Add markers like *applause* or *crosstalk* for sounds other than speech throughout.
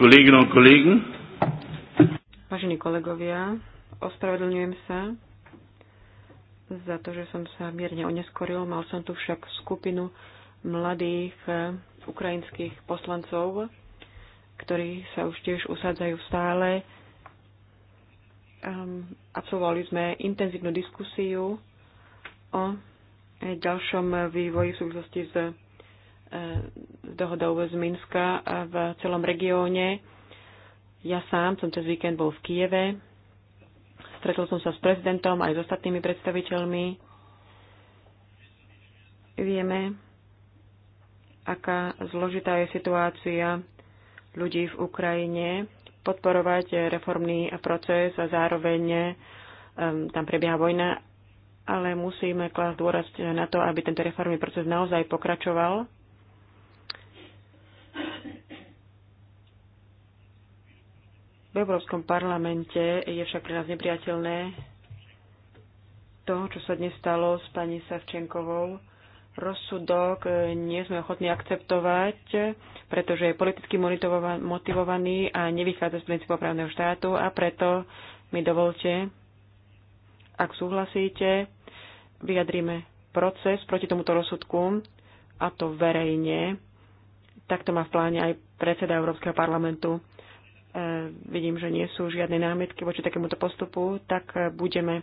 Kolleginnen und Kollegen. Vážení kolegovia, ospravedlňujem sa za to, že som sa mierne oneskoril. Mal som tu však skupinu mladých eh, ukrajinských poslancov, ktorí sa už tiež usádzajú stále. Ehm, absolvovali sme intenzívnu diskusiu o eh, ďalšom vývoji v súvislosti s Eh, dohodou z Minska v celom regióne. Ja sám som cez víkend bol v Kieve. Stretol som sa s prezidentom aj s ostatnými predstaviteľmi. Vieme, aká zložitá je situácia ľudí v Ukrajine. Podporovať reformný proces a zároveň eh, tam prebieha vojna, ale musíme klásť dôraz na to, aby tento reformný proces naozaj pokračoval V Európskom parlamente je však pre nás nepriateľné to, čo sa dnes stalo s pani Savčenkovou. Rozsudok nie sme ochotní akceptovať, pretože je politicky motivovaný a nevychádza z princípov právneho štátu a preto mi dovolte, ak súhlasíte, vyjadríme proces proti tomuto rozsudku a to verejne. Takto má v pláne aj predseda Európskeho parlamentu. E, vidím, že nie sú žiadne námietky voči takémuto postupu, tak e, budeme e,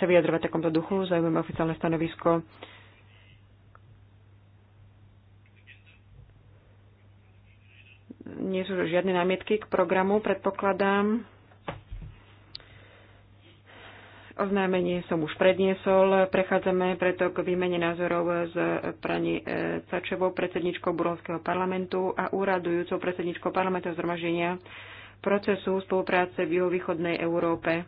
sa vyjadrovať takomto duchu, zaujímame oficiálne stanovisko. Nie sú žiadne námietky k programu, predpokladám. Oznámenie som už predniesol. Prechádzame preto k výmene názorov s pani e, Cačevou, predsedničkou Burovského parlamentu a úradujúcou predsedničkou parlamentu zhromaždenia procesu spolupráce v juhovýchodnej Európe.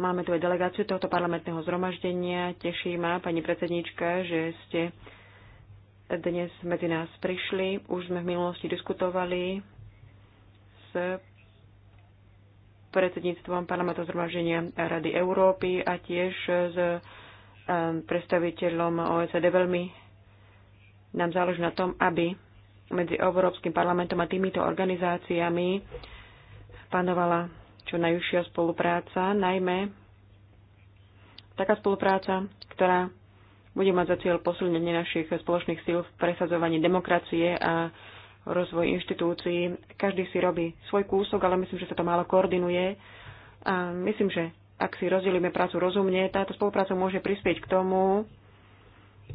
Máme tu aj delegáciu tohto parlamentného zhromaždenia. Teší ma, pani predsednička, že ste dnes medzi nás prišli. Už sme v minulosti diskutovali s predsedníctvom parlamentu zhromaždenia Rady Európy a tiež s eh, predstaviteľom OECD veľmi nám záleží na tom, aby medzi Európskym parlamentom a týmito organizáciami panovala čo najúžšia spolupráca, najmä taká spolupráca, ktorá bude mať za cieľ posilnenie našich spoločných síl v presadzovaní demokracie a rozvoj inštitúcií. Každý si robí svoj kúsok, ale myslím, že sa to málo koordinuje. A myslím, že ak si rozdelíme prácu rozumne, táto spolupráca môže prispieť k tomu,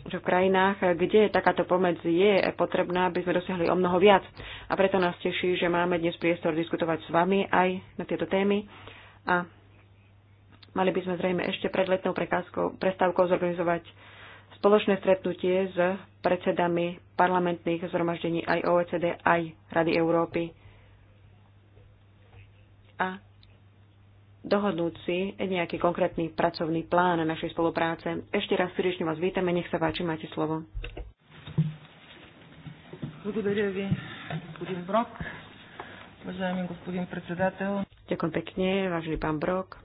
že v krajinách, kde takáto pomoc je potrebná, by sme dosiahli o mnoho viac. A preto nás teší, že máme dnes priestor diskutovať s vami aj na tieto témy. A mali by sme zrejme ešte pred letnou prestávkou zorganizovať spoločné stretnutie s predsedami parlamentných zhromaždení aj OECD, aj Rady Európy a dohodnúť si nejaký konkrétny pracovný plán na našej spolupráce. Ešte raz srdečne vás vítame, nech sa páči, máte slovo. Ďakujem pekne, vážený pán Brok,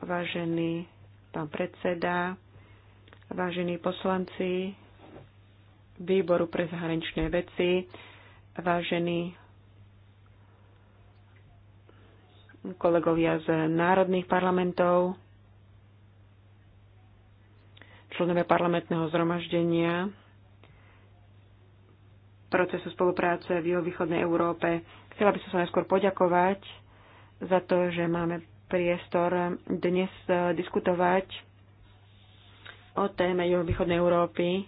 vážený pán predseda, vážení poslanci Výboru pre zahraničné veci, vážení kolegovia z národných parlamentov, členové parlamentného zhromaždenia, procesu spolupráce v východnej Európe. Chcela by som sa najskôr poďakovať za to, že máme priestor dnes eh, diskutovať o téme juhovýchodnej Európy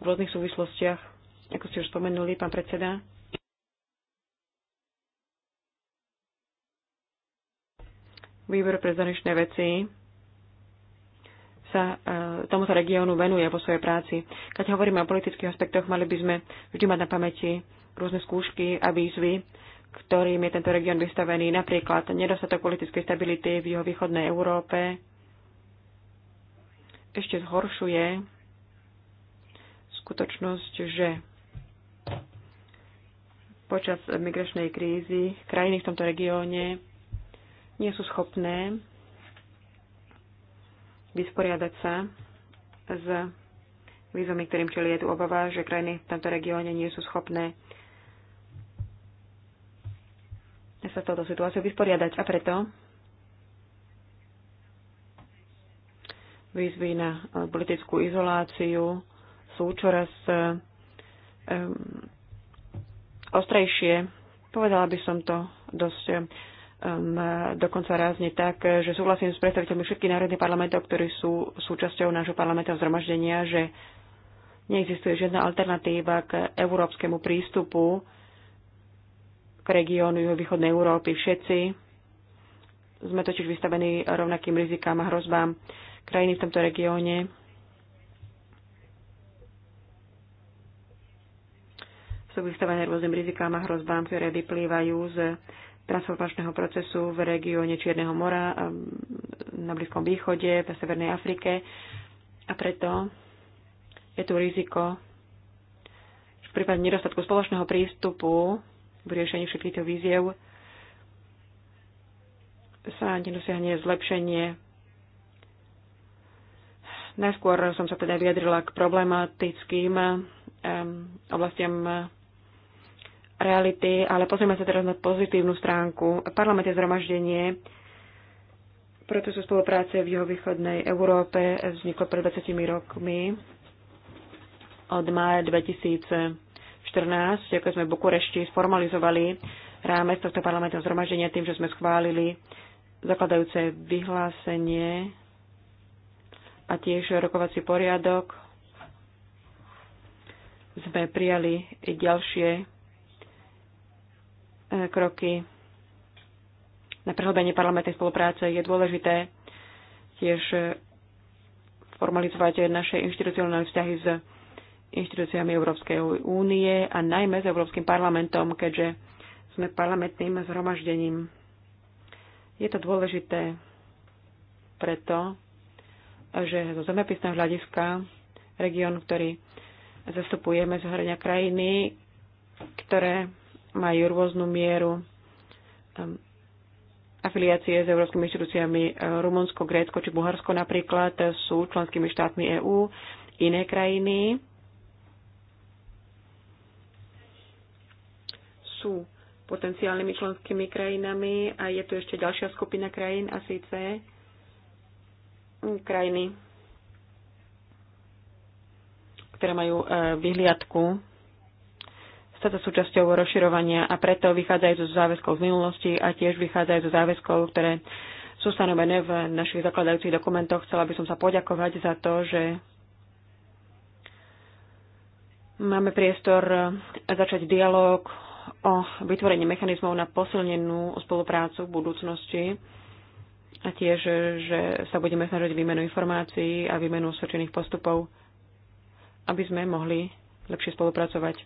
v rôznych súvislostiach, ako ste už spomenuli, pán predseda. Výbor pre zahraničné veci sa e, tomuto regiónu venuje vo svojej práci. Keď hovoríme o politických aspektoch, mali by sme vždy mať na pamäti rôzne skúšky a výzvy, ktorým je tento región vystavený, napríklad nedostatok politickej stability v juhovýchodnej Európe, ešte zhoršuje skutočnosť, že počas migračnej krízy krajiny v tomto regióne nie sú schopné vysporiadať sa s výzvami, ktorým čeli je tu obava, že krajiny v tomto regióne nie sú schopné sa s touto situáciou vysporiadať. A preto Výzvy na eh, politickú izoláciu sú čoraz um, ostrejšie. Povedala by som to dosť um, dokonca rázne tak, že súhlasím s predstaviteľmi všetkých národných parlamentov, ktorí sú súčasťou nášho parlamentného zhromaždenia, že neexistuje žiadna alternatíva k európskemu prístupu k regiónu juhovýchodnej Európy. Všetci sme totiž vystavení rovnakým rizikám a hrozbám krajiny v tomto regióne. Sú vystavené rôznym rizikám a hrozbám, ktoré vyplývajú z transformačného procesu v regióne Čierneho mora, na Blízkom východe, v Severnej Afrike. A preto je tu riziko v prípade nedostatku spoločného prístupu v riešení všetkých tých víziev sa nedosiahne zlepšenie Najskôr som sa teda vyjadrila k problematickým oblastiam reality, ale pozrieme sa teraz na pozitívnu stránku. Parlament je zhromaždenie procesu spolupráce v juhovýchodnej Európe vzniklo pred 20 rokmi od mája 2014, ako sme v Bukurešti sformalizovali rámec tohto parlamentného zhromaždenia tým, že sme schválili zakladajúce vyhlásenie a tiež rokovací poriadok sme prijali ďalšie e, kroky na prehlbenie parlamentnej spolupráce. Je dôležité tiež e, formalizovať naše inštitucionálne vzťahy s inštitúciami Európskej únie a najmä s Európskym parlamentom, keďže sme parlamentným zhromaždením. Je to dôležité preto, že zo zemepisného hľadiska región, ktorý zastupujeme z hrania krajiny, ktoré majú rôznu mieru um, afiliácie s európskymi inštitúciami e, Rumunsko, Grécko či Bulharsko napríklad e, sú členskými štátmi EÚ, iné krajiny sú potenciálnymi členskými krajinami a je tu ešte ďalšia skupina krajín a síce krajiny, ktoré majú e, vyhliadku stať sa súčasťou rozširovania a preto vychádzajú zo záväzkov z minulosti a tiež vychádzajú zo záväzkov, ktoré sú stanovené v našich zakladajúcich dokumentoch. Chcela by som sa poďakovať za to, že máme priestor e, začať dialog o vytvorení mechanizmov na posilnenú spoluprácu v budúcnosti a tiež, že sa budeme snažiť výmenu informácií a výmenu osvedčených postupov, aby sme mohli lepšie spolupracovať.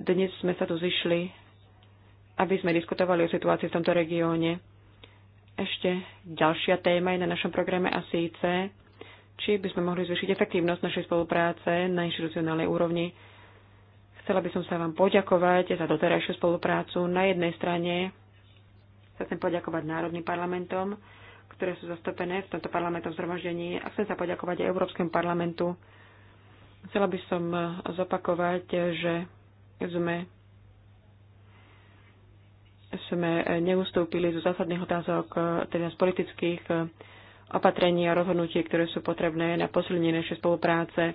Dnes sme sa tu zišli, aby sme diskutovali o situácii v tomto regióne. Ešte ďalšia téma je na našom programe a síce, či by sme mohli zvýšiť efektívnosť našej spolupráce na inštitucionálnej úrovni. Chcela by som sa vám poďakovať za doterajšiu spoluprácu. Na jednej strane chcem poďakovať národným parlamentom, ktoré sú zastúpené v tomto parlamentom zhromaždení a chcem sa poďakovať aj Európskemu parlamentu. Chcela by som zopakovať, že sme sme neustúpili zo zásadných otázok, teda z politických opatrení a rozhodnutí, ktoré sú potrebné na posilnenie našej spolupráce.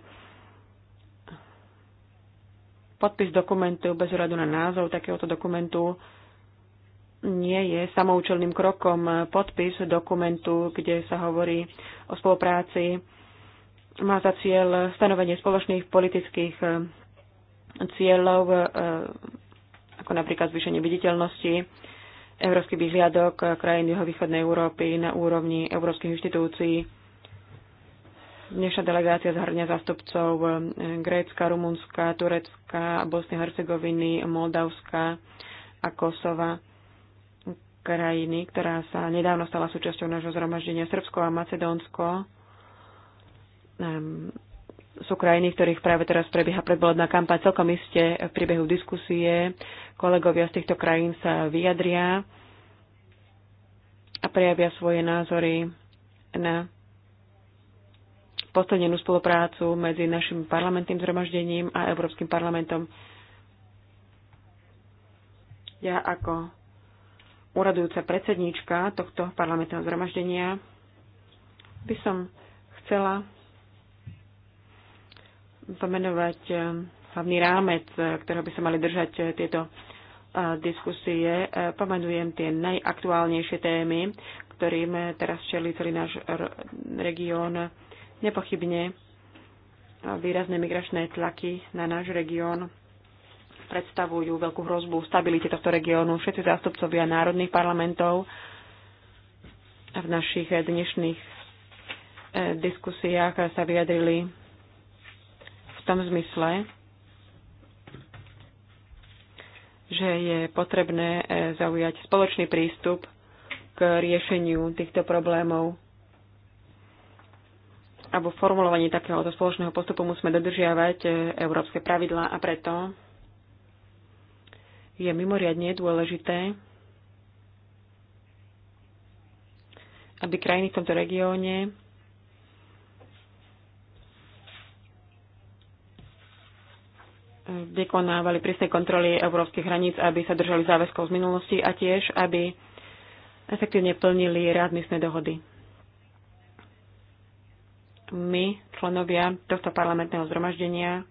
Podpis dokumentu bez hľadu na názov takéhoto dokumentu nie je samoučelným krokom podpis dokumentu, kde sa hovorí o spolupráci. Má za cieľ stanovenie spoločných politických eh, cieľov, eh, ako napríklad zvýšenie viditeľnosti európsky výhľadok, eh, krajín juhovýchodnej Európy na úrovni európskych inštitúcií. Dnešná delegácia zhrňa zástupcov Grécka, Rumunska, Turecka, Bosny, Hercegoviny, Moldavska a Kosova krajiny, ktorá sa nedávno stala súčasťou nášho zhromaždenia, Srbsko a Macedónsko, um, sú krajiny, ktorých práve teraz prebieha predvolebná kampaň. Celkom iste v priebehu diskusie kolegovia z týchto krajín sa vyjadria a prejavia svoje názory na posilnenú spoluprácu medzi našim parlamentným zhromaždením a Európskym parlamentom. Ja ako uradujúca predsedníčka tohto parlamentného zhromaždenia, by som chcela pomenovať eh, hlavný rámec, eh, ktorého by sa mali držať eh, tieto diskusie. Pomenujem tie najaktuálnejšie témy, ktorým teraz čelí celý náš región. Nepochybne výrazné migračné tlaky na náš región predstavujú veľkú hrozbu stabilite tohto regiónu. Všetci zástupcovia národných parlamentov v našich eh, dnešných eh, diskusiách sa vyjadrili v tom zmysle, že je potrebné eh, zaujať spoločný prístup k riešeniu týchto problémov alebo formulovaní takéhoto spoločného postupu musíme dodržiavať európske pravidlá a preto je mimoriadne dôležité, aby krajiny v tomto regióne vykonávali prísne kontroly európskych hraníc, aby sa držali záväzkov z minulosti a tiež, aby efektívne plnili readmisné dohody. My, členovia tohto parlamentného zhromaždenia,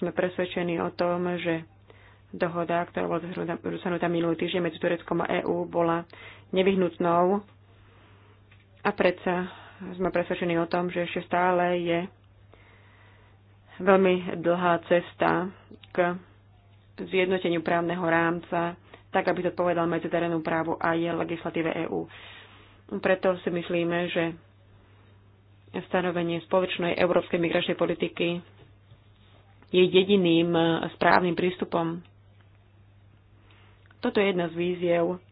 sme presvedčení o tom, že Dohoda, ktorá bola dosiahnutá minulý týždeň medzi Tureckom a EÚ, bola nevyhnutnou a predsa sme presvedčení o tom, že ešte stále je veľmi dlhá cesta k zjednoteniu právneho rámca, tak aby to povedal terénu právu a je legislatíve EÚ. Preto si myslíme, že stanovenie spoločnej európskej migračnej politiky je jediným správnym prístupom toto je jedna z víziev,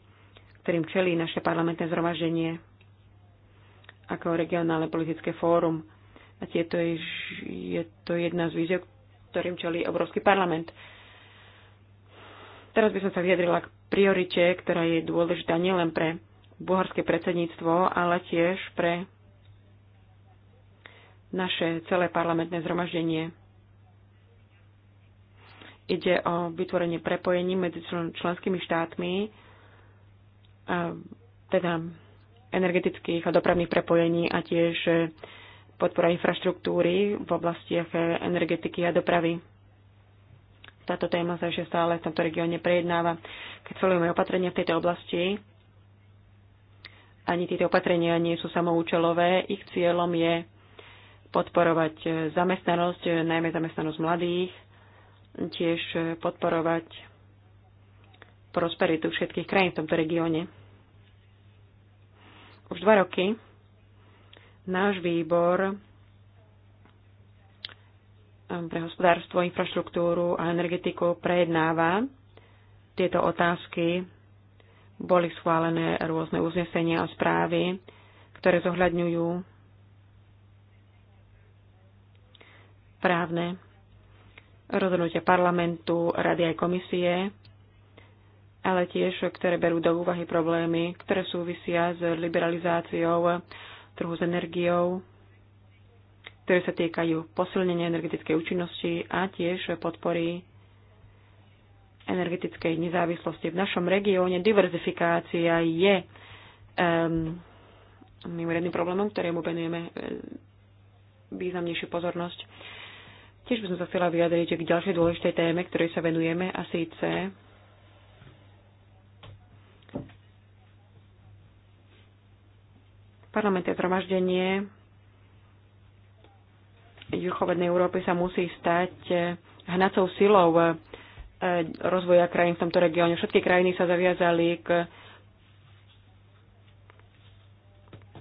ktorým čelí naše parlamentné zhromaždenie ako regionálne politické fórum. A tieto je, je to jedna z víziev, ktorým čelí Európsky parlament. Teraz by som sa vyjadrila k priorite, ktorá je dôležitá nielen pre bulharské predsedníctvo, ale tiež pre naše celé parlamentné zhromaždenie. Ide o vytvorenie prepojení medzi členskými štátmi, teda energetických a dopravných prepojení a tiež e, podpora infraštruktúry v oblastiach e, energetiky a dopravy. Táto téma sa ešte stále v tomto regióne prejednáva. Keď sledujeme opatrenia v tejto oblasti, ani tieto opatrenia nie sú samoučelové. Ich cieľom je podporovať e, zamestnanosť, najmä zamestnanosť mladých, tiež podporovať prosperitu všetkých krajín v tomto regióne. Už dva roky náš výbor ehm, pre hospodárstvo, infraštruktúru a energetiku prejednáva tieto otázky. Boli schválené rôzne uznesenia a správy, ktoré zohľadňujú právne rozhodnutia parlamentu, rady aj komisie, ale tiež, ktoré berú do úvahy problémy, ktoré súvisia s liberalizáciou trhu s energiou, ktoré sa týkajú posilnenia energetickej účinnosti a tiež podpory energetickej nezávislosti. V našom regióne diverzifikácia je um, mimoriadným problémom, ktorému venujeme eh, významnejšiu pozornosť. Tiež by som sa chcela vyjadriť k ďalšej dôležitej téme, ktorej sa venujeme, a síce parlamentné zhromaždenie juchovednej Európy sa musí stať hnacou silou e, rozvoja krajín v tomto regióne. Všetky krajiny sa zaviazali k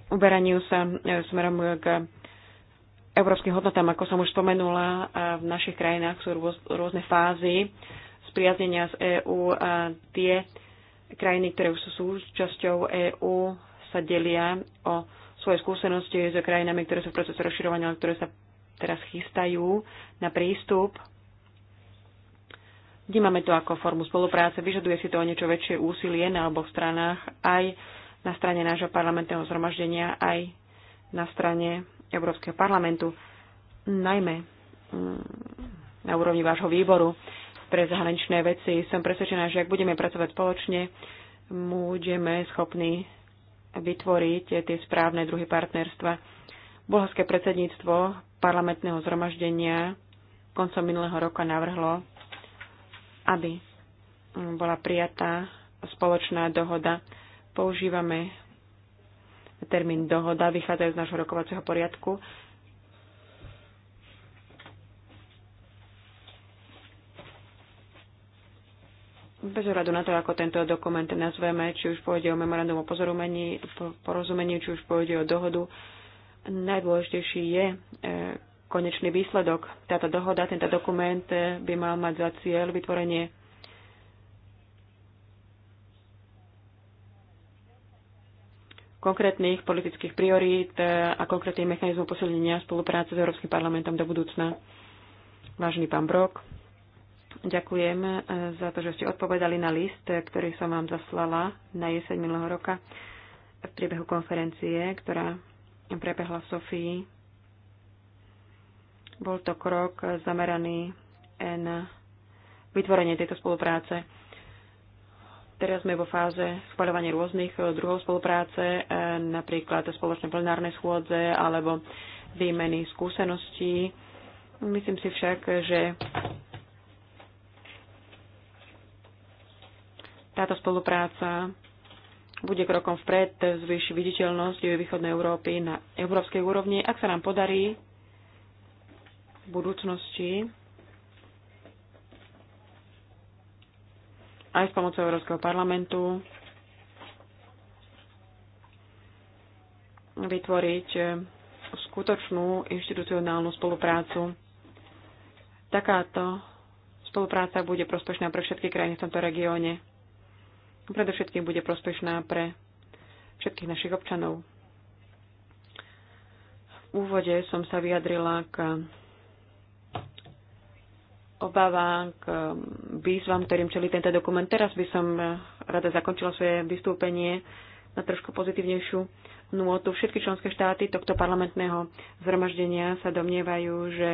uberaniu sa e, smerom k európskym hodnotám, ako som už spomenula, v našich krajinách sú rôz, rôzne fázy spriaznenia z EÚ a tie krajiny, ktoré sú súčasťou EÚ, sa delia o svoje skúsenosti s krajinami, ktoré sú v procese rozširovania, ale ktoré sa teraz chystajú na prístup. Vnímame to ako formu spolupráce, vyžaduje si to o niečo väčšie úsilie na oboch stranách, aj na strane nášho parlamentného zhromaždenia, aj na strane Európskeho parlamentu, najmä mm, na úrovni vášho výboru pre zahraničné veci. Som presvedčená, že ak budeme pracovať spoločne, budeme schopní vytvoriť tie správne druhy partnerstva. Bulharské predsedníctvo parlamentného zhromaždenia koncom minulého roka navrhlo, aby bola prijatá spoločná dohoda. Používame termín dohoda, vychádzajú z nášho rokovacieho poriadku. bez ohľadu na to, ako tento dokument nazveme, či už pôjde o memorandum o porozumení, porozumení či už pôjde o dohodu, najdôležitejší je e, konečný výsledok. Táto dohoda, tento dokument e, by mal mať za cieľ vytvorenie konkrétnych politických priorít e, a konkrétnych mechanizmov posilnenia spolupráce s Európskym parlamentom do budúcna. Vážený pán Brok, ďakujem e, za to, že ste odpovedali na list, e, ktorý som vám zaslala na jeseň minulého roka v priebehu konferencie, ktorá prebehla v Sofii. Bol to krok zameraný na vytvorenie tejto spolupráce Teraz sme vo fáze schváľovania rôznych eh, druhov spolupráce, eh, napríklad spoločné plenárne schôdze alebo výmeny skúseností. Myslím si však, že táto spolupráca bude krokom vpred, zvýši viditeľnosť východnej Európy na európskej úrovni. Ak sa nám podarí v budúcnosti aj s pomocou Európskeho parlamentu vytvoriť skutočnú inštitucionálnu spoluprácu. Takáto spolupráca bude prospešná pre všetky krajiny v tomto regióne. Predovšetkým bude prospešná pre všetkých našich občanov. V úvode som sa vyjadrila k obavám, k výzvam, ktorým čeli tento dokument. Teraz by som eh, rada zakončila svoje vystúpenie na trošku pozitívnejšiu nôtu. Všetky členské štáty tohto parlamentného zhromaždenia sa domnievajú, že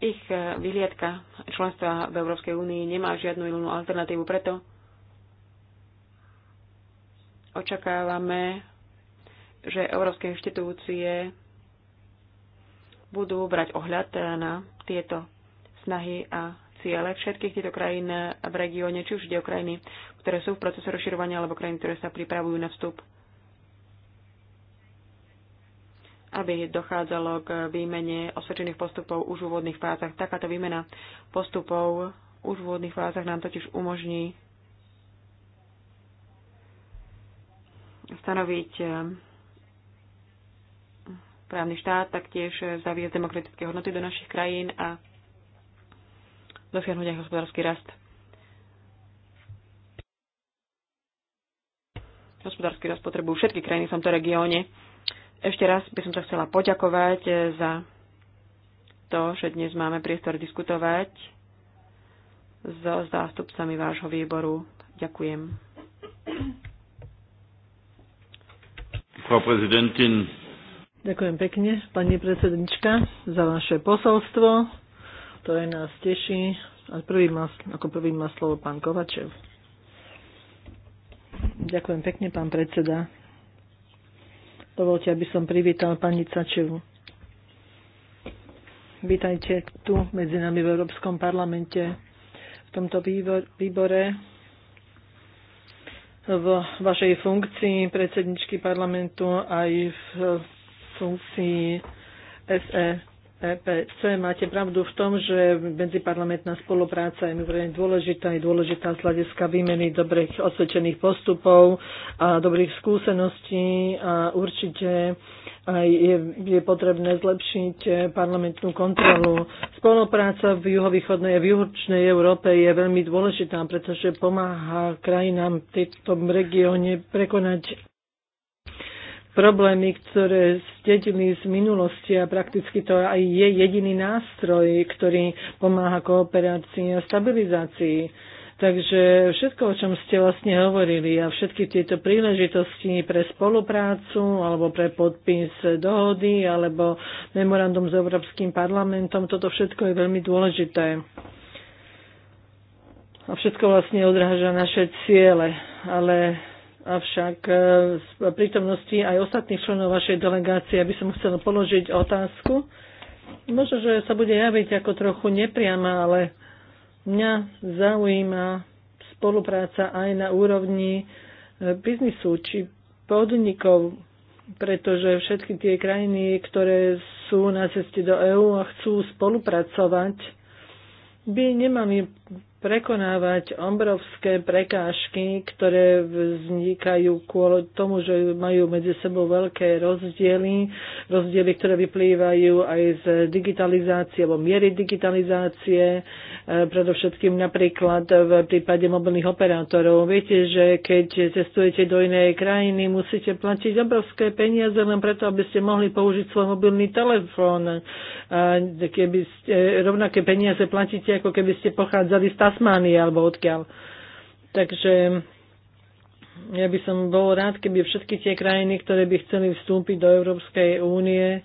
ich eh, vyhliadka členstva v Európskej únii nemá žiadnu inú alternatívu. Preto očakávame, že európske inštitúcie budú brať ohľad na tieto snahy a ciele všetkých týchto krajín v regióne, či už ide o krajiny, ktoré sú v procese rozširovania, alebo krajiny, ktoré sa pripravujú na vstup, aby dochádzalo k výmene osvedčených postupov už v úvodných fázach. Takáto výmena postupov už v úvodných fázach nám totiž umožní stanoviť právny štát, taktiež zaviesť demokratické hodnoty do našich krajín a dosiahnuť aj hospodársky rast. Hospodársky rast potrebujú všetky krajiny v tomto regióne. Ešte raz by som sa chcela poďakovať za to, že dnes máme priestor diskutovať so zástupcami vášho výboru. Ďakujem. Frau Präsidentin, Ďakujem pekne, pani predsednička, za vaše posolstvo, ktoré nás teší. A prvý má, ako prvý má slovo pán Kovačev. Ďakujem pekne, pán predseda. Dovolte, aby som privítal pani Cačevu. Vítajte tu medzi nami v Európskom parlamente, v tomto výbore, v vašej funkcii predsedničky parlamentu aj v funkcii SE EPC. Máte pravdu v tom, že medziparlamentná spolupráca je veľmi dôležitá, je dôležitá z hľadiska výmeny dobrých osvedčených postupov a dobrých skúseností a určite aj je, je potrebné zlepšiť parlamentnú kontrolu. Spolupráca v juhovýchodnej a v juhočnej Európe je veľmi dôležitá, pretože pomáha krajinám v tejto regióne prekonať problémy, ktoré stedili z minulosti a prakticky to aj je jediný nástroj, ktorý pomáha kooperácii a stabilizácii. Takže všetko, o čom ste vlastne hovorili a všetky tieto príležitosti pre spoluprácu alebo pre podpis dohody alebo memorandum s Európskym parlamentom, toto všetko je veľmi dôležité. A všetko vlastne odráža naše ciele, ale avšak v e, prítomnosti aj ostatných členov vašej delegácie by som chcela položiť otázku. Možno, že sa bude javiť ako trochu nepriama, ale mňa zaujíma spolupráca aj na úrovni e, biznisu či podnikov, pretože všetky tie krajiny, ktoré sú na ceste do EÚ a chcú spolupracovať, by nemali prekonávať obrovské prekážky, ktoré vznikajú kvôli tomu, že majú medzi sebou veľké rozdiely, rozdiely, ktoré vyplývajú aj z digitalizácie alebo miery digitalizácie, e, predovšetkým napríklad v prípade mobilných operátorov. Viete, že keď cestujete do inej krajiny, musíte platiť obrovské peniaze len preto, aby ste mohli použiť svoj mobilný telefón. Keby ste rovnaké peniaze platíte, ako keby ste pochádzali z Tasmánie alebo odkiaľ. Takže ja by som bol rád, keby všetky tie krajiny, ktoré by chceli vstúpiť do Európskej únie,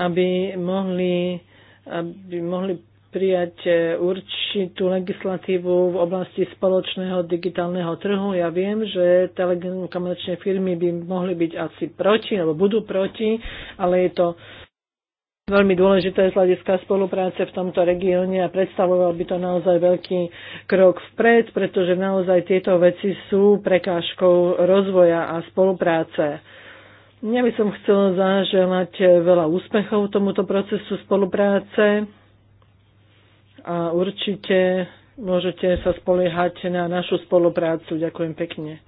aby mohli, aby mohli prijať e, určitú legislatívu v oblasti spoločného digitálneho trhu. Ja viem, že telekomunikačné firmy by mohli byť asi proti, alebo budú proti, ale je to veľmi dôležité z hľadiska spolupráce v tomto regióne a predstavoval by to naozaj veľký krok vpred, pretože naozaj tieto veci sú prekážkou rozvoja a spolupráce. Ja by som chcela zaželať veľa úspechov tomuto procesu spolupráce a určite môžete sa spoliehať na našu spoluprácu. Ďakujem pekne.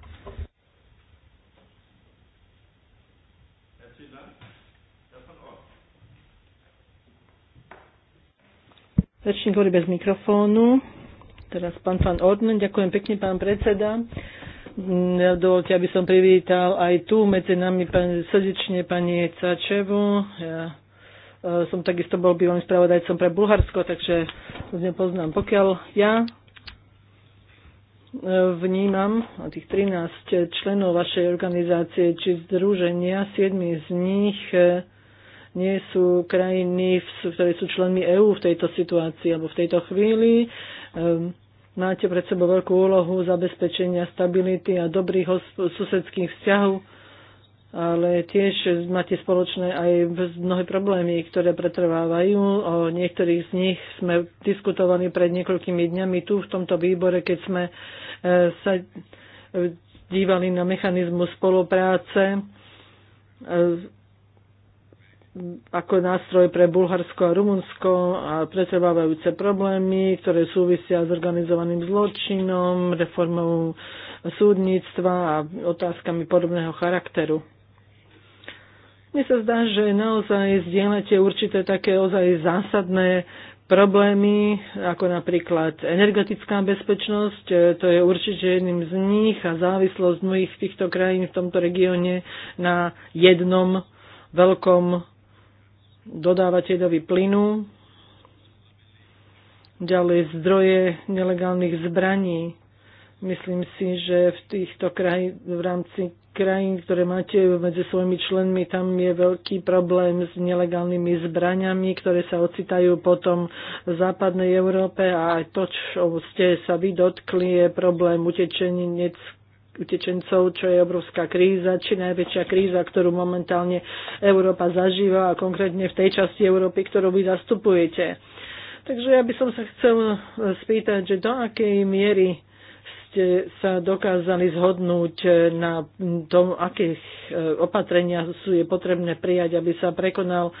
Rečník hovorí bez mikrofónu. Teraz pán Fan Orden. Ďakujem pekne, pán predseda. Mm, dovolte, aby som privítal aj tu medzi nami pán, srdečne pani Cačevu. Ja e, som takisto bol bývalým spravodajcom pre Bulharsko, takže z poznám. Pokiaľ ja e, vnímam tých 13 členov vašej organizácie či združenia, 7 z nich e, nie sú krajiny, ktoré sú členmi EÚ v tejto situácii alebo v tejto chvíli. Ehm, máte pred sebou veľkú úlohu zabezpečenia stability a dobrých susedských vzťahov, ale tiež máte spoločné aj mnohé problémy, ktoré pretrvávajú. O niektorých z nich sme diskutovali pred niekoľkými dňami tu v tomto výbore, keď sme e, sa e, dívali na mechanizmus spolupráce e, ako nástroj pre Bulharsko a Rumunsko a pretrvávajúce problémy, ktoré súvisia s organizovaným zločinom, reformou súdnictva a otázkami podobného charakteru. Mne sa zdá, že naozaj zdieľate určité také ozaj zásadné problémy, ako napríklad energetická bezpečnosť, to je určite jedným z nich a závislosť mnohých týchto krajín v tomto regióne na jednom veľkom dodávateľovi plynu, ďalej zdroje nelegálnych zbraní. Myslím si, že v týchto krajín, v rámci krajín, ktoré máte medzi svojimi členmi, tam je veľký problém s nelegálnymi zbraniami, ktoré sa ocitajú potom v západnej Európe a aj to, čo ste sa vy dotkli, je problém utečeneckých utečencov, čo je obrovská kríza, či najväčšia kríza, ktorú momentálne Európa zažíva a konkrétne v tej časti Európy, ktorú vy zastupujete. Takže ja by som sa chcel spýtať, že do akej miery ste sa dokázali zhodnúť na tom, akých e, opatrenia sú je potrebné prijať, aby sa prekonali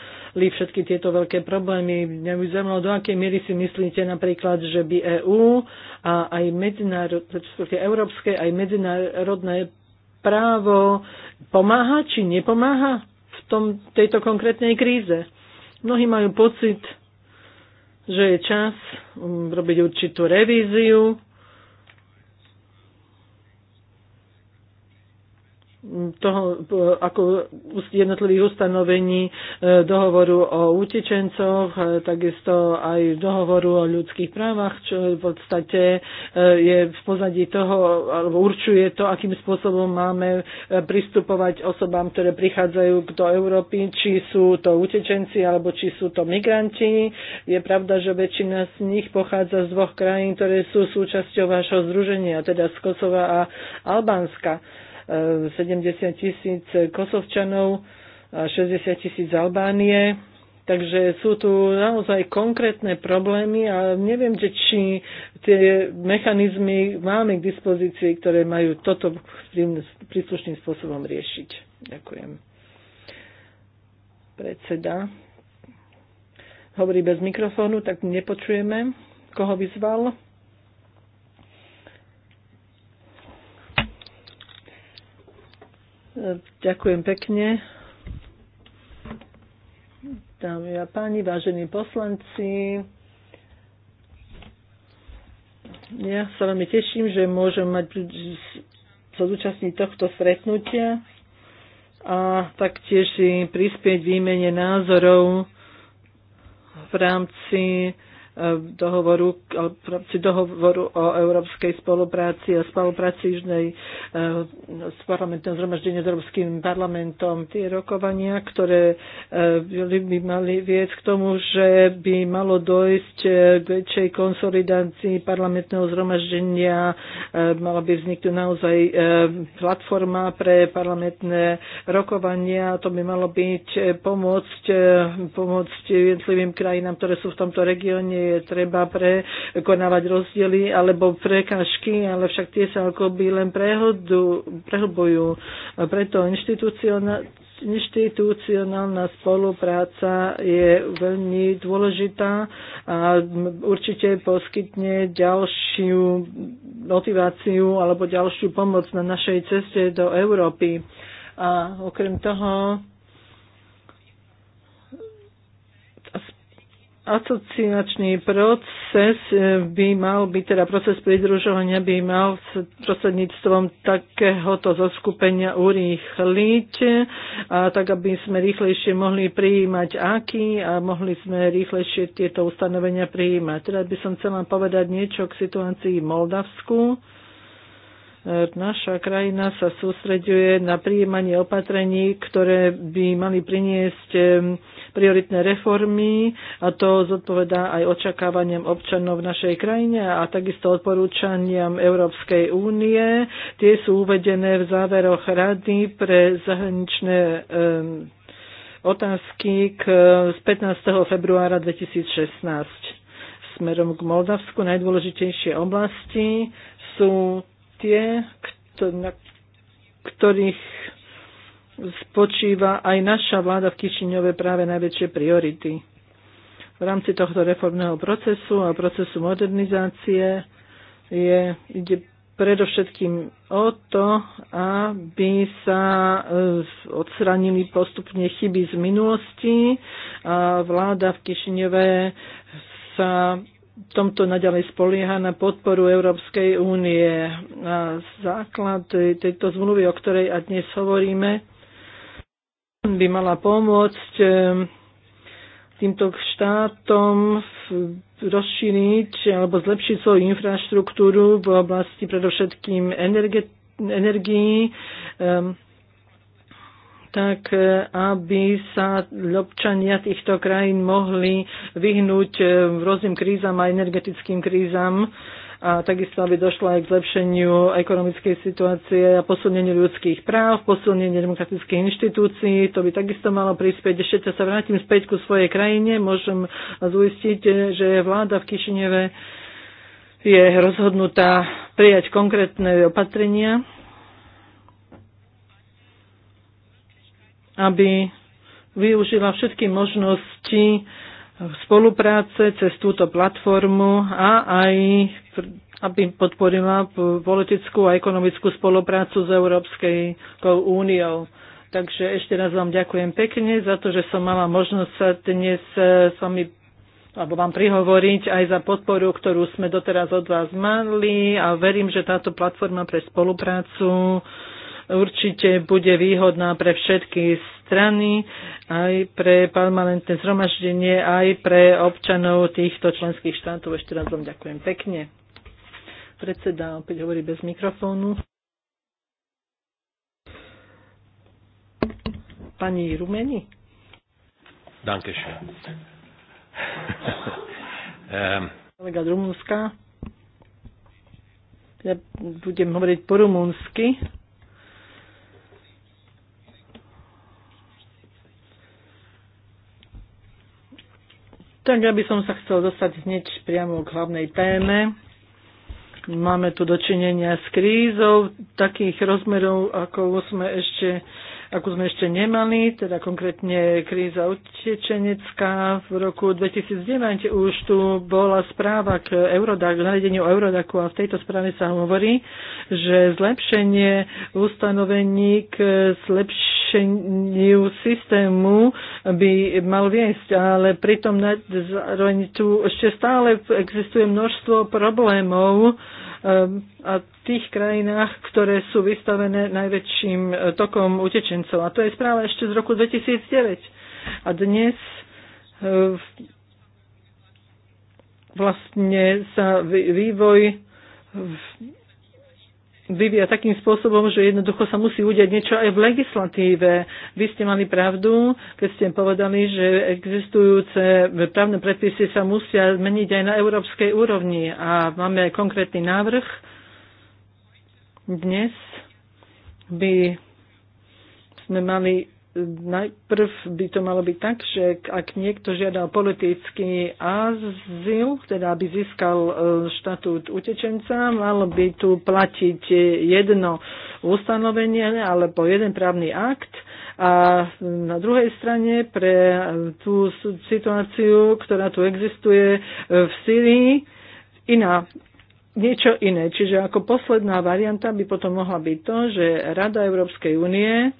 všetky tieto veľké problémy. Mňa by zaujímalo, do akej miery si myslíte napríklad, že by EÚ a aj medzinárodné, európske, aj medzinárodné právo pomáha či nepomáha v tom, tejto konkrétnej kríze. Mnohí majú pocit, že je čas mm, robiť určitú revíziu toho, ako jednotlivých ustanovení e, dohovoru o utečencoch, e, takisto aj dohovoru o ľudských právach, čo v podstate e, je v pozadí toho, alebo určuje to, akým spôsobom máme pristupovať osobám, ktoré prichádzajú do Európy, či sú to utečenci, alebo či sú to migranti. Je pravda, že väčšina z nich pochádza z dvoch krajín, ktoré sú súčasťou vášho združenia, teda z Kosova a Albánska 70 tisíc kosovčanov a 60 tisíc Albánie. Takže sú tu naozaj konkrétne problémy a neviem, že či tie mechanizmy máme k dispozícii, ktoré majú toto príslušným spôsobom riešiť. Ďakujem. Predseda hovorí bez mikrofónu, tak nepočujeme, koho vyzval. Ďakujem pekne. Dámy a páni, vážení poslanci, ja sa veľmi teším, že môžem mať, sa zúčastniť tohto stretnutia a taktiež si prispieť výmene názorov v rámci Eh, dohovoru, v dohovoru o európskej spolupráci a spolupráci Žnej, eh, s parlamentného zhromaždenia s Európskym parlamentom. Tie rokovania, ktoré eh, by mali viesť k tomu, že by malo dojsť k väčšej konsolidácii parlamentného zhromaždenia, mala by vzniknúť naozaj platforma pre parlamentné rokovania. To by malo byť pomôcť, pomôcť jednotlivým krajinám, ktoré sú v tomto regióne je treba prekonávať rozdiely alebo prekážky, ale však tie sa akoby len prehodu, prehlbujú. A preto inštitucionálne inštitucionálna spolupráca je veľmi dôležitá a určite poskytne ďalšiu motiváciu alebo ďalšiu pomoc na našej ceste do Európy. A okrem toho asociačný proces e, by mal byť, teda proces pridružovania by mal s prostredníctvom takéhoto zoskupenia urýchliť, a tak aby sme rýchlejšie mohli prijímať aký a mohli sme rýchlejšie tieto ustanovenia prijímať. Teda by som chcela povedať niečo k situácii v Moldavsku. Naša krajina sa sústreďuje na prijímanie opatrení, ktoré by mali priniesť prioritné reformy a to zodpovedá aj očakávaniam občanov v našej krajine a takisto odporúčaniam Európskej únie. Tie sú uvedené v záveroch Rady pre zahraničné otázky k, z 15. februára 2016 smerom k Moldavsku. Najdôležitejšie oblasti sú tie, na ktorých spočíva aj naša vláda v Kišiňove práve najväčšie priority. V rámci tohto reformného procesu a procesu modernizácie je, ide predovšetkým o to, aby sa e, odstranili postupne chyby z minulosti a vláda v Kišiňove sa tomto naďalej spolieha na podporu Európskej únie. A základ tejto zmluvy, o ktorej a dnes hovoríme, by mala pomôcť e, týmto štátom rozšíriť alebo zlepšiť svoju infraštruktúru v oblasti predovšetkým energie, energií, um, tak e, aby sa občania týchto krajín mohli vyhnúť e, rôznym krízam a energetickým krízam a takisto, aby došlo aj k zlepšeniu ekonomickej situácie a posilneniu ľudských práv, posilneniu demokratických inštitúcií. To by takisto malo prispieť. Ešte sa vrátim späť ku svojej krajine. Môžem vás uistiť, e, že vláda v Kišineve je rozhodnutá prijať konkrétne opatrenia aby využila všetky možnosti spolupráce cez túto platformu a aj aby podporila politickú a ekonomickú spoluprácu s Európskej úniou. Takže ešte raz vám ďakujem pekne za to, že som mala možnosť sa dnes eh, s vami alebo vám prihovoriť aj za podporu, ktorú sme doteraz od vás mali a verím, že táto platforma pre spoluprácu určite bude výhodná pre všetky strany, aj pre parlamentné zhromaždenie, aj pre občanov týchto členských štátov. Ešte raz vám ďakujem pekne. Predseda opäť hovorí bez mikrofónu. Pani Rumeni. schön. *laughs* Ähm. Kolega Rumunska. Ja budem hovoriť po rumunsky. Tak ja by som sa chcel dostať hneď priamo k hlavnej téme. Máme tu dočinenia s krízou takých rozmerov, ako sme ešte, ako sme ešte nemali, teda konkrétne kríza utečenecká v roku 2009. Už tu bola správa k k nariadeniu Eurodaku a v tejto správe sa hovorí, že zlepšenie ustanovení k zlepšeniu zlepšeniu systému by mal viesť, ale pritom zároveň tu ešte stále existuje množstvo problémov eh, a tých krajinách, ktoré sú vystavené najväčším eh, tokom utečencov. A to je správa ešte z roku 2009. A dnes eh, vlastne sa vývoj vyvíja takým spôsobom, že jednoducho sa musí udiať niečo aj v legislatíve. Vy ste mali pravdu, keď ste povedali, že existujúce právne predpisy sa musia zmeniť aj na európskej úrovni. A máme aj konkrétny návrh. Dnes by sme mali najprv by to malo byť tak, že ak niekto žiadal politický azyl, teda aby získal e, štatút utečenca, malo by tu platiť jedno ustanovenie alebo jeden právny akt. A na druhej strane pre tú situáciu, ktorá tu existuje e, v Syrii, iná niečo iné. Čiže ako posledná varianta by potom mohla byť to, že Rada Európskej únie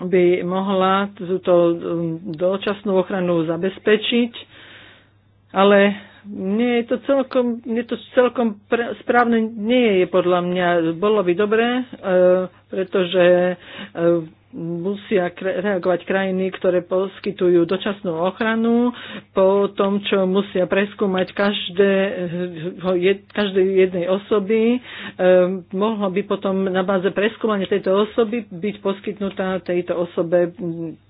by mohla túto um, dočasnú ochranu zabezpečiť, ale nie je to celkom, je to celkom pre, správne nie je podľa mňa. Bolo by dobré, e, pretože e, musia reagovať krajiny, ktoré poskytujú dočasnú ochranu po tom, čo musia preskúmať každé, e, každej jednej osoby. E, Mohlo by potom na báze preskúmania tejto osoby byť poskytnutá tejto osobe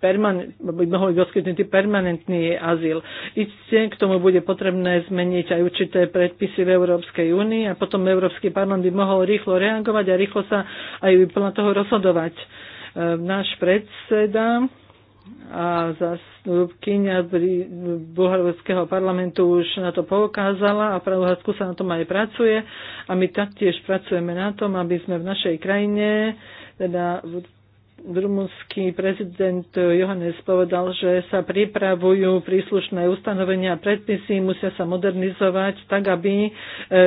permanent, mohol byť poskytnutý permanentný azyl. Isté k tomu bude potrebné zmeniť aj určité predpisy v Európskej únii a potom Európsky parlament by mohol rýchlo reagovať a rýchlo sa aj toho rozhodovať. E, náš predseda a zastupkynia bulharského parlamentu už na to poukázala a v sa na tom aj pracuje a my taktiež pracujeme na tom, aby sme v našej krajine teda rumunský prezident Johannes povedal, že sa pripravujú príslušné ustanovenia a predpisy, musia sa modernizovať tak, aby e,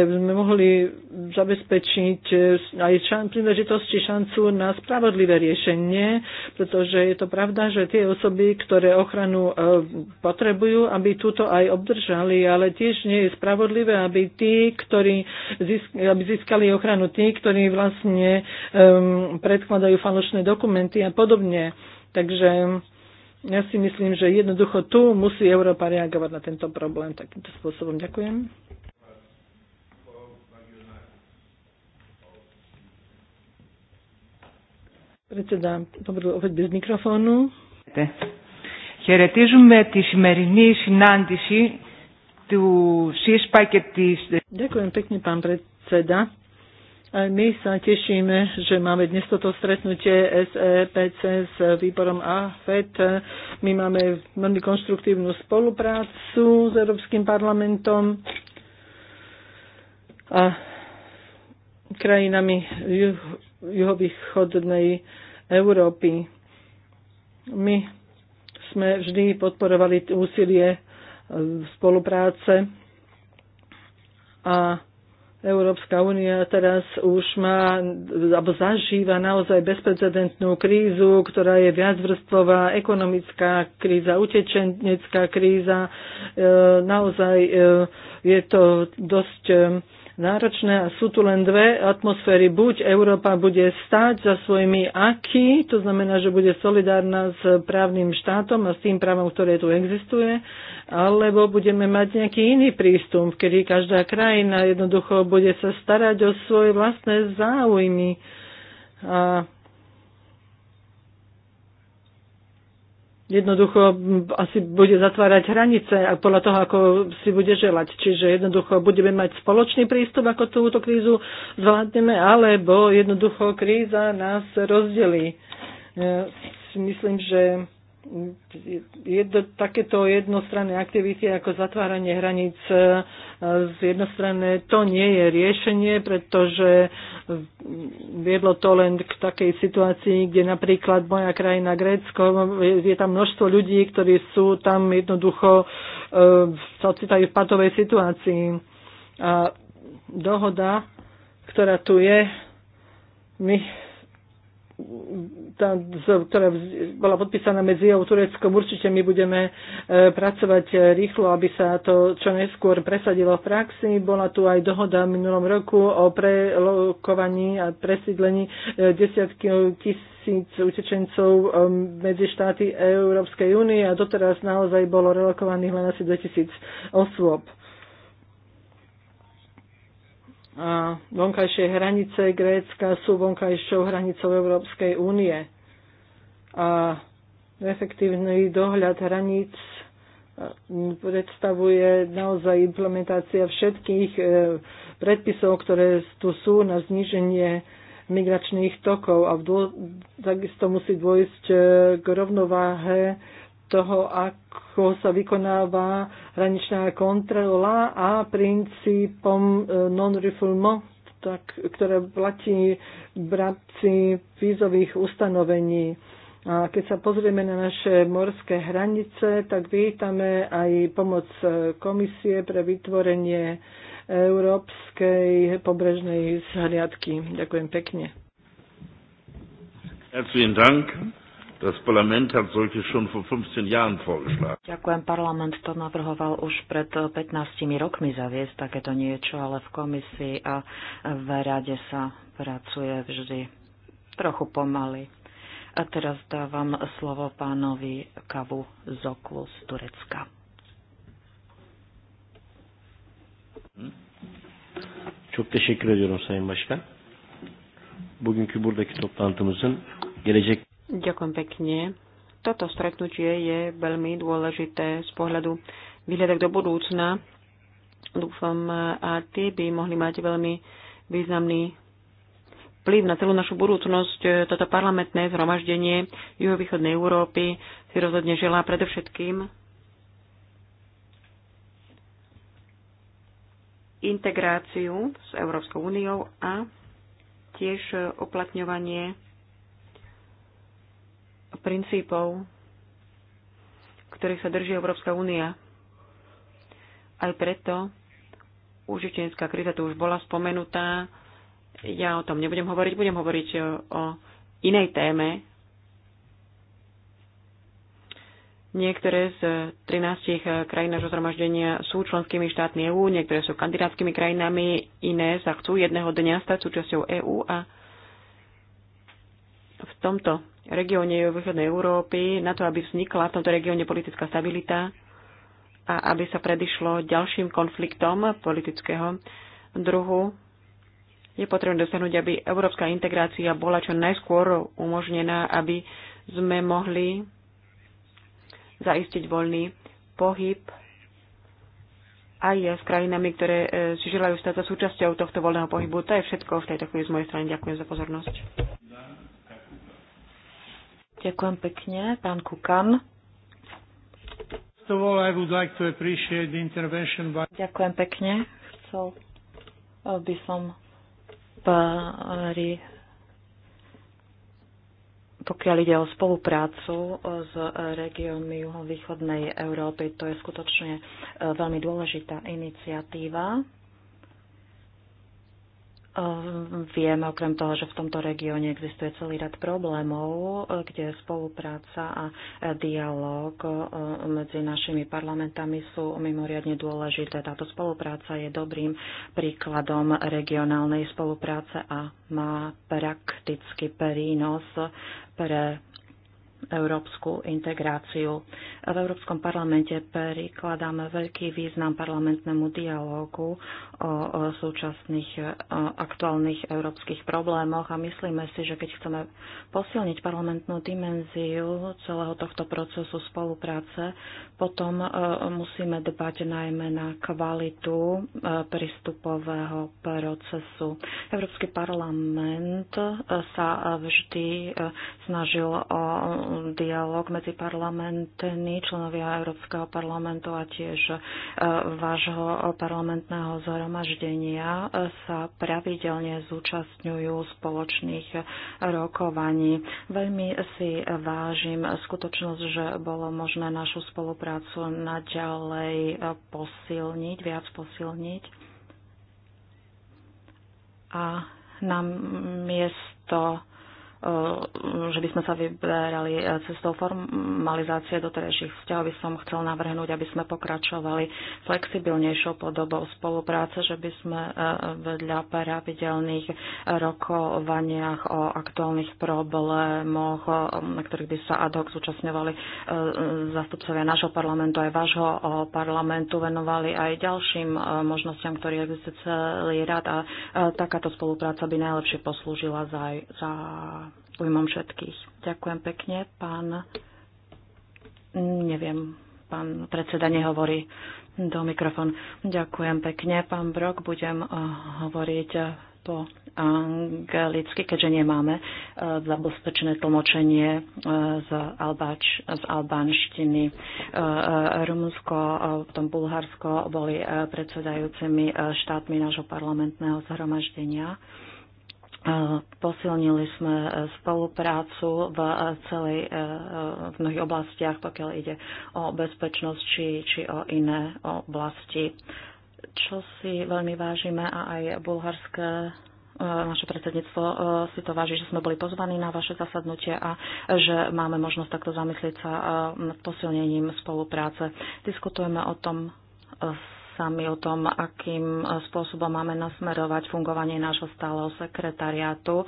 sme mohli zabezpečiť e, aj šan- príležitosti šancu na spravodlivé riešenie, pretože je to pravda, že tie osoby, ktoré ochranu e, potrebujú, aby túto aj obdržali, ale tiež nie je spravodlivé, aby tí, ktorí aby získali ochranu tí, ktorí vlastne um, predkladajú falošné dokumenty, parlamenty a podobne. Takže ja si myslím, že jednoducho tu musí Európa reagovať na tento problém takýmto spôsobom. Ďakujem. Predseda, dobrý opäť bez mikrofónu. Χαιρετίζουμε τη σημερινή συνάντηση του ΣΥΣΠΑ και της... Ďakujem pekne, pán predseda. Aj my sa tešíme, že máme dnes toto stretnutie SEPC s výborom AFET. My máme veľmi konštruktívnu spoluprácu s Európskym parlamentom a krajinami juhovýchodnej Európy. My sme vždy podporovali úsilie e, spolupráce a Európska únia teraz už má, alebo zažíva naozaj bezprecedentnú krízu, ktorá je viacvrstvová, ekonomická kríza, utečenecká kríza. E, naozaj e, je to dosť e, náročné a sú tu len dve atmosféry. Buď Európa bude stáť za svojimi aký, to znamená, že bude solidárna s právnym štátom a s tým právom, ktoré tu existuje, alebo budeme mať nejaký iný prístup, kedy každá krajina jednoducho bude sa starať o svoje vlastné záujmy. A jednoducho asi bude zatvárať hranice a podľa toho, ako si bude želať. Čiže jednoducho budeme mať spoločný prístup, ako túto krízu zvládneme, alebo jednoducho kríza nás rozdelí. Ja si myslím, že jedno, takéto jednostranné aktivity ako zatváranie hraníc e, z jednostranné, to nie je riešenie, pretože viedlo to len k takej situácii, kde napríklad moja krajina Grécko, je tam množstvo ľudí, ktorí sú tam jednoducho, e, sa ocitajú v patovej situácii. A dohoda, ktorá tu je, my tá, ktorá bola podpísaná medzi EU a Tureckom, určite my budeme e, pracovať e, rýchlo, aby sa to čo neskôr presadilo v praxi. Bola tu aj dohoda v minulom roku o prelokovaní a presídlení e, desiatky tisíc utečencov medzi štáty Európskej únie a doteraz naozaj bolo relokovaných len asi 2000 osôb a vonkajšie hranice Grécka sú vonkajšou hranicou Európskej únie. A efektívny dohľad hraníc e, predstavuje naozaj implementácia všetkých e, predpisov, ktoré tu sú na zníženie migračných tokov a dô, takisto musí dôjsť e, k rovnováhe toho, ako sa vykonáva hraničná kontrola a princípom e, non-refoulement, ktoré platí v rámci vízových ustanovení. A keď sa pozrieme na naše morské hranice, tak vítame aj pomoc e, komisie pre vytvorenie európskej pobrežnej zhliadky. Ďakujem pekne. Herzlichen Dank. Das Parlament hat solche schon vor 15 Jahren vorgeschlagen. Ďakujem, parlament to navrhoval už pred 15 eh, rokmi zaviesť takéto niečo, ale v komisii a v rade sa pracuje vždy trochu pomaly. A teraz dávam slovo pánovi Kavu Zoklu z Turecka. Çok teşekkür ediyorum Sayın Başkan. Bugünkü buradaki toplantımızın gelecek Ďakujem pekne. Toto stretnutie je veľmi dôležité z pohľadu výhľadek do budúcna. Dúfam, a tie by mohli mať veľmi významný vplyv na celú našu budúcnosť. Toto parlamentné zhromaždenie juhovýchodnej Európy si rozhodne želá predovšetkým integráciu s Európskou úniou a tiež uplatňovanie princípov, ktorých sa drží Európska únia. Aj preto úžičenská kríza tu už bola spomenutá. Ja o tom nebudem hovoriť, budem hovoriť o, o inej téme. Niektoré z 13 krajín nášho zhromaždenia sú členskými štátmi EÚ, niektoré sú kandidátskymi krajinami, iné sa chcú jedného dňa stať súčasťou EÚ a v tomto regióne východnej Európy, na to, aby vznikla v tomto regióne politická stabilita a aby sa predišlo ďalším konfliktom politického druhu, je potrebné dosiahnuť, aby európska integrácia bola čo najskôr umožnená, aby sme mohli zaistiť voľný pohyb aj s krajinami, ktoré eh, si želajú stať sa súčasťou tohto voľného pohybu. To je všetko v tejto chvíli z mojej strany. Ďakujem za pozornosť. Ďakujem pekne, pán Kukan. Ďakujem pekne. Chcel eh, by som pári, pokiaľ ide o spoluprácu eh, s regiónmi juhovýchodnej Európy, to je skutočne eh, veľmi dôležitá iniciatíva. Vieme okrem toho, že v tomto regióne existuje celý rad problémov, kde spolupráca a dialog e, medzi našimi parlamentami sú mimoriadne dôležité. Táto spolupráca je dobrým príkladom regionálnej spolupráce a má prakticky prínos pre európsku integráciu. V Európskom parlamente prikladáme veľký význam parlamentnému dialógu o súčasných e, aktuálnych európskych problémoch a myslíme si, že keď chceme posilniť parlamentnú dimenziu celého tohto procesu spolupráce, potom e, musíme dbať najmä na kvalitu e, prístupového procesu. Európsky parlament sa vždy snažil o dialog medzi parlamentmi, členovia Európskeho parlamentu a tiež e, vášho parlamentného zhromaždenia e, sa pravidelne zúčastňujú spoločných rokovaní. Veľmi si vážim skutočnosť, že bolo možné našu spoluprácu naďalej e, posilniť, viac posilniť. A na miesto Eh, že by sme sa vyberali eh, cestou formalizácie do terejších vzťahov, by som chcel navrhnúť, aby sme pokračovali flexibilnejšou podobou spolupráce, že by sme eh, vedľa pravidelných rokovaniach o aktuálnych problémoch, na ktorých by sa ad hoc zúčastňovali zastupcovia nášho parlamentu aj vášho parlamentu, venovali aj ďalším možnostiam, ktoré existuje celý rad a takáto spolupráca by najlepšie poslúžila za, za ujmom všetkých. Ďakujem pekne, pán. Neviem, pán predseda nehovorí do mikrofón. Ďakujem pekne, pán Brok. Budem eh, hovoriť eh, po anglicky, keďže nemáme eh, zabezpečené tlmočenie z, albač, z albánštiny. Rumunsko, potom Bulharsko boli predsedajúcimi štátmi nášho parlamentného zhromaždenia. Posilnili sme e, spoluprácu v e, celej e, v mnohých oblastiach, pokiaľ ide o bezpečnosť či, či o iné oblasti. Čo si veľmi vážime a aj bulharské naše predsedníctvo si to váži, že sme boli pozvaní na vaše zasadnutie a že máme možnosť takto zamyslieť sa nad posilnením spolupráce. Diskutujeme o tom s sami o tom, akým e, spôsobom máme nasmerovať fungovanie nášho stáleho sekretariátu. E, e,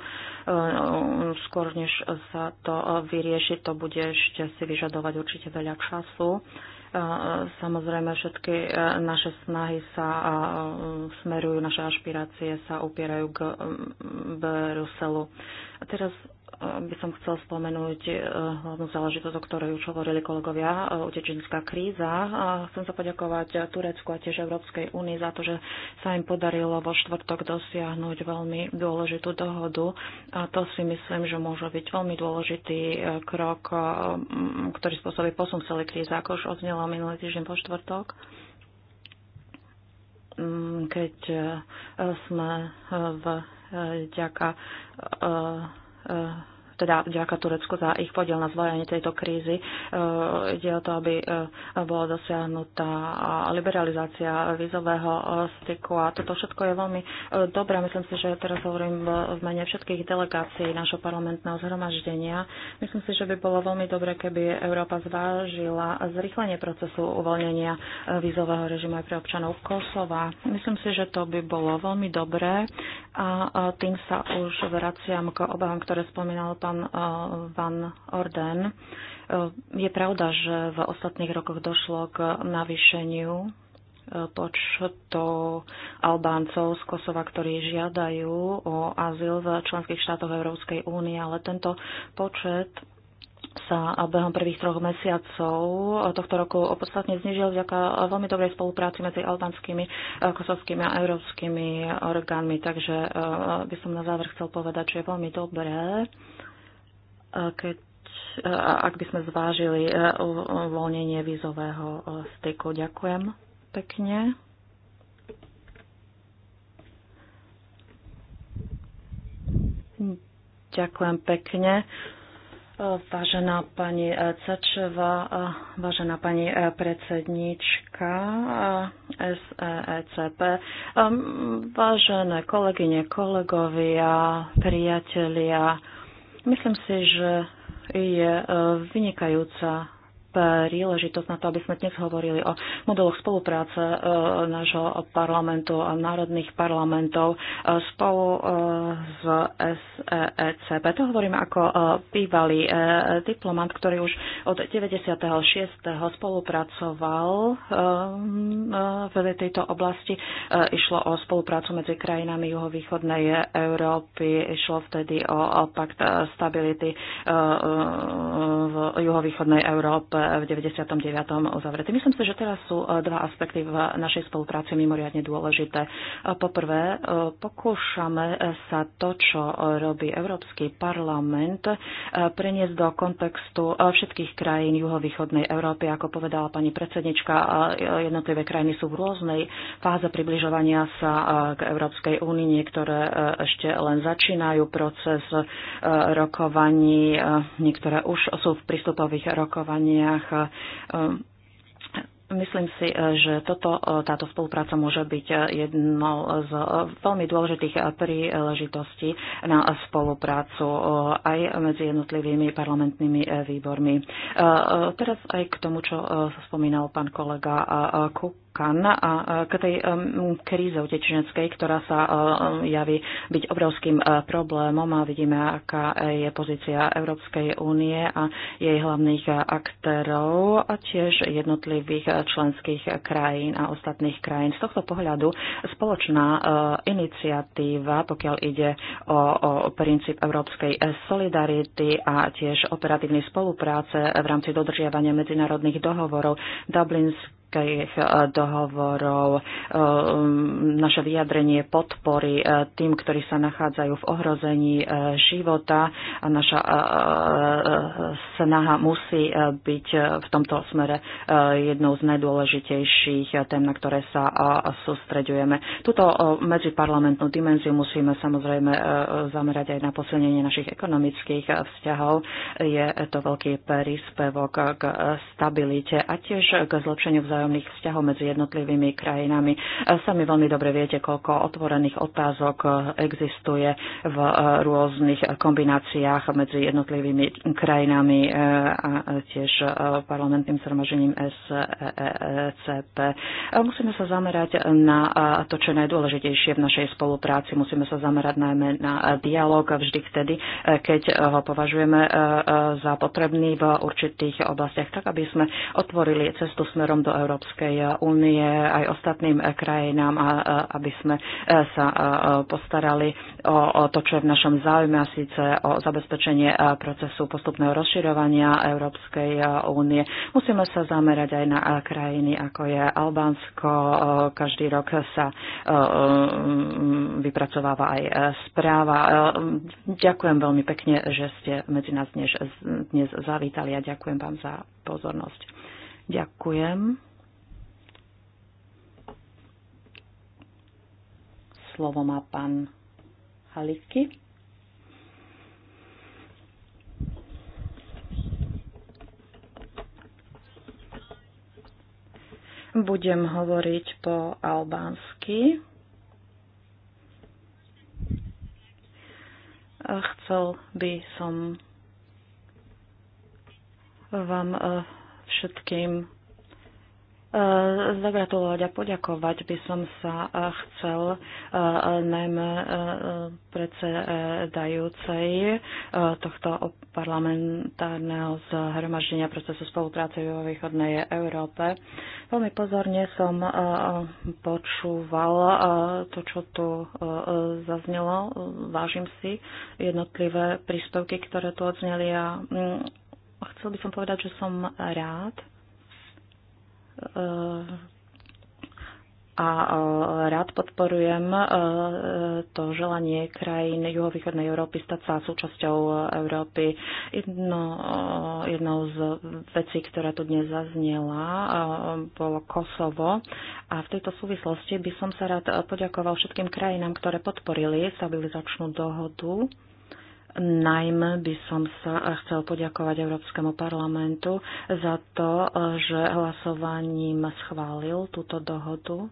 skôr než sa to vyrieši, to bude ešte si vyžadovať určite veľa času. Samozrejme, všetky naše snahy sa smerujú, naše ašpirácie sa upierajú k Bruselu. A teraz by som chcel spomenúť eh, hlavnú záležitosť, o ktorej už hovorili kolegovia, eh, utečenská kríza. Chcem sa poďakovať Turecku a tiež Európskej únii za to, že sa im podarilo vo štvrtok dosiahnuť veľmi dôležitú dohodu. A to si myslím, že môže byť veľmi dôležitý eh, krok, ktorý spôsobí posun celej kríze, ako už odznelo minulý týždeň vo štvrtok mm, keď sme v ďaka uh, teda vďaka Turecku za ich podiel na zvolenie tejto krízy. E, ide o to, aby e, bola dosiahnutá liberalizácia vízového e, styku a toto všetko je veľmi dobré. Myslím si, že teraz hovorím v mene všetkých delegácií nášho parlamentného zhromaždenia. Myslím si, že by bolo veľmi dobré, keby Európa zvážila zrýchlenie procesu uvoľnenia vízového režimu aj pre občanov Kosova. Myslím si, že to by bolo veľmi dobré a tým sa už vraciam k obavám, ktoré spomínal pán pán eh, Van Orden. Eh, je pravda, že v ostatných rokoch došlo k navýšeniu eh, počtu Albáncov z Kosova, ktorí žiadajú o azyl v členských štátoch Európskej únie, ale tento počet sa behom prvých troch mesiacov tohto roku opodstatne znižil vďaka veľmi dobrej spolupráci medzi albanskými, kosovskými a európskymi orgánmi. Takže by som na záver chcel povedať, že je veľmi dobré, keď ak by sme zvážili e, uvoľnenie vízového e, styku. Ďakujem pekne. Ďakujem pekne. E, vážená pani Cečeva, vážená pani predsednička SECP, vážené kolegyne, kolegovia, priatelia, Myslím si, že je e, vynikajúca príležitosť na to, aby sme dnes hovorili o modeloch spolupráce e, nášho parlamentu a národných parlamentov e, spolu e, s SECP. To hovorím ako bývalý diplomat, ktorý už od 96. spolupracoval v tejto oblasti. Išlo o spoluprácu medzi krajinami juhovýchodnej Európy, išlo vtedy o pakt stability v juhovýchodnej Európe v 99. uzavretý. Myslím si, že teraz sú e, dva aspekty v našej spolupráci mimoriadne dôležité. E, poprvé, e, pokúšame sa to, čo robí Európsky parlament, preniesť do kontextu všetkých krajín juhovýchodnej Európy. Ako povedala pani predsednička, jednotlivé krajiny sú v rôznej fáze približovania sa k Európskej únii. Niektoré ešte len začínajú proces rokovaní, niektoré už sú v prístupových rokovaniach krajinách. E, myslím si, e, že toto, e, táto spolupráca môže byť jednou z veľmi dôležitých príležitostí na spoluprácu aj medzi jednotlivými parlamentnými výbormi. Teraz aj k tomu, čo spomínal pán kolega Kuk Balkán a k tej kríze utečeneckej, ktorá sa e, e, javí byť obrovským e, problémom a vidíme, aká je pozícia Európskej únie a jej hlavných aktérov a tiež jednotlivých členských krajín a ostatných krajín. Z tohto pohľadu spoločná iniciatíva, pokiaľ ide o, o princíp európskej solidarity a tiež operatívnej spolupráce v rámci dodržiavania medzinárodných dohovorov, Dublinsk všetkých eh, dohovorov, eh, mm, naše vyjadrenie podpory eh, tým, ktorí sa nachádzajú v ohrození života a naša snaha musí byť v tomto smere jednou z najdôležitejších tém, na ktoré sa sústreďujeme. Tuto medziparlamentnú dimenziu musíme samozrejme zamerať aj na posilnenie našich ekonomických vzťahov. Je to veľký príspevok k stabilite a tiež k zlepšeniu vzájomných vzájomných vzťahov medzi jednotlivými krajinami. E, Sami veľmi dobre viete, koľko otvorených otázok e, existuje v e, rôznych kombináciách medzi jednotlivými krajinami a tiež parlamentným zhromažením SCP. Musíme sa zamerať na to, čo je najdôležitejšie v našej spolupráci. Musíme sa zamerať najmä na dialog vždy vtedy, keď ho považujeme za potrebný v určitých oblastiach, tak aby sme otvorili cestu smerom do Európy Európskej únie aj ostatným krajinám, aby sme e, sa e, postarali o to, čo je v našom záujme, a síce o zabezpečenie e, procesu postupného rozširovania Európskej únie. Musíme sa zamerať aj na krajiny, ako je Albánsko. Každý rok sa vypracováva aj správa. Ďakujem veľmi pekne, že ste medzi nás dnes, dnes zavítali a ďakujem vám za pozornosť. Ďakujem. Slovo má pán Halicky. Budem hovoriť po albánsky. Chcel by som vám eh, všetkým Eh, zagratulovať a poďakovať by som sa eh, chcel eh, najmä predsedajúcej tohto parlamentárneho zhromaždenia procesu spolupráce vo východnej Európe. Veľmi pozorne som počúval to, čo tu zaznelo. Vážim si jednotlivé príspevky, ktoré tu odzneli a mm, chcel by som povedať, že som rád, E, a rád podporujem e, to želanie krajín juhovýchodnej Európy stať sa súčasťou Európy. Jedno, e, jednou z vecí, ktorá tu dnes zaznela, bolo Kosovo. A v tejto súvislosti by som sa rád poďakoval všetkým krajinám, ktoré podporili stabilizačnú dohodu Najmä by som sa chcel poďakovať Európskemu parlamentu za to, že hlasovaním schválil túto dohodu.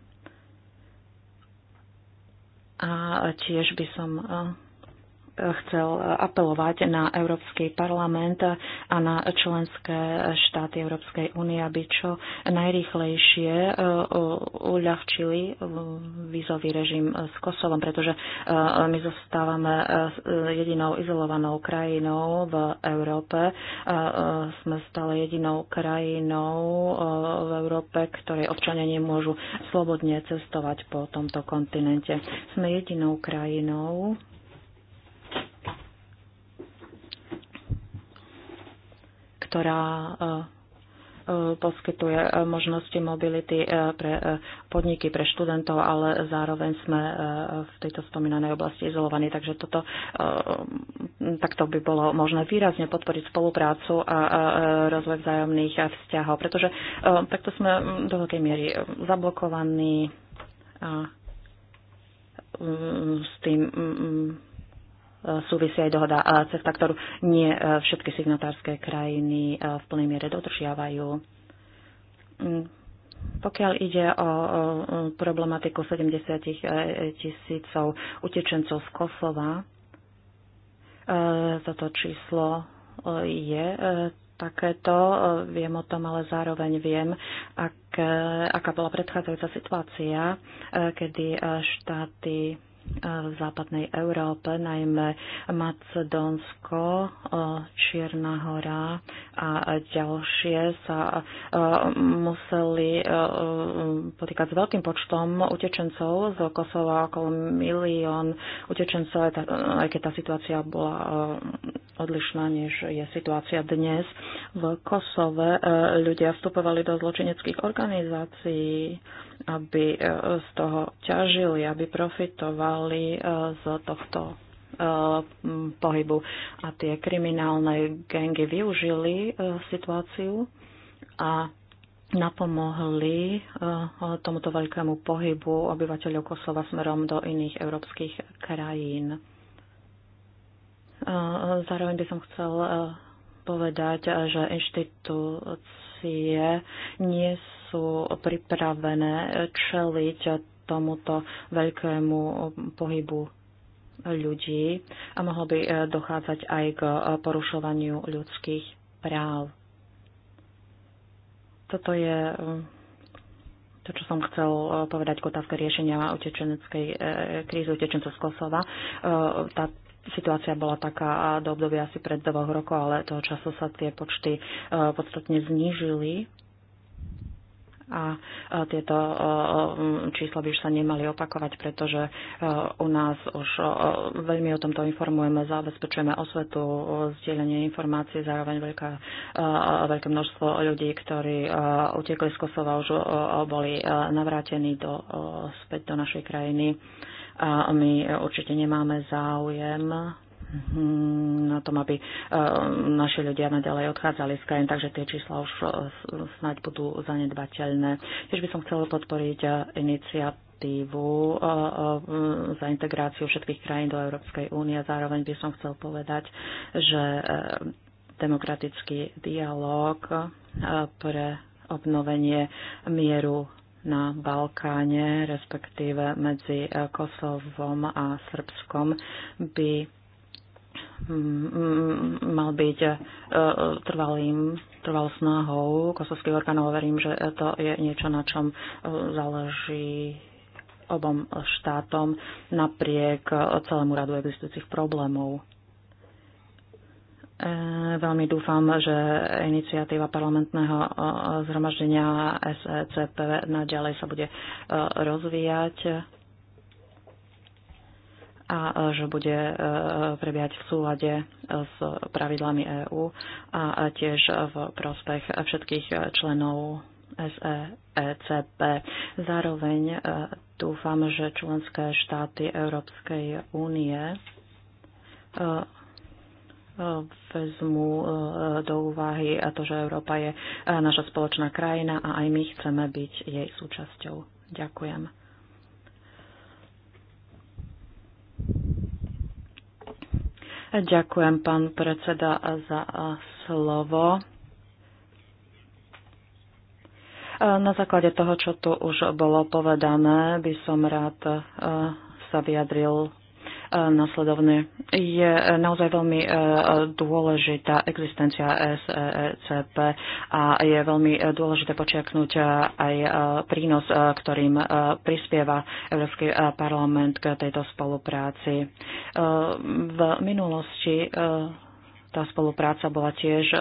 A tiež by som chcel apelovať na Európsky parlament a na členské štáty Európskej únie, aby čo najrýchlejšie e, e, uľahčili e, vízový režim s Kosovom, pretože my zostávame jedinou izolovanou krajinou v Európe. Sme stále jedinou krajinou v Európe, ktorej občania nemôžu slobodne cestovať po tomto kontinente. Sme jedinou krajinou, ktorá eh, eh, poskytuje eh, možnosti mobility pre podniky, pre študentov, ale zároveň sme v tejto spomínanej oblasti izolovaní. Takže toto, takto by bolo možné výrazne podporiť spoluprácu a rozvoj vzájomných vzťahov, pretože takto sme mm, do veľkej miery zablokovaní a mm, s tým mm, súvisia aj dohoda eh, CEFTA, ktorú nie eh, všetky signatárske krajiny eh, v plnej miere dodržiavajú. Mm, pokiaľ ide o problematiku 70 tisícov utečencov z Kosova, toto číslo je takéto, viem o tom, ale zároveň viem, ak, aká bola predchádzajúca situácia, kedy štáty v západnej Európe, najmä Macedónsko, e, Čierna hora a ďalšie sa e, museli e, potýkať s veľkým počtom utečencov z Kosova, okolo milión utečencov, aj keď tá situácia bola odlišná, než je situácia dnes. V Kosove ľudia vstupovali do zločineckých organizácií, aby e, z toho ťažili, aby profitovali e, z tohto e, pohybu. A tie kriminálne gengy využili situáciu a napomohli tomuto veľkému pohybu obyvateľov Kosova smerom do iných európskych krajín. Zároveň by som chcel povedať, že inštitúcie nie sú pripravené čeliť tomuto veľkému pohybu ľudí a mohlo by eh, dochádzať aj k eh, porušovaniu ľudských práv. Toto je eh, to, čo som chcel povedať k otázke riešenia utečeneckej krízy utečencov z Kosova. Tá situácia bola taká do obdobia asi pred dvoch rokov, ale toho času sa tie počty e, podstatne znížili a e, tieto e, čísla by už sa nemali opakovať, pretože u nás už veľmi o tomto informujeme, zabezpečujeme osvetu, zdieľanie informácií, zároveň veľká, veľké množstvo ľudí, ktorí utekli z Kosova, už boli navrátení do, späť do našej krajiny. A my určite nemáme záujem hm, na tom, aby e, naši ľudia naďalej odchádzali z krajín, takže tie čísla už e, snáď budú zanedbateľné. Tiež by som chcela podporiť e, iniciatívu za integráciu všetkých krajín do Európskej únie. Zároveň by som chcel povedať, že demokratický dialog pre obnovenie mieru na Balkáne, respektíve medzi e, Kosovom a Srbskom, by mm, mal byť e, e, trvalým, trvalou snahou kosovských orgánov. Verím, že to je niečo, na čom záleží obom štátom napriek celému radu existujúcich problémov. E, veľmi dúfam, že iniciatíva parlamentného e, zhromaždenia SECP naďalej sa bude e, rozvíjať a že bude prebiehať v súlade s pravidlami EÚ a tiež v prospech všetkých členov SECP. Zároveň dúfam, že členské štáty Európskej únie vezmú e, do úvahy a to, že Európa je e, naša spoločná krajina a aj my chceme byť jej súčasťou. Ďakujem. Ďakujem, pán predseda, za e, slovo. Na základe toho, čo tu už bolo povedané, by som rád sa vyjadril nasledovne. Je e, naozaj veľmi e, e, dôležitá existencia SCP a je veľmi dôležité počiaknúť aj prínos, ktorým prispieva Európsky parlament k tejto spolupráci. V minulosti tá spolupráca bola tiež e, e,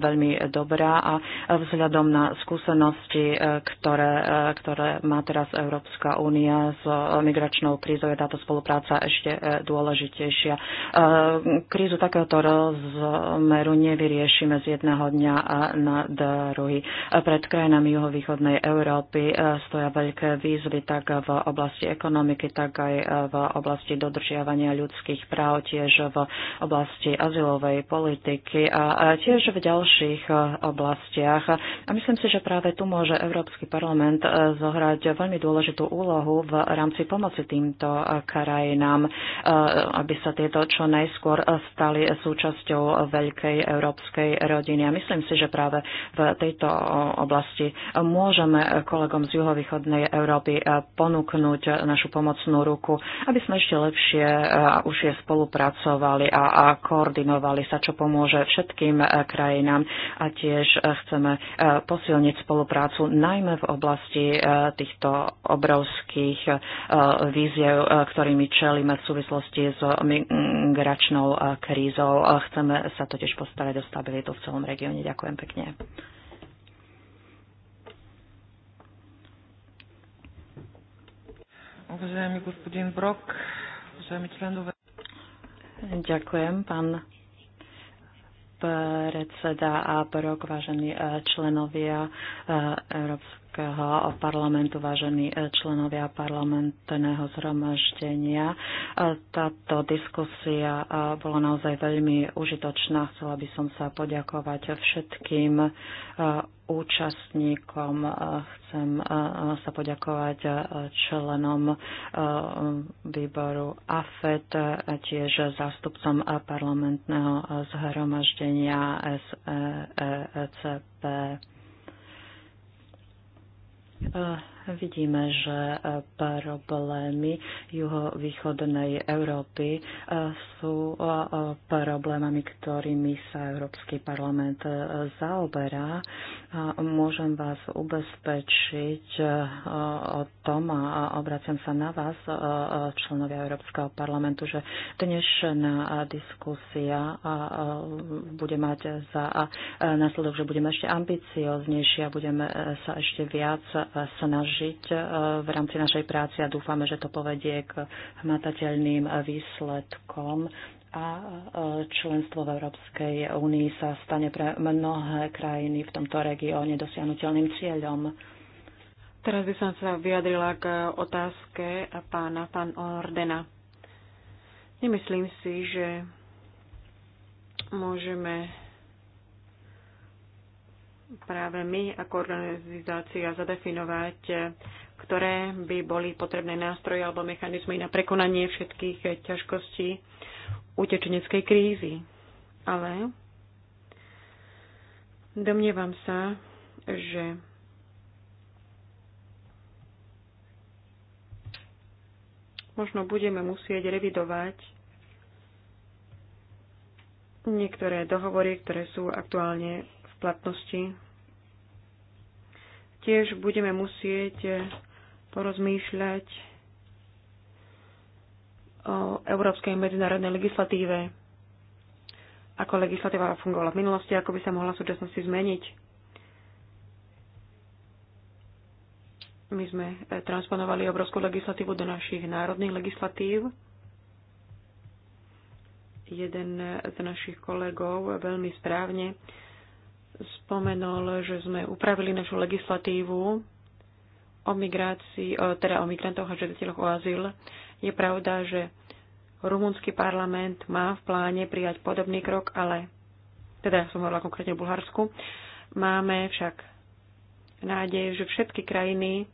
veľmi dobrá a vzhľadom na skúsenosti, e, ktoré, ktoré má teraz Európska únia s migračnou krízou, je táto spolupráca ešte dôležitejšia. Krízu takéhoto rozmeru nevyriešime z jedného dňa na druhý. Pred krajinami juhovýchodnej Európy stoja veľké výzvy tak v oblasti ekonomiky, tak aj v oblasti dodržiavania ľudských práv, tiež v oblasti azylovej politiky a tiež v ďalších e, oblastiach. A myslím si, že práve tu môže Európsky parlament e, zohrať veľmi dôležitú úlohu v rámci pomoci týmto e, krajinám, aby sa tieto čo najskôr stali súčasťou veľkej európskej rodiny. A myslím si, že práve v tejto oblasti môžeme kolegom z juhovýchodnej Európy ponúknuť našu pomocnú ruku, aby sme ešte lepšie a už je spolupracovali a, a koordinovali koordinovali sa, čo pomôže všetkým eh, krajinám a tiež eh, chceme eh, posilniť spoluprácu najmä v oblasti týchto obrovských víziev, ktorými čelíme v súvislosti s migračnou krízou. Chceme sa totiž postarať o stabilitu v celom regióne. Ďakujem pekne. Уважаемый господин Брок, уважаемые члены Ďakujem, pán predseda a brok, vážení eh, členovia eh, Európskej Európskeho parlamentu, vážení e, členovia parlamentného zhromaždenia. E, táto diskusia e, bola naozaj veľmi užitočná. Chcela by som sa poďakovať všetkým účastníkom. Chcem sa poďakovať členom výboru AFET, tiež zástupcom parlamentného zhromaždenia SECP. Vidíme, že e, problémy juhovýchodnej Európy e, sú e, problémami, ktorými sa Európsky parlament zaoberá a môžem vás ubezpečiť e, o tom a obraciam sa na vás, e, e, členovia Európskeho parlamentu, že dnešná diskusia bude mať za následok, že budeme ešte ambicioznejší a budeme sa ešte viac snažiť v rámci našej práce a dúfame, že to povedie k hmatateľným výsledkom a e, členstvo v Európskej únii sa stane pre mnohé krajiny v tomto regióne dosiahnutelným cieľom. Teraz by som sa vyjadrila k otázke pána pán Ordena. Nemyslím si, že môžeme práve my ako organizácia zadefinovať, ktoré by boli potrebné nástroje alebo mechanizmy na prekonanie všetkých ťažkostí, utečeneckej krízy. Ale domnievam sa, že možno budeme musieť revidovať niektoré dohovory, ktoré sú aktuálne v platnosti. Tiež budeme musieť porozmýšľať o európskej medzinárodnej legislatíve, ako legislatíva fungovala v minulosti, ako by sa mohla v súčasnosti zmeniť. My sme e, transponovali obrovskú legislatívu do našich národných legislatív. Jeden e, z našich kolegov veľmi správne spomenul, že sme upravili našu legislatívu o migrácii, teda o migrantoch a žiadateľoch o azyl je pravda, že Rumunský parlament má v pláne prijať podobný krok, ale teda som hovorila konkrétne o Bulharsku. Máme však nádej, že všetky krajiny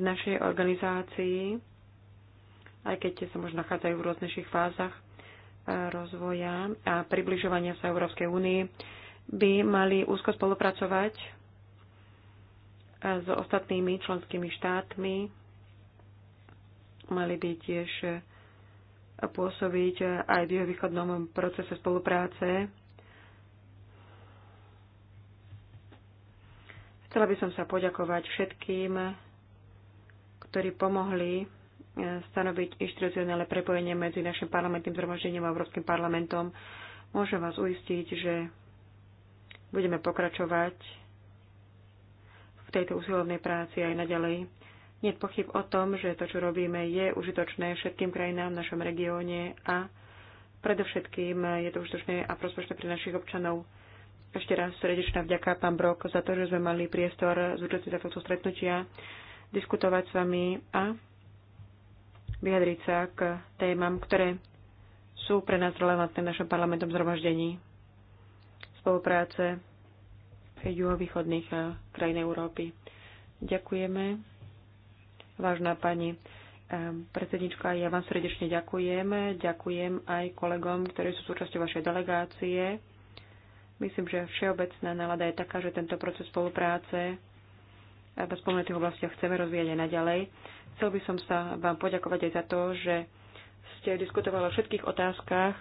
v našej organizácii, aj keď sa možno nachádzajú v rôznejších fázach e, rozvoja a približovania sa Európskej únii, by mali úzko spolupracovať e, s ostatnými členskými štátmi Mali by tiež pôsobiť aj v jeho východnom procese spolupráce. Chcela by som sa poďakovať všetkým, ktorí pomohli eh, stanoviť inštitucionálne prepojenie medzi našim parlamentným zhromaždením a Európskym parlamentom. Môžem vás uistiť, že budeme pokračovať v tejto usilovnej práci aj naďalej. Nie je pochyb o tom, že to, čo robíme, je užitočné všetkým krajinám v našom regióne a predovšetkým je to užitočné a prospešné pre našich občanov. Ešte raz srdečná vďaka, pán Brok, za to, že sme mali priestor zúčastniť sa tohto stretnutia, diskutovať s vami a vyjadriť sa k témam, ktoré sú pre nás relevantné v našom parlamentom zhromaždení spolupráce juhovýchodných krajín Európy. Ďakujeme. Vážna pani predsednička, ja vám srdečne ďakujem. Ďakujem aj kolegom, ktorí sú súčasťou vašej delegácie. Myslím, že všeobecná nálada je taká, že tento proces spolupráce v spomenutých oblastiach chceme rozvíjať aj naďalej. Chcel by som sa vám poďakovať aj za to, že ste diskutovali o všetkých otázkach,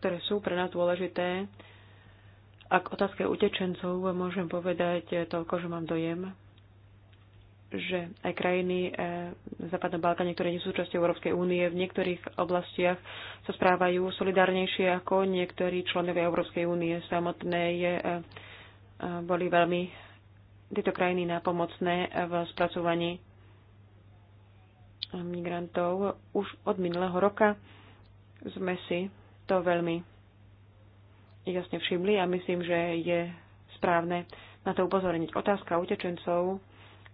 ktoré sú pre nás dôležité. ak otázke utečencov môžem povedať toľko, že mám dojem, že aj krajiny e, v Západnom Balkáne, ktoré nie sú súčasťou Európskej únie, v niektorých oblastiach sa správajú solidárnejšie ako niektorí členovia Európskej únie samotné je, e, e, boli veľmi tieto krajiny nápomocné v spracovaní migrantov. Už od minulého roka sme si to veľmi jasne všimli a myslím, že je správne na to upozorniť. Otázka utečencov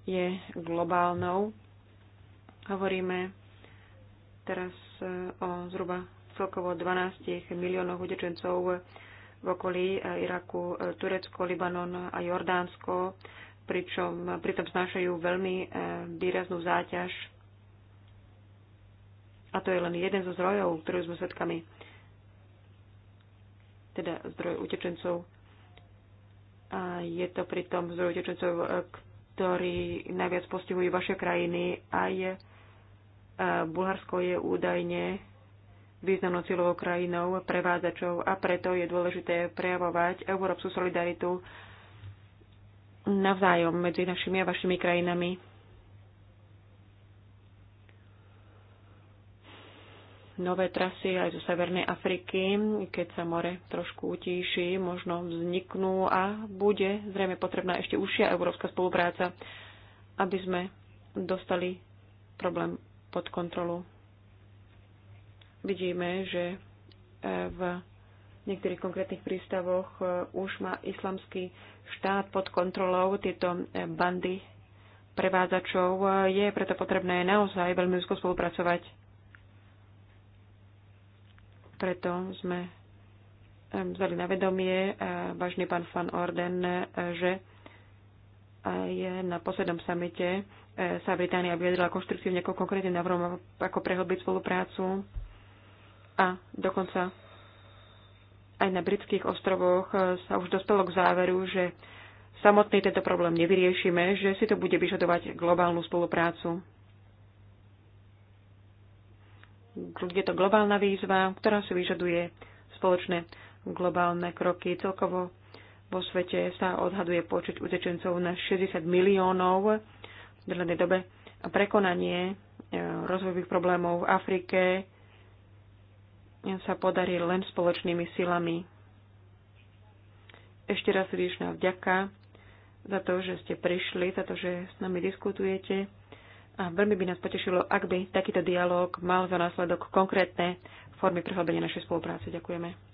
je globálnou. Hovoríme teraz e, o zhruba celkovo 12 miliónoch utečencov v okolí e, Iraku, e, Turecko, Libanon a Jordánsko, pričom pritom znášajú veľmi výraznú záťaž. A to je len jeden zo zdrojov, ktorý sme svedkami. Teda zdroj utečencov. A je to pritom zdroj utečencov, ktorí najviac postihujú vaše krajiny. Aj e, Bulharsko je údajne významnou cieľovou krajinou prevádzačov a preto je dôležité prejavovať európsku solidaritu navzájom medzi našimi a vašimi krajinami. nové trasy aj zo Severnej Afriky, keď sa more trošku utíši, možno vzniknú a bude zrejme potrebná ešte užšia európska spolupráca, aby sme dostali problém pod kontrolu. Vidíme, že e, v niektorých konkrétnych prístavoch e, už má islamský štát pod kontrolou tieto e, bandy prevádzačov. Je preto potrebné naozaj veľmi úzko spolupracovať preto sme vzali na vedomie, eh, vážny pán Van Orden, eh, že aj na poslednom samite eh, sa Británia vyjadrila konštruktívne ako konkrétne návrhom, ako prehlbiť spoluprácu a dokonca aj na britských ostrovoch sa už dostalo k záveru, že samotný tento problém nevyriešime, že si to bude vyžadovať globálnu spoluprácu je to globálna výzva, ktorá si vyžaduje spoločné globálne kroky. Celkovo vo svete sa odhaduje počet utečencov na 60 miliónov v dlhnej dobe a prekonanie e, rozvojových problémov v Afrike sa podarí len spoločnými silami. Ešte raz srdečná vďaka za to, že ste prišli, za to, že s nami diskutujete. A veľmi by nás potešilo, ak by takýto dialog mal za následok konkrétne formy prehlbenia našej spolupráce. Ďakujeme.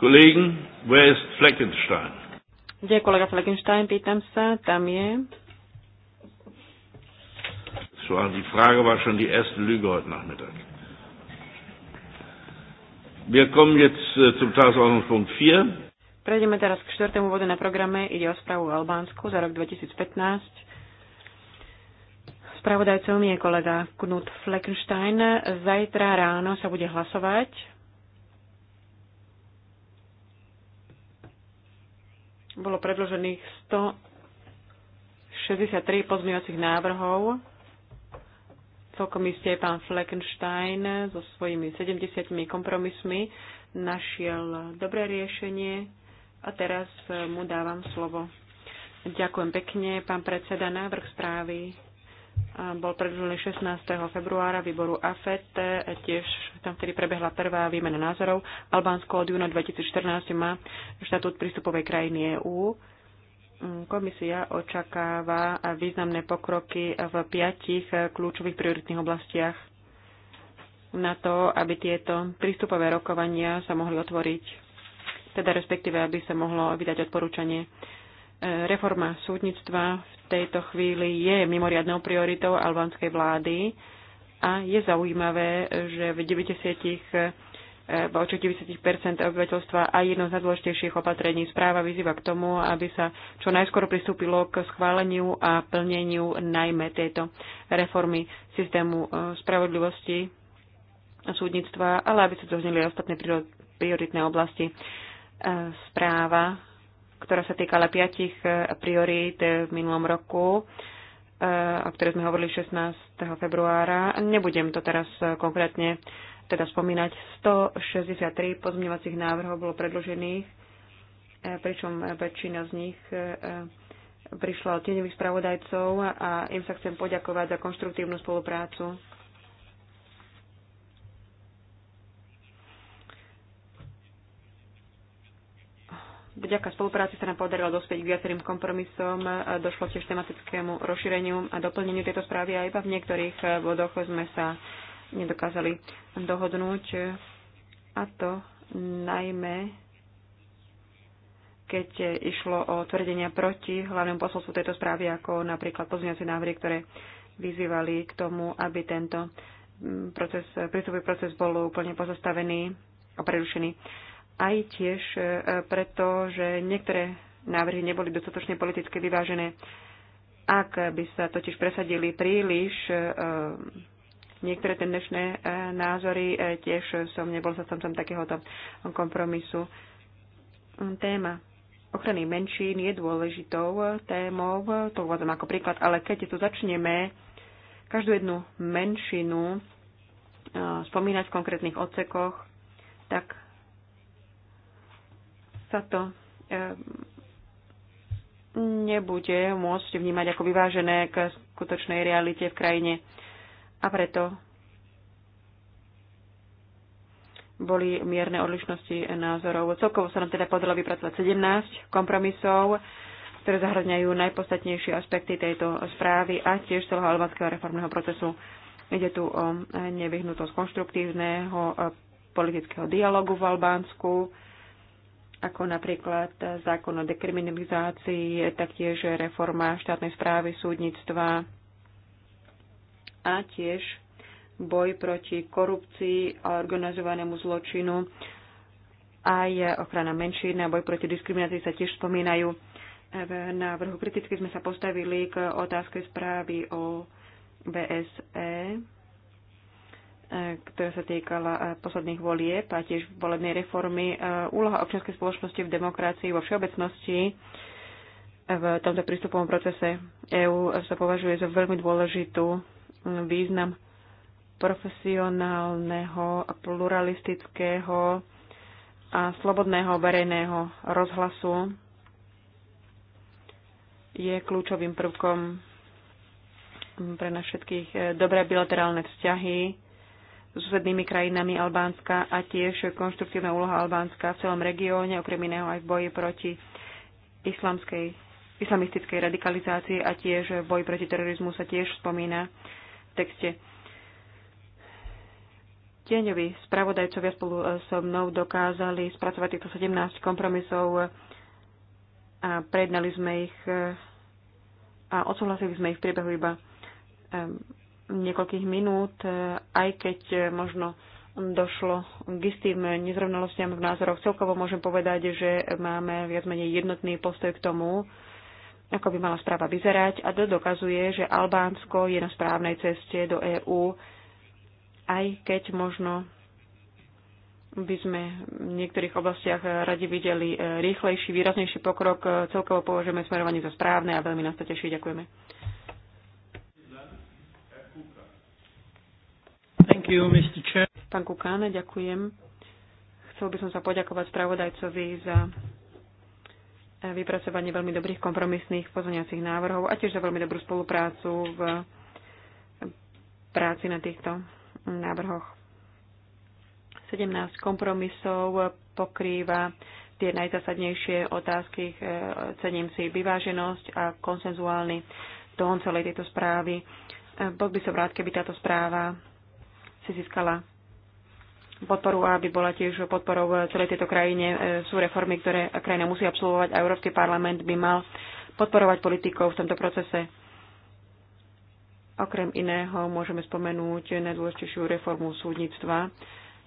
Kollegen, where is Fleckenstein? Kde je kolega Fleckenstein, pýtam sa, tam je. So, die Frage war schon die erste Lüge heute Nachmittag. Wir kommen jetzt äh, zum Tagesordnungspunkt 4. Prejdeme teraz k štvrtému vodu na programe. Ide o správu v Albánsku za rok 2015. Spravodajcom je kolega Knut Fleckenstein. Zajtra ráno sa bude hlasovať predložených 163 pozmeňovacích návrhov. Celkom isté pán Fleckenstein so svojimi 70 kompromismi našiel dobré riešenie a teraz mu dávam slovo. Ďakujem pekne, pán predseda. Návrh správy bol predložený 16. februára výboru AFET. Tiež tam vtedy prebehla prvá výmena názorov. Albánsko od júna 2014 má štatút prístupovej krajiny EÚ. Mm, komisia očakáva významné pokroky v piatich kľúčových prioritných oblastiach na to, aby tieto prístupové rokovania sa mohli otvoriť, teda respektíve, aby sa mohlo vydať odporúčanie e, reforma súdnictva v tejto chvíli je mimoriadnou prioritou albánskej vlády. A je zaujímavé, že v 90 v 90 obyvateľstva a jedno z najdôležitejších opatrení správa vyzýva k tomu, aby sa čo najskôr pristúpilo k schváleniu a plneniu najmä tejto reformy systému eh, spravodlivosti a súdnictva, ale aby sa zohnili ostatné prioritné oblasti. Eh, správa, ktorá sa týkala piatich eh, priorít v minulom roku, o e, ktorej sme hovorili 16. februára. Nebudem to teraz e, konkrétne teda spomínať. 163 pozmeňovacích návrhov bolo predložených, e, pričom väčšina z nich prišla od tieňových spravodajcov a im sa chcem poďakovať za konštruktívnu spoluprácu. Vďaka spolupráci sa nám podarilo dospieť k viacerým kompromisom. Došlo tiež tematickému rozšíreniu a doplneniu tejto správy a iba v niektorých e, bodoch sme sa nedokázali dohodnúť. A to najmä keď išlo o tvrdenia proti hlavnému posolstvu tejto správy, ako napríklad pozmeňovacie návrhy, ktoré vyzývali k tomu, aby tento proces, prístupový proces bol úplne pozastavený a prerušený aj tiež e, preto, že niektoré návrhy neboli dostatočne politicky vyvážené. Ak by sa totiž presadili príliš e, niektoré tendenčné e, názory, tiež som nebol zastancom takéhoto kompromisu. Mm, téma ochrany menšín je dôležitou témou, to uvádzam ako príklad, ale keď tu začneme každú jednu menšinu spomínať v konkrétnych odsekoch, tak sa to ehm, nebude môcť vnímať ako vyvážené k skutočnej realite v krajine. A preto boli mierne odlišnosti názorov. Celkovo sa nám teda podalo vypracovať 17 kompromisov, ktoré zahrňajú najpodstatnejšie aspekty tejto správy a tiež celého albanského reformného procesu. Ide tu o nevyhnutosť konštruktívneho eh, politického dialogu v Albánsku, ako napríklad zákon o dekriminalizácii, taktiež reforma štátnej správy, súdnictva a tiež boj proti korupcii a organizovanému zločinu. Aj ochrana menšín a boj proti diskriminácii sa tiež spomínajú. V návrhu kriticky sme sa postavili k otázke správy o BSE E, ktorá sa týkala e, posledných volieb a tiež volebnej reformy. E, úloha občianskej spoločnosti v demokracii vo všeobecnosti v tomto prístupovom procese EÚ sa považuje za veľmi dôležitú význam profesionálneho, pluralistického a slobodného verejného rozhlasu je kľúčovým prvkom pre nás všetkých dobré bilaterálne vzťahy susednými krajinami Albánska a tiež konštruktívna úloha Albánska v celom regióne, okrem iného aj v boji proti islamskej, islamistickej radikalizácii a tiež boji proti terorizmu sa tiež spomína v texte. Tieňoví spravodajcovia spolu e, so mnou dokázali spracovať týchto 17 kompromisov a prejednali sme ich e, a odsúhlasili sme ich v priebehu iba e, niekoľkých minút, e, aj keď e, možno došlo k istým nezrovnalostiam v názoroch. Celkovo môžem povedať, že máme viac menej jednotný postoj k tomu, ako by mala správa vyzerať a to dokazuje, že Albánsko je na správnej ceste do EÚ, aj keď možno by sme v niektorých oblastiach radi videli e, rýchlejší, výraznejší pokrok. Celkovo považujeme smerovanie za správne a veľmi nás to teší. Ďakujeme. you, Mr. Chair. Pán Kukáne, ďakujem. Chcel by som sa poďakovať spravodajcovi za vypracovanie veľmi dobrých kompromisných pozoniacich návrhov a tiež za veľmi dobrú spoluprácu v práci na týchto návrhoch. 17 kompromisov pokrýva tie najzasadnejšie otázky. Eh, cením si vyváženosť a konsenzuálny tón celej tejto správy. Eh, bol by som rád, keby táto správa si získala podporu a aby bola tiež podporou celej tejto krajine. E, sú reformy, ktoré krajina musí absolvovať a Európsky parlament by mal podporovať politikov v tomto procese. Okrem iného môžeme spomenúť najdôležitejšiu reformu súdnictva.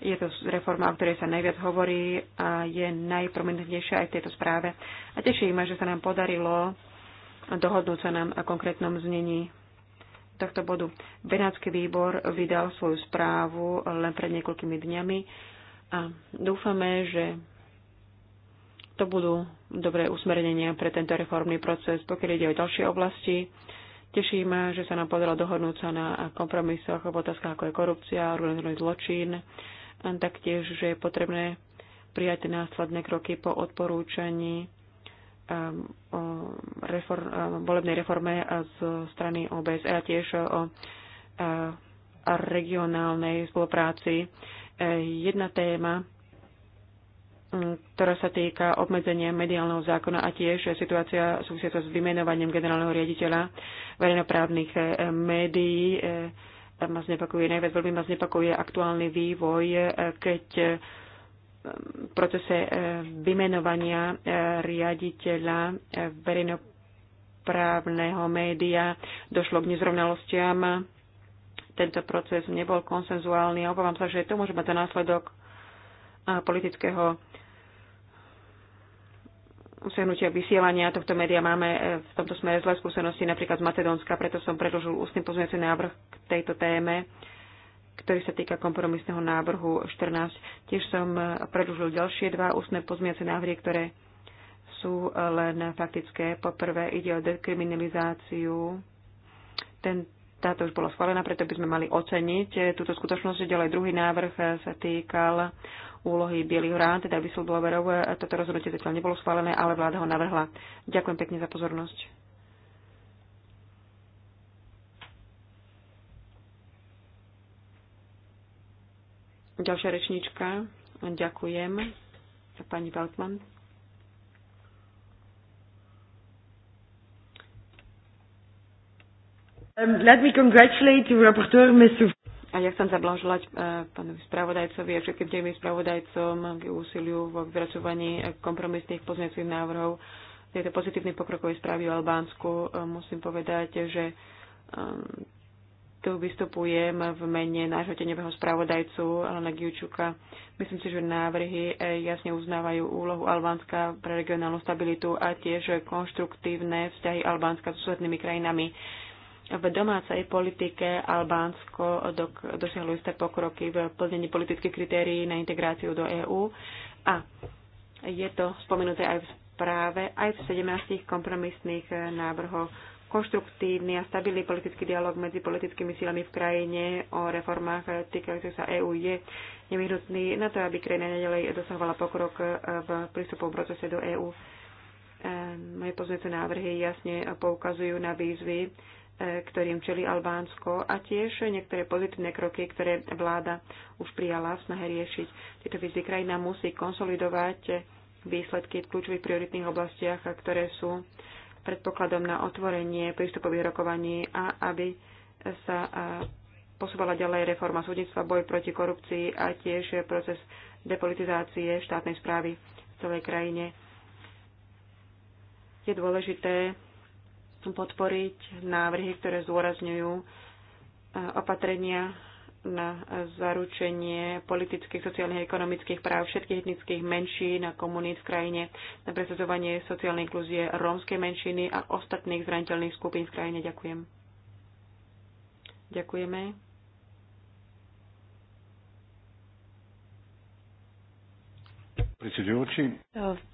Je to reforma, o ktorej sa najviac hovorí a je najprominentnejšia aj v tejto správe. A teší ma, že sa nám podarilo dohodnúť sa nám o konkrétnom znení tohto bodu. Benátsky výbor vydal svoju správu len pred niekoľkými dňami a dúfame, že to budú dobré usmernenia pre tento reformný proces. Pokiaľ ide o ďalšie oblasti, teší ma, že sa nám podarilo dohodnúť sa na kompromisoch v otázkach ako je korupcia, organizovaný zločin, a taktiež, že je potrebné prijať následné kroky po odporúčaní o reform, volebnej reforme eh, zo strany OBS e a tiež eh, o eh, regionálnej spolupráci. Jedna téma, mm, ktorá sa týka obmedzenia mediálneho zákona a tiež situácia súvisiaca s vymenovaním generálneho riaditeľa verejnoprávnych médií ma znepokojuje. Najviac veľmi ma znepokojuje aktuálny vývoj, keď procese eh, vymenovania eh, riaditeľa eh, verejnoprávneho média došlo k nezrovnalostiam. Tento proces nebol konsenzuálny a obávam sa, že to môže mať za následok politického usiahnutia vysielania tohto média máme v tomto smere zlé skúsenosti napríklad z Macedónska, preto som predložil ústny pozmeňujúci návrh k tejto téme ktorý sa týka kompromisného návrhu 14. Tiež som predlžil ďalšie dva ústne pozmiace návrhy, ktoré sú len faktické. Poprvé ide o dekriminalizáciu. Ten, táto už bola schválená, preto by sme mali oceniť túto skutočnosť. Ďalej druhý návrh sa týkal úlohy Bielých rán, teda whistleblowerov. Toto rozhodnutie zatiaľ nebolo schválené, ale vláda ho navrhla. Ďakujem pekne za pozornosť. Ďalšia rečnička. Ďakujem. Pani Veltman. Um, let me congratulate the rapporteur, Mr. A ja chcem zablahoželať eh, pánovi spravodajcovi a všetkým tým spravodajcom k úsiliu vo vyracovaní kompromisných pozmeňujúcich návrhov tejto pozitívnej pokrokovej správy v Albánsku. Eh, musím povedať, že eh, tu vystupujem v mene nášho teňového spravodajcu Alana Giučuka. Myslím si, že návrhy eh, jasne uznávajú úlohu Albánska pre regionálnu stabilitu a tiež konštruktívne vzťahy Albánska s susednými krajinami. V domácej politike Albánsko dosiahlo isté pokroky v plnení politických kritérií na integráciu do EÚ a je to spomenuté aj v správe, aj v 17 kompromisných eh, návrhoch konštruktívny a stabilný politický dialog medzi politickými sílami v krajine o reformách týkajúcich sa EÚ je nevyhnutný na to, aby krajina nedelej dosahovala pokrok v prístupovom procese do EÚ. Ehm, moje pozmeňujúce návrhy jasne poukazujú na výzvy, e, ktorým čeli Albánsko a tiež niektoré pozitívne kroky, ktoré vláda už prijala v snahe riešiť. Tieto výzvy krajina musí konsolidovať výsledky v kľúčových prioritných oblastiach, ktoré sú predpokladom na otvorenie prístupových rokovaní a aby sa posúvala ďalej reforma súdnictva, boj proti korupcii a tiež proces depolitizácie štátnej správy v celej krajine. Je dôležité podporiť návrhy, ktoré zdôrazňujú opatrenia na zaručenie politických, sociálnych a ekonomických práv všetkých etnických menšín a komunít v krajine, na presadzovanie sociálnej inklúzie rómskej menšiny a ostatných zraniteľných skupín v krajine. Ďakujem. Ďakujeme.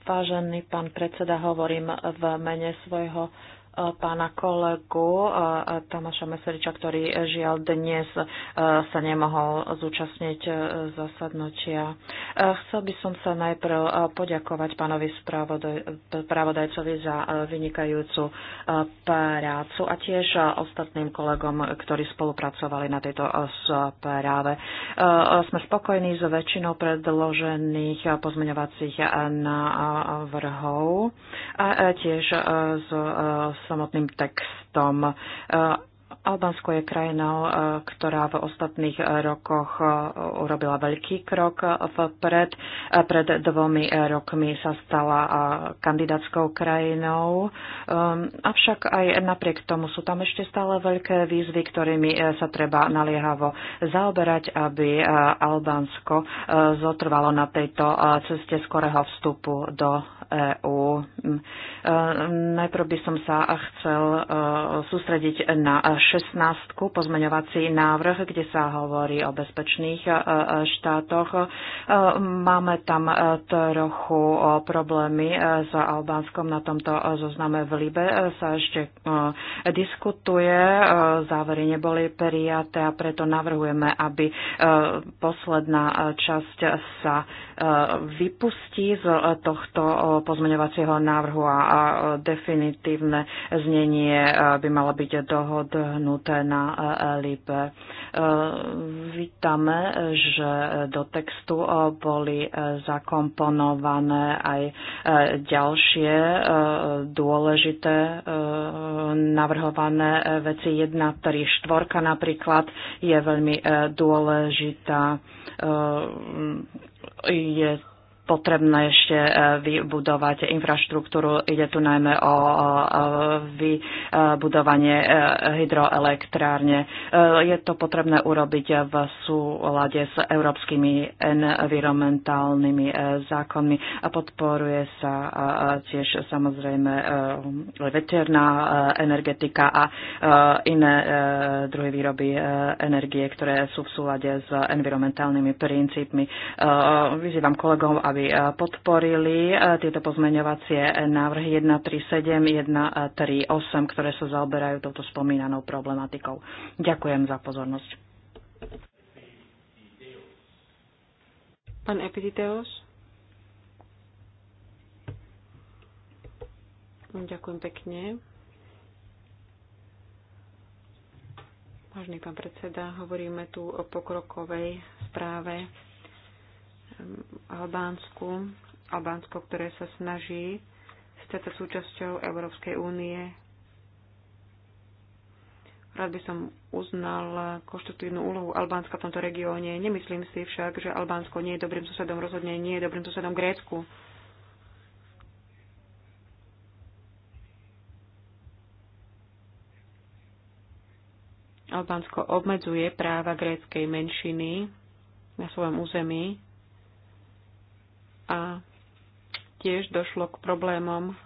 Vážený pán predseda, hovorím v mene svojho Eh, pána kolegu eh, Tomáša Meseriča, ktorý žiaľ dnes eh, sa nemohol zúčastniť zasadnutia. Chcel by som sa najprv poďakovať pánovi spravodajcovi za vynikajúcu prácu a tiež ostatným kolegom, ktorí spolupracovali na tejto správe. Sme spokojní s väčšinou predložených pozmeňovacích návrhov a tiež s samotným textom. Albánsko je krajinou, e, ktorá v ostatných e, rokoch e, urobila veľký krok vpred. Pred dvomi rokmi sa stala kandidátskou krajinou. Ehm, avšak aj napriek tomu sú tam ešte stále veľké výzvy, ktorými sa treba naliehavo zaoberať, aby Albánsko zotrvalo na tejto ceste skorého vstupu do EÚ. Ehm, najprv by som sa chcel sústrediť na 6 16, pozmeňovací návrh, kde sa hovorí o bezpečných e, e, štátoch. E, máme tam trochu problémy s Albánskom na tomto zozname v Libe. Sa ešte diskutuje, závery neboli prijaté a preto navrhujeme, aby posledná časť sa vypustí z tohto eh, pozmeňovacieho návrhu a definitívne znenie eh, by malo byť dohodnuté na eh, lip. Vítame, že do textu boli zakomponované aj ďalšie dôležité navrhované veci. 1, 3, 4 napríklad je veľmi dôležitá je potrebné ešte e, vybudovať infraštruktúru. Ide tu najmä o vybudovanie e, hydroelektrárne. E, je to potrebné urobiť v súlade s európskymi environmentálnymi zákonmi a podporuje sa tiež samozrejme veterná energetika a iné druhy výroby energie, ktoré sú v súlade s environmentálnymi princípmi. Vyzývam kolegov, aby aby e, podporili e, tieto pozmeňovacie návrhy 137, 138, ktoré sa zaoberajú touto spomínanou problematikou. Ďakujem za pozornosť. Pán Epiditeos. Ďakujem pekne. Vážený pán predseda, hovoríme tu o pokrokovej správe Albánsku, Albánsko, ktoré sa snaží stať sa súčasťou Európskej únie. Rád by som uznal konštruktívnu úlohu Albánska v tomto regióne. Nemyslím si však, že Albánsko nie je dobrým susedom, rozhodne nie je dobrým susedom Grécku. Albánsko obmedzuje práva gréckej menšiny na svojom území a tiež došlo k problémom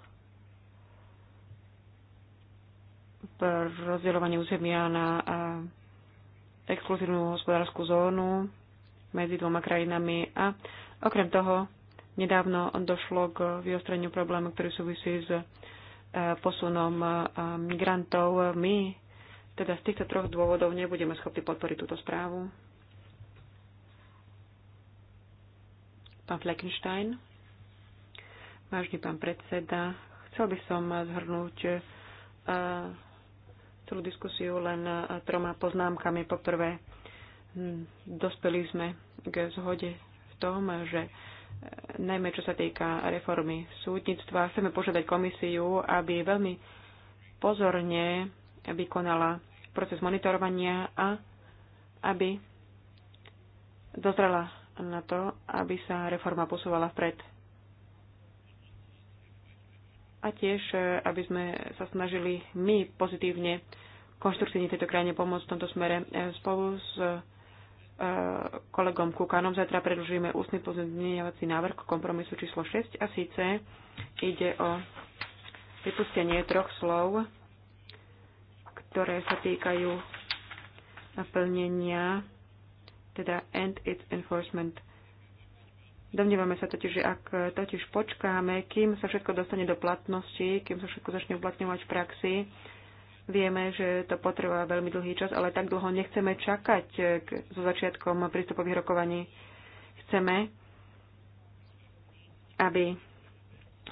v rozdielovaní územia na exkluzívnu hospodárskú zónu medzi dvoma krajinami a okrem toho nedávno došlo k vyostreniu problému, ktorý súvisí s e, posunom e, migrantov. My teda z týchto troch dôvodov nebudeme schopní podporiť túto správu. Pán Fleckenstein. Vážny pán predseda, chcel by som zhrnúť eh, celú diskusiu len eh, troma poznámkami. Poprvé, hm, dospeli sme k zhode v tom, že eh, najmä čo sa týka reformy súdnictva, chceme požiadať komisiu, aby veľmi pozorne vykonala proces monitorovania a aby dozrela na to, aby sa reforma posúvala vpred. A tiež, e, aby sme sa snažili my pozitívne konštruktívne tejto krajine pomôcť v tomto smere. E, Spolu s e, kolegom Kukanom zajtra predlžíme ústny pozmeňovací návrh k kompromisu číslo 6 a síce ide o vypustenie troch slov, ktoré sa týkajú naplnenia teda and its enforcement. Domnievame sa totiž, že ak totiž počkáme, kým sa všetko dostane do platnosti, kým sa všetko začne uplatňovať v praxi, vieme, že to potrvá veľmi dlhý čas, ale tak dlho nechceme čakať so začiatkom prístupových rokovaní. Chceme, aby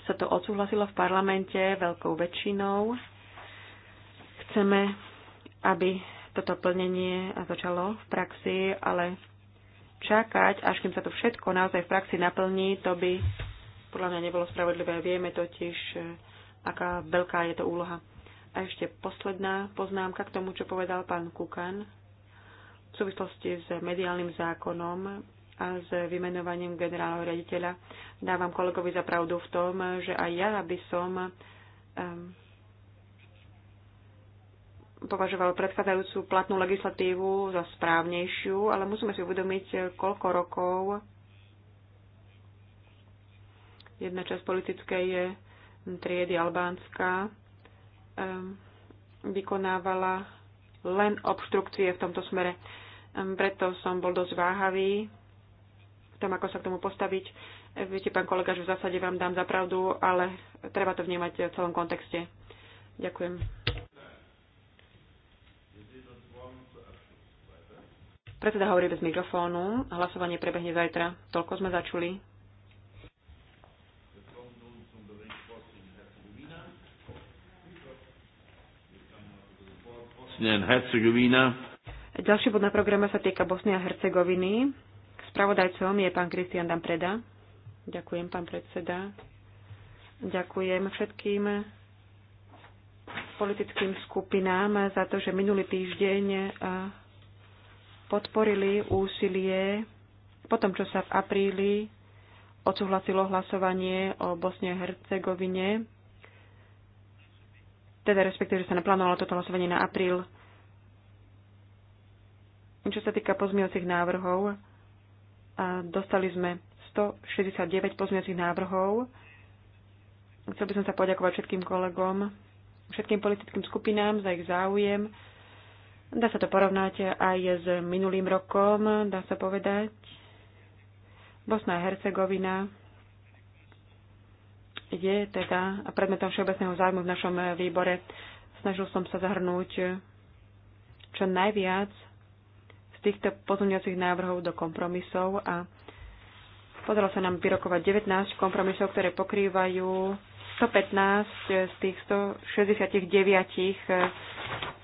sa to odsúhlasilo v parlamente veľkou väčšinou. Chceme, aby toto plnenie začalo v praxi, ale čakať, až kým sa to všetko naozaj v praxi naplní, to by podľa mňa nebolo spravodlivé. Vieme totiž, aká veľká je to úloha. A ešte posledná poznámka k tomu, čo povedal pán Kukan v súvislosti s mediálnym zákonom a s vymenovaním generálneho riaditeľa. Dávam kolegovi za pravdu v tom, že aj ja by som um, považoval predchádzajúcu platnú legislatívu za správnejšiu, ale musíme si uvedomiť, koľko rokov jedna časť politickej triedy Albánska vykonávala len obštrukcie v tomto smere. Preto som bol dosť váhavý v tom, ako sa k tomu postaviť. Viete, pán kolega, že v zásade vám dám zapravdu, ale treba to vnímať v celom kontexte. Ďakujem. Predseda hovorí bez mikrofónu. Hlasovanie prebehne zajtra. Toľko sme začuli. Ďalší bod na programe sa týka Bosny a Hercegoviny. Spravodajcom je pán Kristian Dampreda. Ďakujem, pán predseda. Ďakujem všetkým politickým skupinám za to, že minulý týždeň podporili úsilie po tom, čo sa v apríli odsúhlasilo hlasovanie o Bosne a Hercegovine, teda respektíve, že sa naplánovalo toto hlasovanie na apríl. Čo sa týka pozmiacich návrhov, dostali sme 169 pozmiacich návrhov. Chcel by som sa poďakovať všetkým kolegom, všetkým politickým skupinám za ich záujem, Dá sa to porovnať aj s minulým rokom, dá sa povedať. Bosna a Hercegovina je teda predmetom všeobecného zájmu v našom výbore. Snažil som sa zahrnúť čo najviac z týchto pozmeňovacích návrhov do kompromisov a podalo sa nám vyrokovať 19 kompromisov, ktoré pokrývajú 115 z tých 169 eh,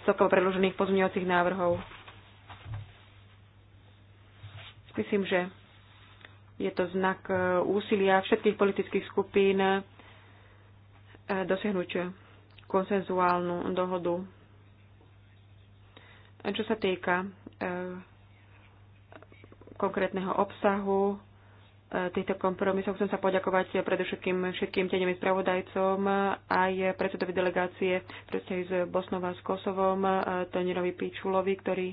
celkovo predložených pozmeňovacích návrhov. Myslím, že je to znak eh, úsilia všetkých politických skupín eh, dosiahnuť konsenzuálnu dohodu. Čo sa týka konkrétneho obsahu, E, týchto kompromisov chcem sa poďakovať predovšetkým všetkým tenevým spravodajcom aj predsedovi delegácie pre s Bosnou a s Kosovom, e, Tonirovi Pičulovi, ktorý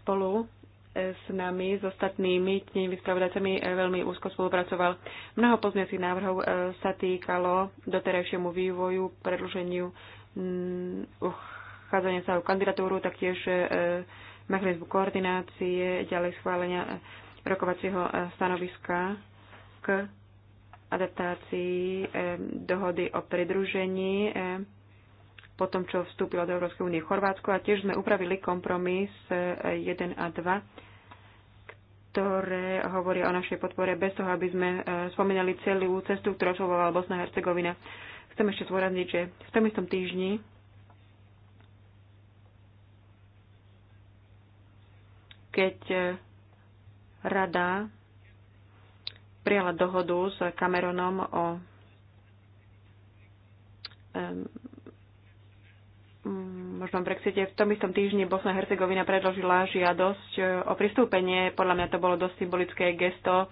spolu e, s nami, s ostatnými tenevými spravodajcami veľmi úzko spolupracoval. Mnoho pozmiacich návrhov sa týkalo doterajšiemu vývoju, predlženiu mm, uchádzania sa o kandidatúru, taktiež mechanizmu koordinácie, ďalej schválenia rokovacieho e, stanoviska k adaptácii e, dohody o pridružení e, po tom, čo vstúpilo do Európskej únie Chorvátsko a tiež sme upravili kompromis 1 a 2, ktoré hovoria o našej podpore bez toho, aby sme spomínali celú cestu, ktorú absolvovala Bosna a Hercegovina. Chcem ešte zvorazniť, že v tom istom týždni keď Rada prijala dohodu s Cameronom o možnom Brexite. V tom istom týždni Bosna Hercegovina predložila žiadosť e, o pristúpenie. Podľa mňa to bolo dosť symbolické gesto.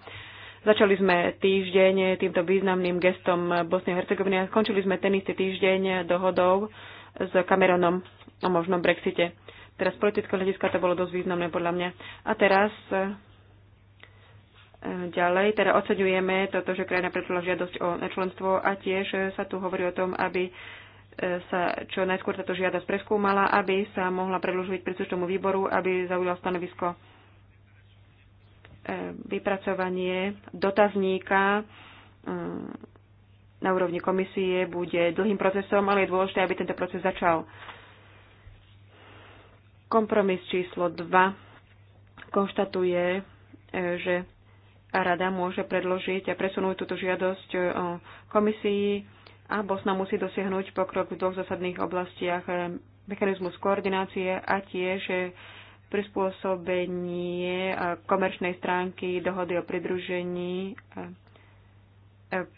Začali sme týždeň týmto významným gestom Bosny a Hercegoviny a skončili sme ten istý týždeň dohodou s Cameronom o možnom Brexite. Teraz politické politického hľadiska to bolo dosť významné podľa mňa. A teraz Ďalej, teda oceňujeme toto, že krajina predložila žiadosť o členstvo a tiež sa tu hovorí o tom, aby e, sa čo najskôr táto žiadosť preskúmala, aby sa mohla predložiť príslušnému výboru, aby zaujal stanovisko e, vypracovanie dotazníka e, na úrovni komisie bude dlhým procesom, ale je dôležité, aby tento proces začal. Kompromis číslo 2 konštatuje, že a rada môže predložiť a presunúť túto žiadosť e, komisii a Bosna musí dosiahnuť pokrok v dvoch zásadných oblastiach e, mechanizmus koordinácie a tiež e, prispôsobenie komerčnej stránky dohody o pridružení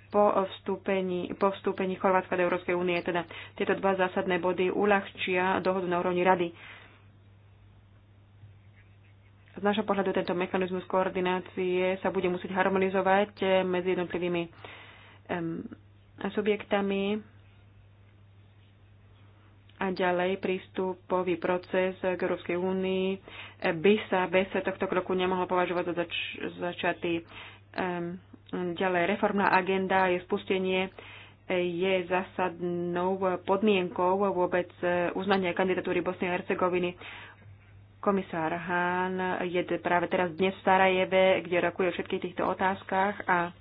po vstúpení, po vstúpení Chorvátska do Európskej únie. Teda tieto dva zásadné body uľahčia dohodu na úrovni rady. Z našho pohľadu tento mechanizmus koordinácie sa bude musieť harmonizovať eh, medzi jednotlivými um, subjektami a ďalej prístupový proces k Európskej únii eh, by sa bez tohto kroku nemohol považovať za zač- začatý. Um, ďalej, reformná agenda je spustenie eh, je zásadnou podmienkou vôbec uznania kandidatúry Bosnej a Hercegoviny. Komisár Hán je práve teraz dnes v Sarajeve, kde rokuje o všetkých týchto otázkach a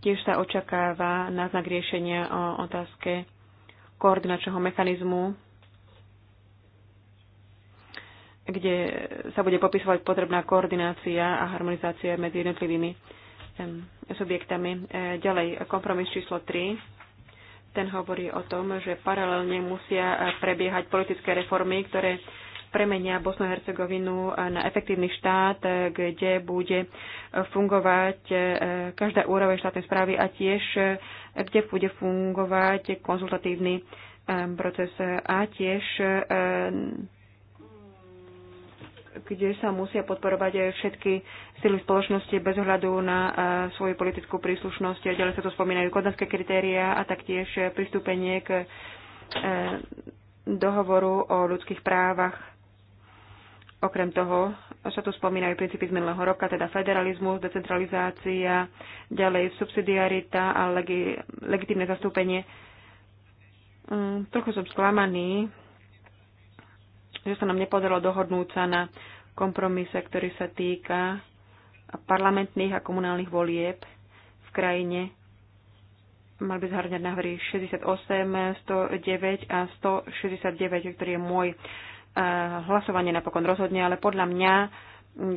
tiež sa očakáva náznak riešenia o otázke koordinačného mechanizmu, kde sa bude popisovať potrebná koordinácia a harmonizácia medzi jednotlivými subjektami. E, ďalej, kompromis číslo 3 ten hovorí o tom, že paralelne musia prebiehať politické reformy, ktoré premenia Bosnu a Hercegovinu na efektívny štát, kde bude fungovať e, každá úroveň štátnej správy a tiež e, kde bude fungovať konzultatívny e, proces a tiež kde sa musia podporovať všetky sily spoločnosti bez ohľadu na svoju politickú príslušnosť. Ďalej sa tu spomínajú kodanské kritéria a taktiež pristúpenie k dohovoru o ľudských právach. Okrem toho sa tu spomínajú princípy z minulého roka, teda federalizmus, decentralizácia, ďalej subsidiarita a legi- legitímne zastúpenie. Um, trochu som sklamaný, že sa nám nepodarilo dohodnúť sa na kompromise, ktorý sa týka parlamentných a komunálnych volieb v krajine. Mal by zhrňať návrhy 68, 109 a 169, ktorý je môj hlasovanie napokon rozhodne, ale podľa mňa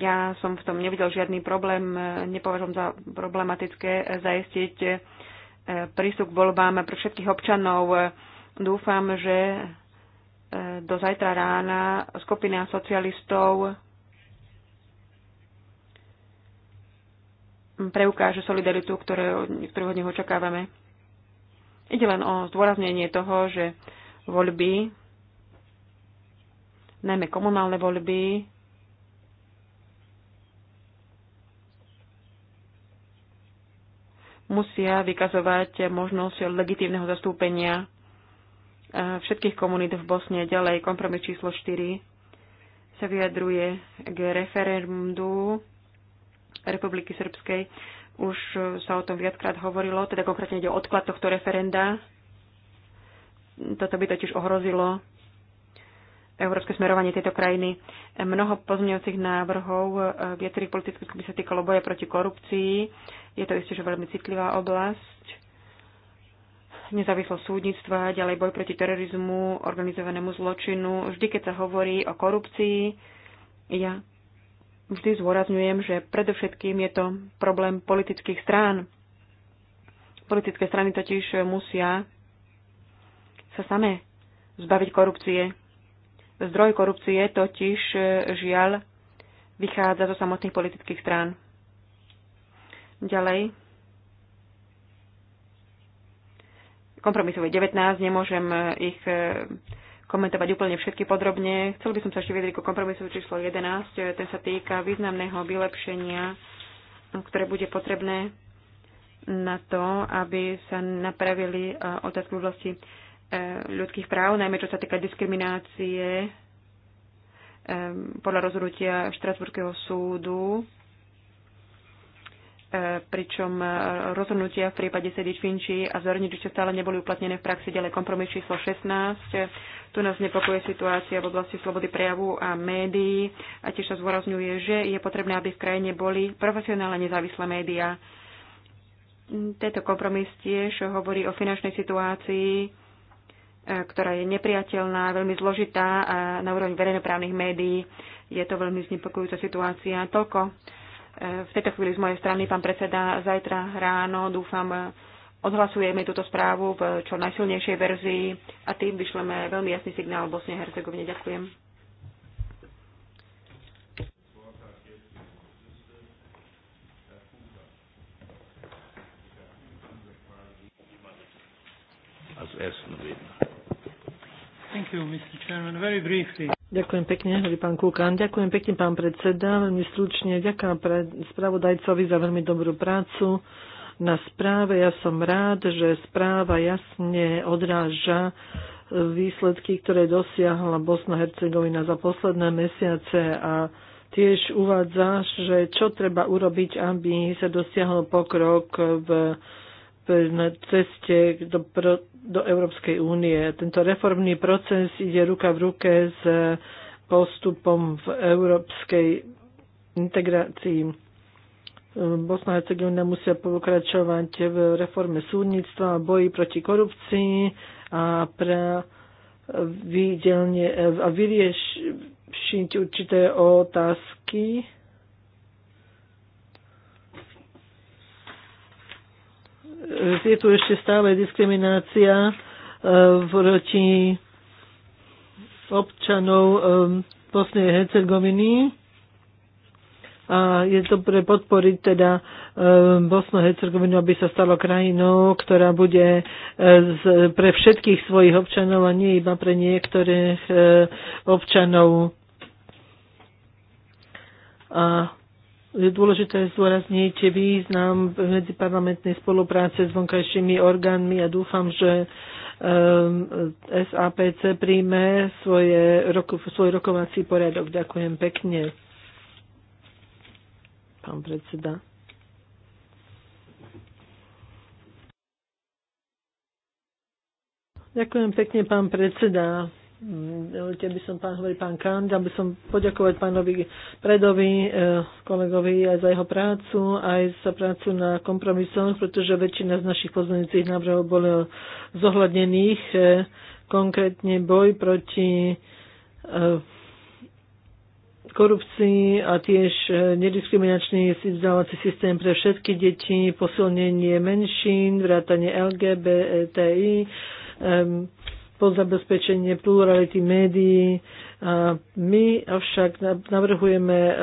ja som v tom nevidel žiadny problém, nepovažujem za problematické zaistiť e, prístup k voľbám pre všetkých občanov. Dúfam, že e, do zajtra rána skupina socialistov preukáže solidaritu, ktorú od nich očakávame. Ide len o zdôraznenie toho, že voľby najmä komunálne voľby. musia vykazovať možnosť legitívneho zastúpenia eh, všetkých komunít v Bosne. Ďalej kompromis číslo 4 sa vyjadruje k referendu Republiky Srbskej. Už sa o tom viackrát hovorilo, teda konkrétne ide o odklad tohto referenda. Toto by totiž ohrozilo európske smerovanie tejto krajiny. Mnoho pozmeňujúcich návrhov e, viacerých politických by sa týkalo boja proti korupcii. Je to isté, že veľmi citlivá oblasť. Nezávislosť súdnictva, ďalej boj proti terorizmu, organizovanému zločinu. Vždy, keď sa hovorí o korupcii, ja vždy zdôrazňujem, že predovšetkým je to problém politických strán. Politické strany totiž musia sa samé zbaviť korupcie Zdroj korupcie totiž e, žiaľ vychádza zo samotných politických strán. Ďalej. Kompromisové 19, nemôžem e, ich e, komentovať úplne všetky podrobne. Chcel by som sa ešte vyjadriť ku kompromisu číslo 11. Ten sa týka významného vylepšenia, ktoré bude potrebné na to, aby sa napravili otázky v oblasti ľudských práv, najmä čo sa týka diskriminácie podľa rozhodnutia Štrasburského súdu, e, pričom e, rozhodnutia v prípade Sedič Finči a Zornič stále neboli uplatnené v praxi, ďalej kompromis číslo 16. Tu nás nepokuje situácia v oblasti slobody prejavu a médií a tiež sa zvorazňuje, že je potrebné, aby v krajine boli profesionálne nezávislé médiá. Tento kompromis tiež hovorí o finančnej situácii E, ktorá je nepriateľná, veľmi zložitá a e, na úrovni verejnoprávnych médií je to veľmi znepokojúca situácia. Toľko e, v tejto chvíli z mojej strany, pán predseda. Zajtra ráno dúfam odhlasujeme túto správu v čo najsilnejšej verzii a tým vyšleme veľmi jasný signál Bosne a Hercegovine. Ďakujem. als ersten Redner. Ďakujem pekne, hovorí pán Kukan. Ďakujem pekne, pán predseda. Veľmi stručne ďakujem pre spravodajcovi za veľmi dobrú prácu na správe. Ja som rád, že správa jasne odráža výsledky, ktoré dosiahla Bosna-Hercegovina za posledné mesiace a tiež uvádza, že čo treba urobiť, aby sa dosiahol pokrok v na ceste do, pro, do Európskej únie. Tento reformný proces ide ruka v ruke s postupom v európskej integrácii. Bosna a Hercegovina musia pokračovať v reforme súdnictva, boji proti korupcii a pre a vyriešiť určité otázky je tu ešte stále diskriminácia e, proti občanov e, Bosnej a Hercegoviny a je pre podporiť teda e, Bosnu Hercegovinu, aby sa stalo krajinou, ktorá bude pre všetkých svojich občanov a nie iba pre niektorých občanov. A je dôležité zdôrazniť význam medziparlamentnej spolupráce s vonkajšími orgánmi a ja dúfam, že ehm, SAPC príjme svoje, roku, svoj rokovací poriadok. Ďakujem pekne, pán predseda. Ďakujem pekne, pán predseda. Dovolte mm, by som, pán hovorí pán Kant, aby som poďakovať pánovi Predovi, e, kolegovi aj za jeho prácu, aj za prácu na kompromisoch, pretože väčšina z našich pozornicích návrhov bolo zohľadnených, e, konkrétne boj proti e, korupcii a tiež nediskriminačný vzdelávací systém pre všetky deti, posilnenie menšín, vrátanie LGBTI, um, po zabezpečenie plurality médií. my avšak navrhujeme e,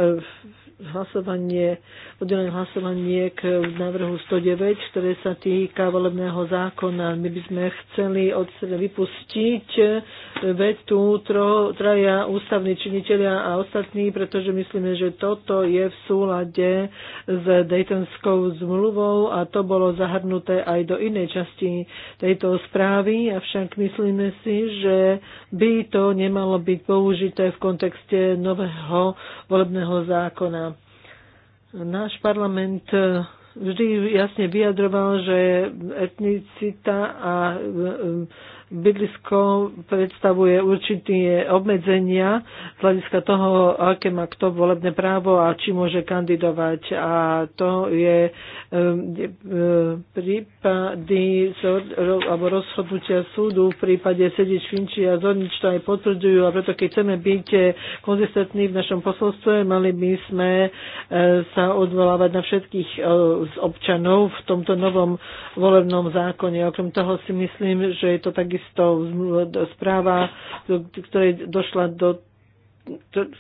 hlasovanie, oddelené hlasovanie k návrhu 109, ktoré sa týka volebného zákona. My by sme chceli od vypustiť vetu tro, traja ústavní činiteľia a ostatní, pretože myslíme, že toto je v súlade s Daytonskou zmluvou a to bolo zahrnuté aj do inej časti tejto správy, avšak myslíme si, že by to nemalo byť použité v kontexte nového volebného zákona. Náš parlament e, vždy jasne vyjadroval, že etnicita a e, bydlisko predstavuje určité obmedzenia z hľadiska toho, aké má kto volebné právo a či môže kandidovať. A to je e, prípady alebo rozhodnutia súdu v prípade sedieť Finči a to aj potvrdzujú a preto keď chceme byť konzistentní v našom posolstve, mali by sme e, sa odvolávať na všetkých e, z občanov v tomto novom volebnom zákone. Okrem toho si myslím, že je to takisto turistov, správa, do ktorej došla do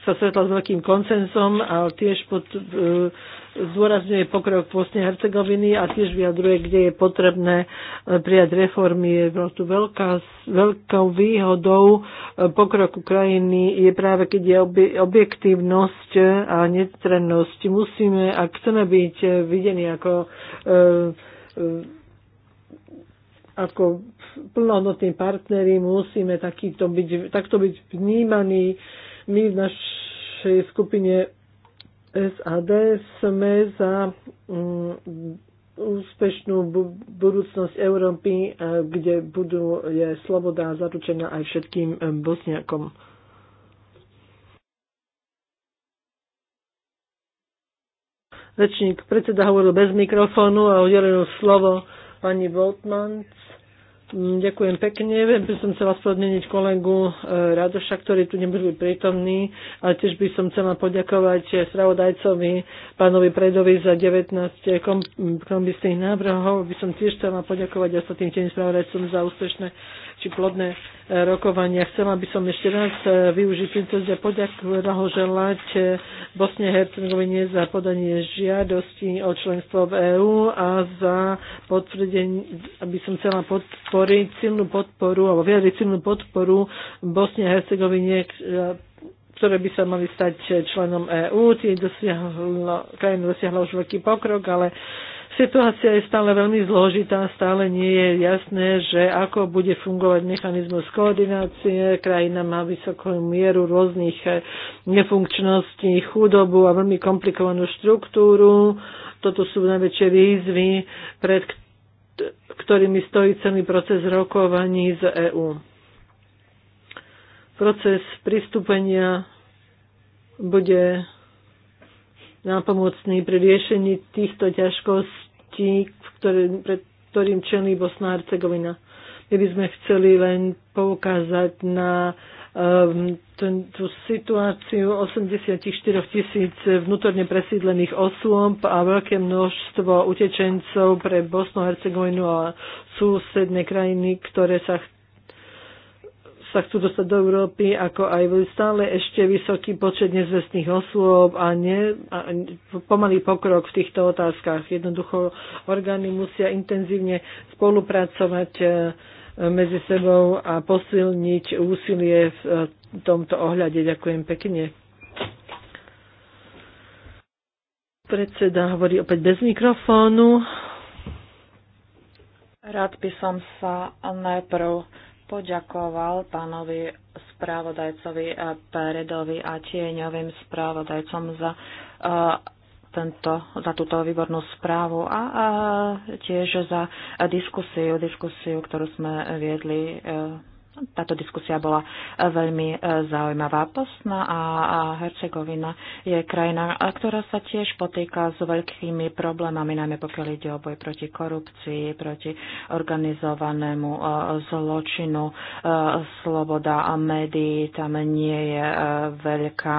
sa stretla s veľkým koncenzom a tiež pod, e, zdôrazňuje pokrok Bosne Hercegoviny a tiež vyjadruje, kde je potrebné e, prijať reformy. Je tu veľká, veľkou výhodou e, pokroku krajiny je práve, keď je objektívnosť e, a netrennosť. Musíme, ak chceme byť videní ako e, e, ako plnohodnotní partneri, musíme takýto byť, takto byť vnímaní. My v našej skupine SAD sme za um, úspešnú bu- budúcnosť Európy, e, kde budú, je sloboda zaručená aj všetkým e, bosniakom. Rečník predseda hovoril bez mikrofónu a udelil slovo pani Voltmans. Mm, ďakujem pekne. Viem, by som chcela spodmeniť kolegu e, Radoša, ktorý tu nebude byť prítomný, ale tiež by som chcela poďakovať spravodajcovi, pánovi Predovi za 19 kombistých návrhov. By som tiež chcela poďakovať ostatným tým spravodajcom za úspešné či plodné e, rokovania. Chcela by som ešte raz e, využiť príležitosť a poďakovať e, Bosne Hercegovine za podanie žiadosti o členstvo v EÚ a za potvrdenie, aby som chcela podporiť silnú podporu alebo vyjadriť silnú podporu Bosne Hercegovine ktoré by sa mali stať členom EÚ. Tie dosiahlo krajina dosiahla už veľký pokrok, ale Situácia je stále veľmi zložitá, stále nie je jasné, že ako bude fungovať mechanizmus koordinácie. Krajina má vysokú mieru rôznych eh, nefunkčností, chudobu a veľmi komplikovanú štruktúru. Toto sú najväčšie výzvy, pred ktorými stojí celý proces rokovaní z EÚ. Proces pristúpenia bude nám pomocný pri riešení týchto ťažkostí ťažkosti, ktoré, pred ktorým čelí Bosna a Hercegovina. My by sme chceli len poukázať na um, ten, tú situáciu 84 tisíc vnútorne presídlených osôb a veľké množstvo utečencov pre Bosnu a Hercegovinu a susedné krajiny, ktoré sa sa chcú dostať do Európy, ako aj stále ešte vysoký počet nezvestných osôb a, nie, a pomalý pokrok v týchto otázkach. Jednoducho orgány musia intenzívne spolupracovať e, medzi sebou a posilniť úsilie v e, tomto ohľade. Ďakujem pekne. Predseda hovorí opäť bez mikrofónu. Rád by som sa najprv poďakoval pánovi správodajcovi Peredovi a tieňovým správodajcom za e, tento, za túto výbornú správu a, uh, tiež za diskusiu, diskusiu, ktorú sme viedli e, táto diskusia bola e, veľmi e, zaujímavá. Bosna a Hercegovina je krajina, e, ktorá sa tiež potýka s veľkými problémami, najmä pokiaľ ide o boj proti korupcii, proti organizovanému zločinu. Sloboda a médií tam nie je veľká.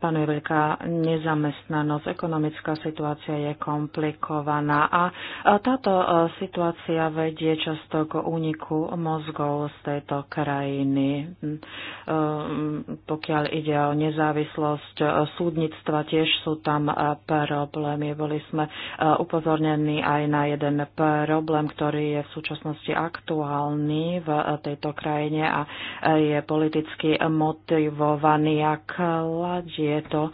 Panuje veľká nezamestnanosť. Ekonomická situácia je komplikovaná a táto situácia vedie často k úniku mozgov z tejto krajiny. Hm, hm, pokiaľ ide o nezávislosť e, súdnictva, tiež sú tam e, problémy. Boli sme e, upozornení aj na jeden problém, ktorý je v súčasnosti aktuálny v tejto krajine a je politicky motivovaný a kladie to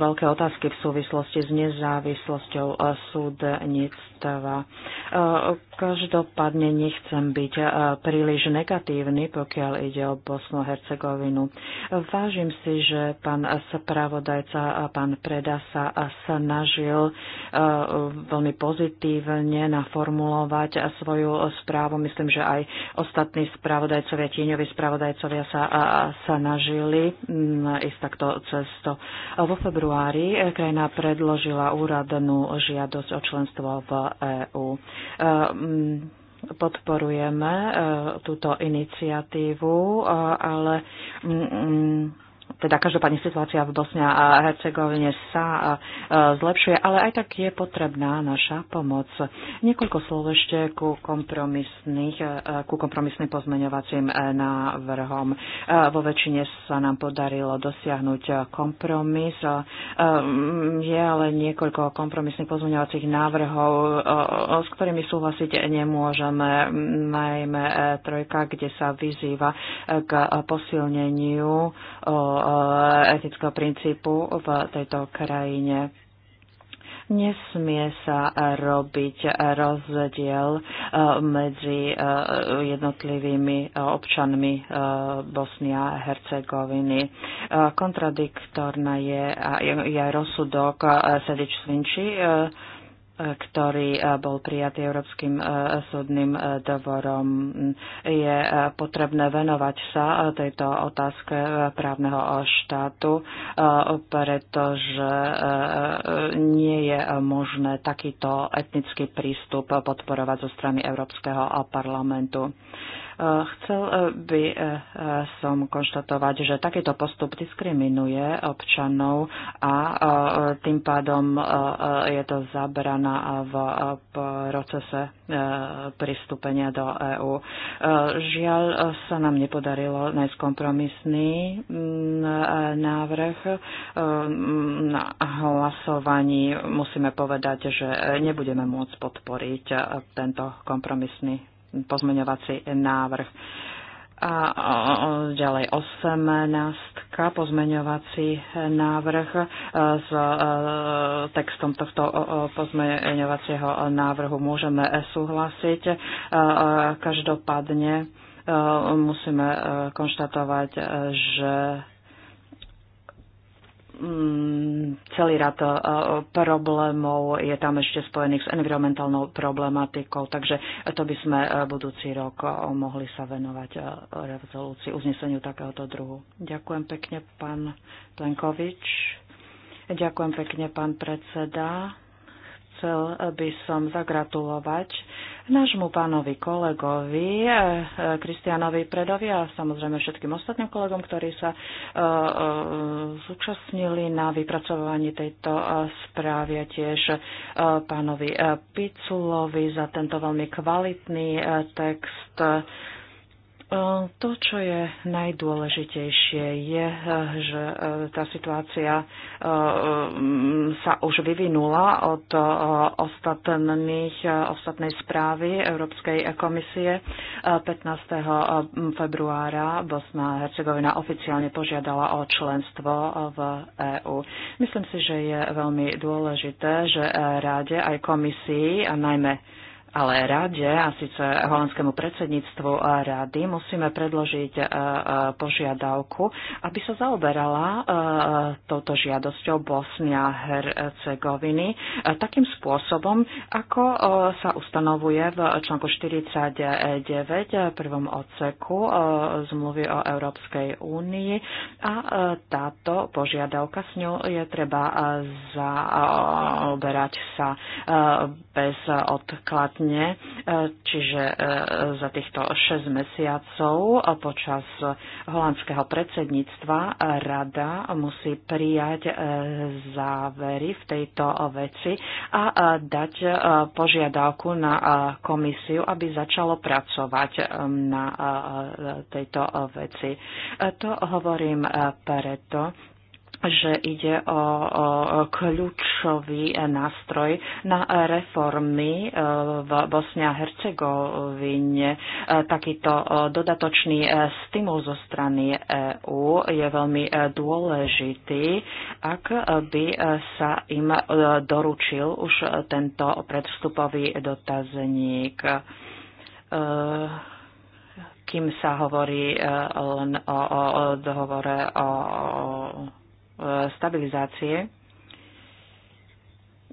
veľké otázky v súvislosti s nezávislosťou súdnictva. Každopádne nechcem byť príliš negatívny, pokiaľ ide o Bosnu a Hercegovinu. Vážim si, že pán spravodajca a pán Preda sa snažil e, veľmi pozitívne naformulovať svoju správu. Myslím, že aj ostatní spravodajcovia, tieňoví spravodajcovia sa snažili mm, ísť takto cesto. Vo februári krajina predložila úradnú žiadosť o členstvo v EÚ podporujeme eh, túto iniciatívu, eh, ale mm, mm, teda každopádne situácia v Bosne a Hercegovine sa zlepšuje, ale aj tak je potrebná naša pomoc. Niekoľko slov ešte ku, kompromisných, ku kompromisným pozmeňovacím e, návrhom. E, vo väčšine sa nám podarilo dosiahnuť kompromis. E, je ale niekoľko kompromisných pozmeňovacích návrhov, s ktorými súhlasiť nemôžeme, najmä trojka, kde sa vyzýva k posilneniu Eh, etického princípu v tejto krajine nesmie sa robiť rozdiel eh, medzi eh, jednotlivými občanmi Bosny a Hercegoviny. Kontradiktorná je aj rozsudok Sedič Svinči, ktorý e, bol prijatý Európskym e, súdnym e, dvorom. Je potrebné venovať sa tejto otázke právneho štátu, pretože nie je možné takýto etnický prístup podporovať zo strany Európskeho parlamentu. Chcel eh, by eh, eh, som konštatovať, že takýto postup diskriminuje občanov a tým pádom je to zabrana v procese pristúpenia do EÚ. Žiaľ sa nám nepodarilo nájsť kompromisný mm, návrh. Mm, na hlasovaní musíme povedať, že nebudeme môcť podporiť tento kompromisný pozmeňovací návrh. A ďalej 18. pozmeňovací návrh e, s e, textom tohto pozmeňovacieho návrhu môžeme súhlasiť. E, každopádne musíme konštatovať, že Mm, celý rad e, problémov je tam ešte spojených s environmentálnou problematikou, takže to by sme e, budúci rok e, mohli sa venovať rezolúcii, uzneseniu takéhoto druhu. Ďakujem pekne, pán Plenkovič. Ďakujem pekne, pán predseda chcel by som zagratulovať nášmu pánovi kolegovi eh, eh, Kristianovi Predovi a samozrejme všetkým ostatným kolegom, ktorí sa eh, zúčastnili na vypracovaní tejto správy a tiež pánovi Piculovi za tento veľmi kvalitný text E, to, čo je najdôležitejšie, je, e, že e, tá situácia sa už vyvinula od ostatných, ostatnej správy Európskej komisie. 15. februára Bosna a Hercegovina oficiálne požiadala o členstvo v EÚ. Myslím si, že je veľmi dôležité, že ráde aj komisii, a najmä ale rade a síce holandskému predsedníctvu rady musíme predložiť e, e, požiadavku, aby sa zaoberala e, touto žiadosťou Bosnia Hercegoviny takým spôsobom, ako sa ustanovuje v článku 49 prvom odseku zmluvy o Európskej únii a táto požiadavka s ňou je treba zaoberať sa bezodkladne vlastne, e, čiže e, za týchto 6 mesiacov počas holandského predsedníctva rada musí prijať e, závery v tejto veci a dať požiadavku na komisiu, aby začalo pracovať na tejto veci. To hovorím preto, že ide o, kľúčový nástroj na reformy e, v Bosne a Hercegovine. E, takýto e, dodatočný stimul zo strany EÚ je veľmi dôležitý, ak by sa im doručil už tento predstupový dotazník kým sa hovorí len o, o, o dohovore o stabilizácie.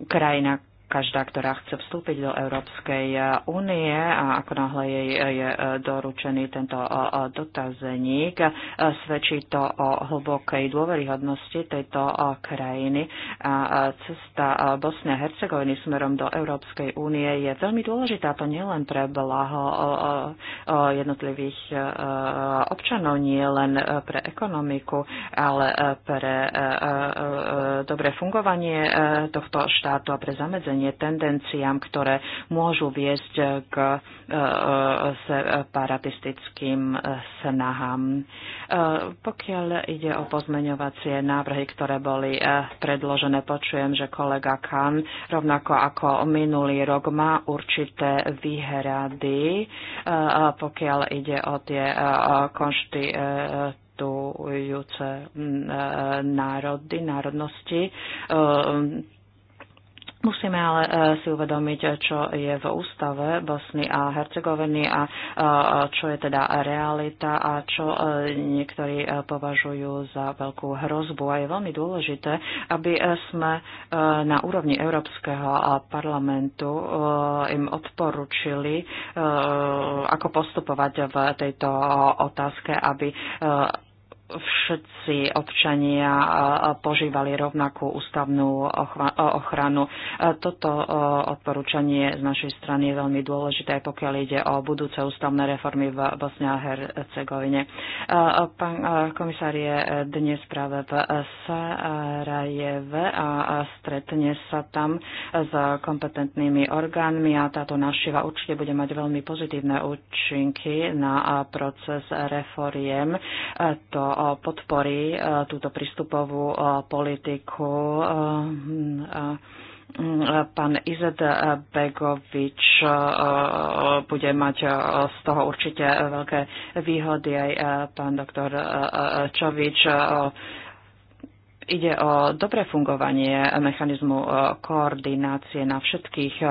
Krajina, každá, ktorá chce vstúpiť do Európskej eh, únie a ako náhle jej eh, je eh, doručený tento dotazeník, svedčí to o hlbokej dôveryhodnosti tejto krajiny. A cesta Bosne a Hercegoviny smerom do Európskej únie je veľmi dôležitá, to nielen pre blaho jednotlivých občanov, nie len pre ekonomiku, ale pre dobre fungovanie tohto štátu a pre zamedzenie zamedzenie tendenciám, ktoré môžu viesť k e, e, separatistickým e, snahám. Pokiaľ ide o pozmeňovacie návrhy, ktoré boli predložené, počujem, že kolega Kahn, rovnako ako minulý rok, má určité výhrady, pokiaľ ide o tie konšty národy, národnosti. Musíme ale e, si uvedomiť, čo je v ústave Bosny a Hercegoviny a e, čo je teda realita a čo e, niektorí považujú za veľkú hrozbu. A je veľmi dôležité, aby sme na úrovni Európskeho parlamentu im odporučili, ako postupovať v tejto otázke, aby všetci občania požívali rovnakú ústavnú ochranu. Toto odporúčanie z našej strany je veľmi dôležité, pokiaľ ide o budúce ústavné reformy v Bosne a Hercegovine. Pán komisár je dnes práve v Sarajeve a stretne sa tam s kompetentnými orgánmi a táto návšteva určite bude mať veľmi pozitívne účinky na proces reforiem. To podporí e, túto prístupovú e, politiku. E, pán Izet Begovič bude mať z toho určite veľké výhody aj pán doktor Čovič Ide o dobré fungovanie mechanizmu e, koordinácie na všetkých e,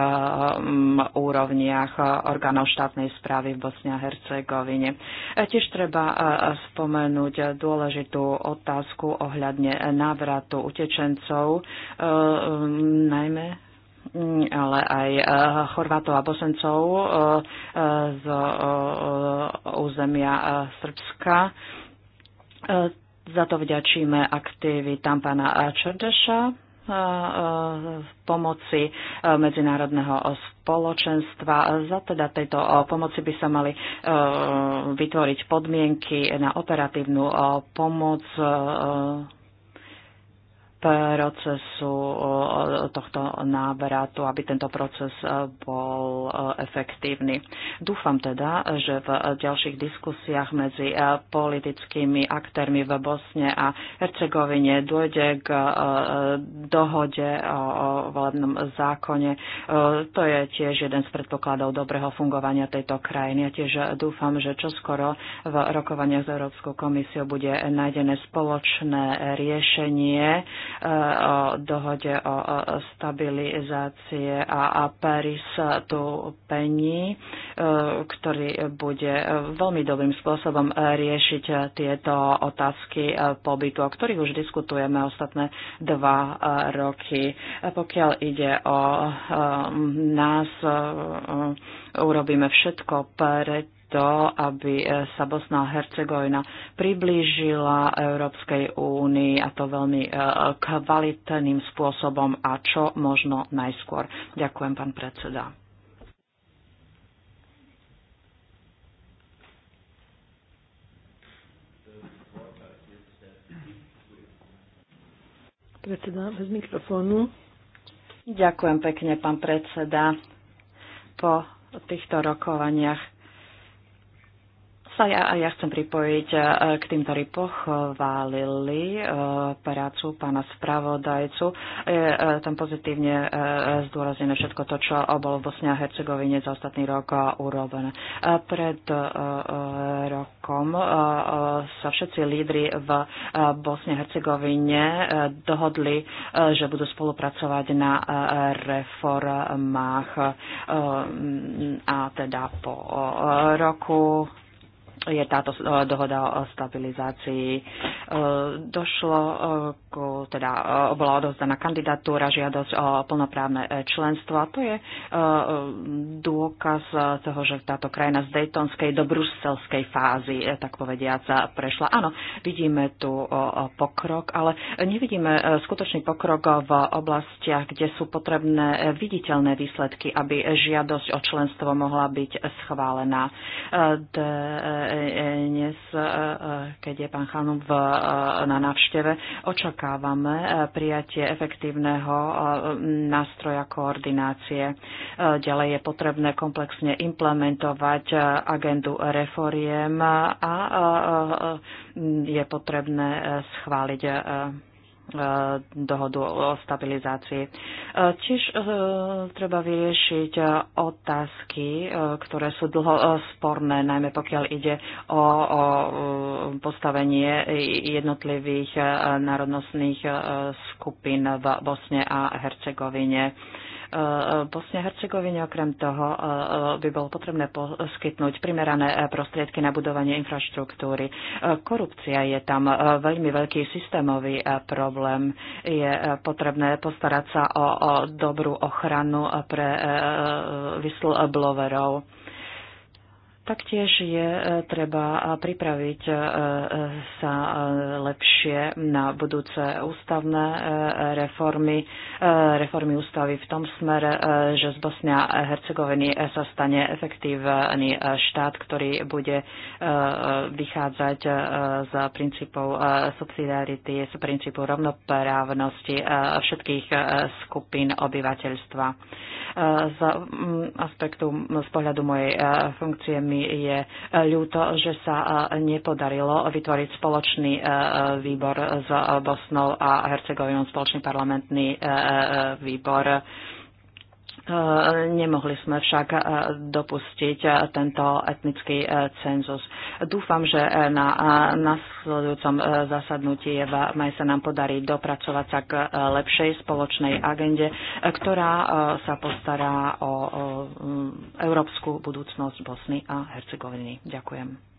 úrovniach e, orgánov štátnej správy v Bosne a Hercegovine. Tiež treba spomenúť dôležitú otázku ohľadne návratu utečencov, najmä ale aj Chorvátov a Bosencov z územia Srbska za to vďačíme aktivitám pána Čerdeša, pomoci medzinárodného spoločenstva. Za teda tejto pomoci by sa mali vytvoriť podmienky na operatívnu pomoc procesu tohto návratu, aby tento proces e, bol e, efektívny. Dúfam teda, že v ďalších diskusiách medzi e, politickými aktérmi v Bosne a Hercegovine dôjde k dohode o volebnom zákone. To je tiež jeden z predpokladov dobrého fungovania tejto krajiny. Ja tiež dúfam, že čoskoro v rokovaniach s Európskou komisiou bude nájdené spoločné riešenie, o dohode o stabilizácie a Paris tu pení, e, ktorý bude veľmi dobrým spôsobom riešiť tieto otázky pobytu, o ktorých už diskutujeme ostatné dva e, roky. Pokiaľ ide o e, nás, urobíme všetko preto, to, aby e, sa Bosna a Hercegovina priblížila Európskej únii a to veľmi e, kvalitným spôsobom a čo možno najskôr. Ďakujem, pán predseda. Predseda, bez mikrofónu. Ďakujem pekne, pán predseda. Po týchto rokovaniach sa ja, ja chcem pripojiť e, k tým, ktorí pochválili e, prácu pána spravodajcu. Je e, tam pozitívne zdôraznené všetko to, čo bolo v Bosne a Hercegovine za ostatný rok urobené. Pred rokom sa všetci lídry v Bosne a Hercegovine dohodli, že budú spolupracovať na reformách a teda po roku je táto eh, dohoda o stabilizácii. Eh, došlo eh, ku, teda bola odovzdaná kandidatúra, žiadosť o plnoprávne členstvo a to je dôkaz toho, že táto krajina z Daytonskej do bruselskej fázy, tak povediac, prešla. Áno, vidíme tu pokrok, ale nevidíme skutočný pokrok v oblastiach, kde sú potrebné viditeľné výsledky, aby žiadosť o členstvo mohla byť schválená dnes, e, e, keď je pán Chanum e, na návšteve, očakávame prijatie efektívneho nástroja koordinácie. Ďalej je potrebné komplexne implementovať agendu reforiem a je potrebné schváliť E, dohodu o stabilizácii. E, tiež e, treba vyriešiť otázky, ktoré sú dlho sporné, najmä pokiaľ ide o, o postavenie jednotlivých národnostných skupín v Bosne a Hercegovine Eh, Bosne a Hercegovine. Okrem toho eh, eh, by bolo potrebné poskytnúť primerané prostriedky na budovanie infraštruktúry. Korupcia je tam veľmi veľký systémový problém. Je potrebné postarať sa o dobrú ochranu pre whistleblowerov Taktiež je e, treba e, pripraviť e, sa lepšie na budúce ústavné reformy, reformy ústavy v tom smere, že z Bosnia a Hercegoviny sa stane efektívny štát, ktorý bude vychádzať z princípov subsidiarity, z princípu rovnoprávnosti všetkých skupín obyvateľstva. Z aspektu, z pohľadu mojej funkcie mi je ľúto, že sa nepodarilo vytvoriť spoločný e, e, výbor s Bosnou a Hercegovinou, spoločný parlamentný e, výbor. Nemohli sme však e, dopustiť e, tento etnický e, cenzus. Dúfam, že na nasledujúcom zasadnutí v maj sa nám podarí dopracovať sa k lepšej spoločnej agende, ktorá sa postará o európsku budúcnosť Bosny a Hercegoviny. Ďakujem.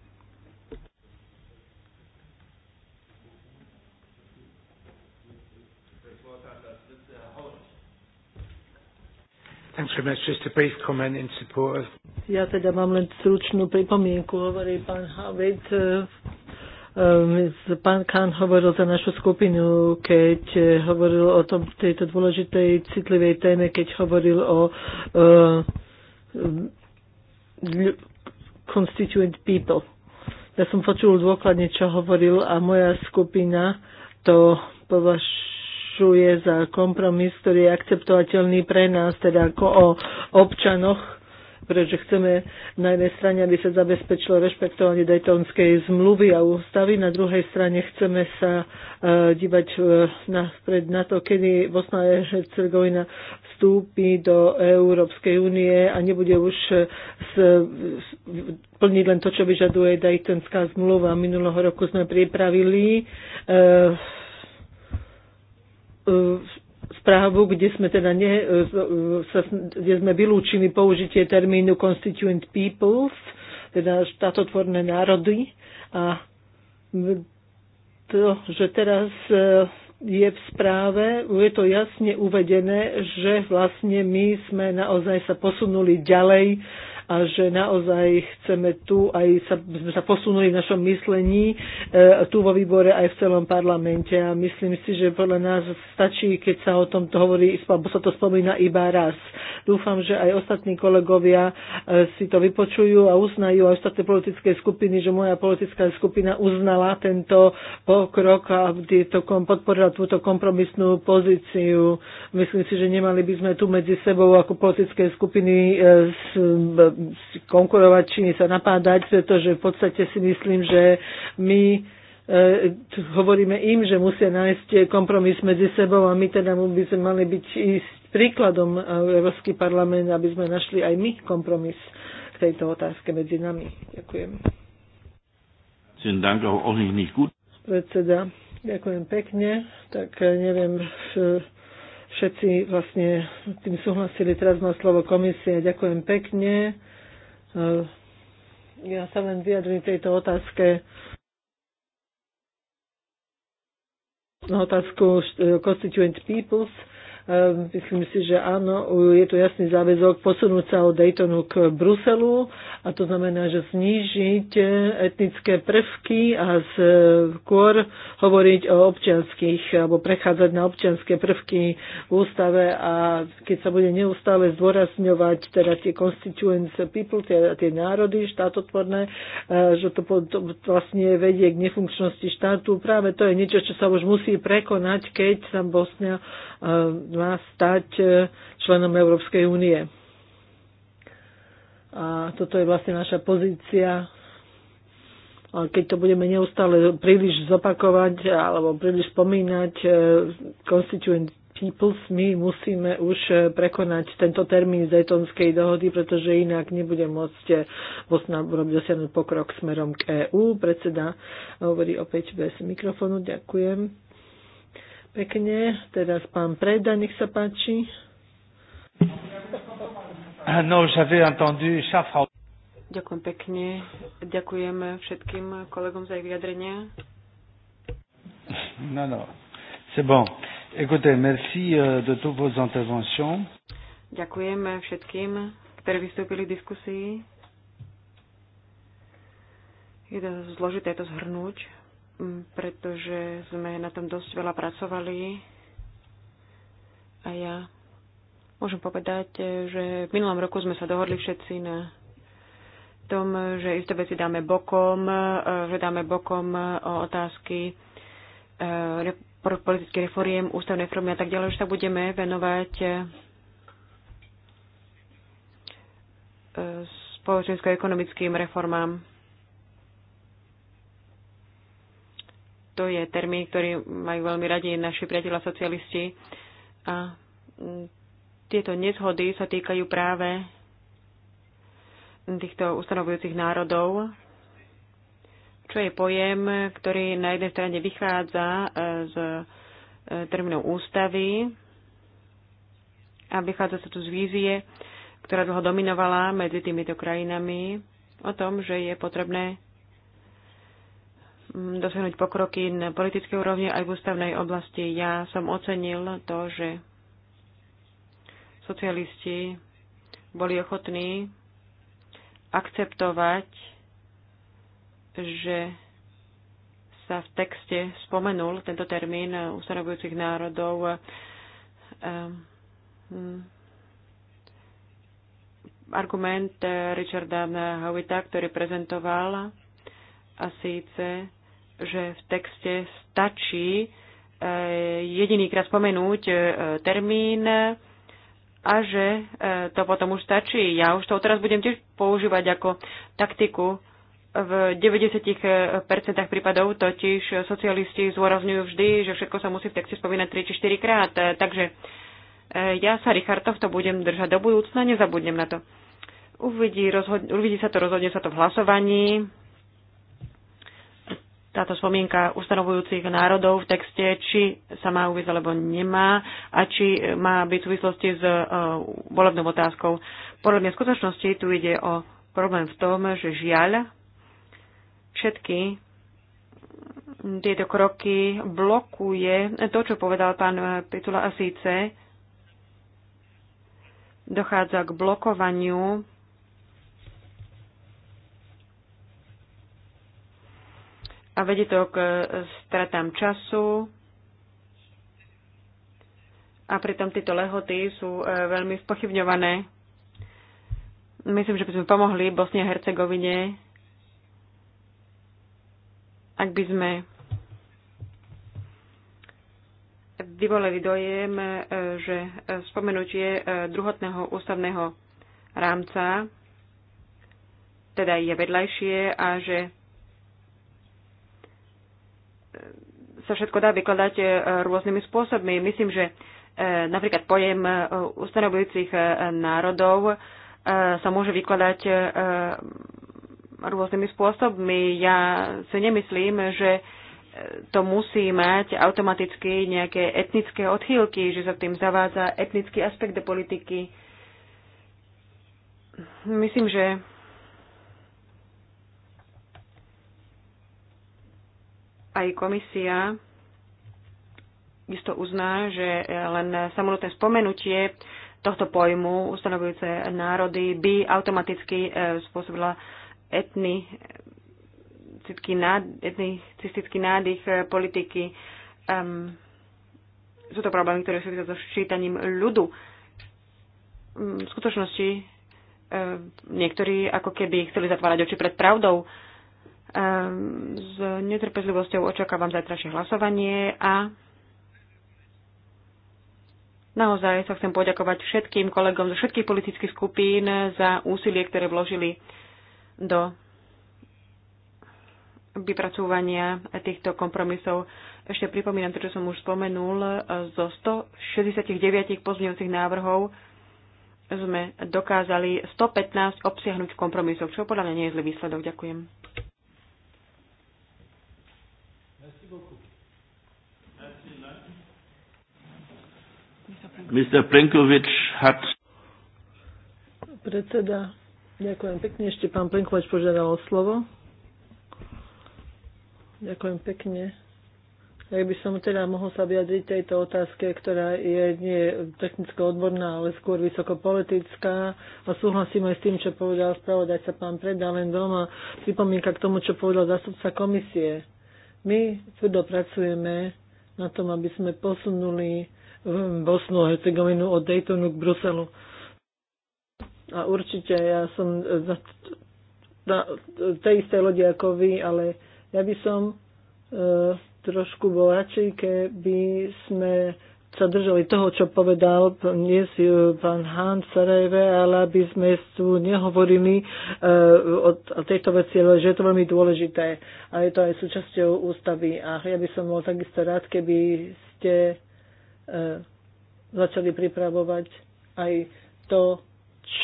Ja teda mám len stručnú pripomienku, hovorí pán Havec. E, pán Kán hovoril za našu skupinu, keď e, hovoril o tom, tejto dôležitej, citlivej téme, keď hovoril o uh, constituent people. Ja som počul dôkladne, čo hovoril a moja skupina to považuje považuje za kompromis, ktorý je akceptovateľný pre nás, teda ako o občanoch, pretože chceme na jednej strane, aby sa zabezpečilo rešpektovanie Daytonskej zmluvy a ústavy, na druhej strane chceme sa uh, dívať uh, na, pred, na to, kedy Bosna a Hercegovina vstúpi do Európskej únie a nebude už e, s, s, plniť len to, čo vyžaduje Daytonská zmluva. Minulého roku sme pripravili uh, správu, e, kde sme teda ne, e, e, sa, kde sme vylúčili použitie termínu constituent peoples, teda štátotvorné národy a to, že teraz je v správe, je to jasne uvedené, že vlastne my sme naozaj sa posunuli ďalej a že naozaj chceme tu aj sa, sme sa posunuli v našom myslení e, tu vo výbore aj v celom parlamente a myslím si, že podľa nás stačí, keď sa o tomto hovorí, bo sa to spomína iba raz. Dúfam, že aj ostatní kolegovia e, si to vypočujú a uznajú aj ostatné politické skupiny, že moja politická skupina uznala tento pokrok a podporila túto kompromisnú pozíciu. Myslím si, že nemali by sme tu medzi sebou ako politické skupiny e, konkurovať či sa napádať, pretože v podstate si myslím, že my e, hovoríme im, že musia nájsť kompromis medzi sebou a my teda by sme mali byť ísť príkladom e, Európsky parlament, aby sme našli aj my kompromis k tejto otázke medzi nami. Ďakujem. Predseda, ďakujem pekne. Tak e, neviem, všetci vlastne tým súhlasili. Teraz má slovo komisia. Ďakujem pekne. E, ja sa len vyjadrím tejto otázke. otázku e, Constituent Peoples. Ehm, myslím si, že áno, je tu jasný záväzok posunúť sa od Daytonu k Bruselu a to znamená, že znížiť etnické prvky a skôr hovoriť o občianských alebo prechádzať na občianské prvky v ústave a keď sa bude neustále zdôrazňovať teda tie constituents people, tie, tie národy štátotvorné, e, že to, to vlastne vedie k nefunkčnosti štátu, práve to je niečo, čo sa už musí prekonať, keď sa Bosnia má stať e, členom Európskej únie. A toto je vlastne naša pozícia. keď to budeme neustále príliš zopakovať alebo príliš spomínať constituent e, peoples, my musíme už e, prekonať tento termín Zajtonskej dohody, pretože inak nebude môcť Bosna dosiahnuť pokrok smerom k EÚ. Predseda hovorí opäť bez mikrofónu. Ďakujem pekne. Teraz pán Preda, nech sa páči. No, entendu Schaffhauser. Ďakujem pekne. Ďakujem všetkým kolegom za ich vyjadrenia. No, no. C'est bon. Écoutez, merci euh, de toutes vos interventions. Ďakujem všetkým, ktorí vystúpili v diskusii. Je to zložité to zhrnúť. Mm, pretože sme na tom dosť veľa pracovali a ja môžem povedať, že v minulom roku sme sa dohodli všetci na tom, že isté veci dáme bokom, e, že dáme bokom e, o otázky e, politických reforiem, ústavnej reformy a tak ďalej, že sa budeme venovať spoločensko-ekonomickým reformám. To je termín, ktorý majú veľmi radi naši priatelia socialisti. A mm, tieto nezhody sa týkajú práve týchto ustanovujúcich národov, čo je pojem, ktorý na jednej strane vychádza e, z e, termínov ústavy a vychádza sa tu z vízie, ktorá dlho dominovala medzi týmito krajinami o tom, že je potrebné dosiahnuť pokroky na politickej úrovni aj v ústavnej oblasti. Ja som ocenil to, že socialisti boli ochotní akceptovať, že sa v texte spomenul tento termín ustanovujúcich národov. Ehm, hm. Argument Richarda Howita, ktorý prezentoval, a síce že v texte stačí e, jedinýkrát spomenúť e, termín a že e, to potom už stačí. Ja už to teraz budem tiež používať ako taktiku. V 90% prípadov totiž socialisti zôrazňujú vždy, že všetko sa musí v texte spomínať 3 či 4 krát. Takže ja sa, Richardov to budem držať do budúcna, nezabudnem na to. Uvidí, rozhod- uvidí sa to, rozhodne sa to v hlasovaní táto spomienka ustanovujúcich národov v texte, či sa má uvieť alebo nemá a či má byť v súvislosti s e, volebnou otázkou. Podľa mňa skutočnosti tu ide o problém v tom, že žiaľ všetky tieto kroky blokuje to, čo povedal pán Pitula a síce dochádza k blokovaniu a vedie to k eh, stratám času a pritom tieto lehoty sú eh, veľmi spochybňované. Myslím, že by sme pomohli Bosne a Hercegovine, ak by sme vyvolali dojem, eh, že spomenutie druhotného ústavného rámca teda je vedľajšie a že sa všetko dá vykladať e, rôznymi spôsobmi. Myslím, že e, napríklad pojem e, ustanovujúcich národov sa môže vykladať rôznymi spôsobmi. Ja si nemyslím, že to musí mať automaticky nejaké etnické odchýlky, že sa tým zavádza etnický aspekt do politiky. Myslím, že aj komisia isto uzná, že e, len samotné spomenutie tohto pojmu ustanovujúce národy by automaticky e, spôsobila etnicistický nádych, etnicistický nádych politiky. Um, sú to problémy, ktoré sú so ščítaním ľudu. V skutočnosti e, niektorí ako keby chceli zatvárať oči pred pravdou. Ehm, s netrpezlivosťou očakávam zajtrajšie hlasovanie a naozaj sa chcem poďakovať všetkým kolegom zo všetkých politických skupín za úsilie, ktoré vložili do vypracúvania týchto kompromisov. Ešte pripomínam to, čo som už spomenul, zo 169 pozmeňujúcich návrhov sme dokázali 115 obsiahnuť kompromisov, čo podľa mňa nie je zlý výsledok. Ďakujem. Mr. Plenkovič hat... Predseda, ďakujem pekne. Ešte pán Plenkovič požiadal o slovo. Ďakujem pekne. Ak by som teda mohol sa vyjadriť tejto otázke, ktorá je nie technicko-odborná, ale skôr vysokopolitická. A súhlasím aj s tým, čo povedal spravodajca pán Preda, len doma pripomínka k tomu, čo povedal zastupca komisie. My tvrdo pracujeme na tom, aby sme posunuli Bosnu a Hercegovinu od Daytonu k Bruselu. A určite ja som na, na tej istej lodi ako vy, ale ja by som e, trošku bol radšej, keby sme sa držali toho, čo povedal dnes e, pán Hán v Sarajeve, ale aby sme tu nehovorili e, o, o tejto veci, ale že je to veľmi dôležité a je to aj súčasťou ústavy. A ja by som bol takisto rád, keby ste E, začali pripravovať aj to,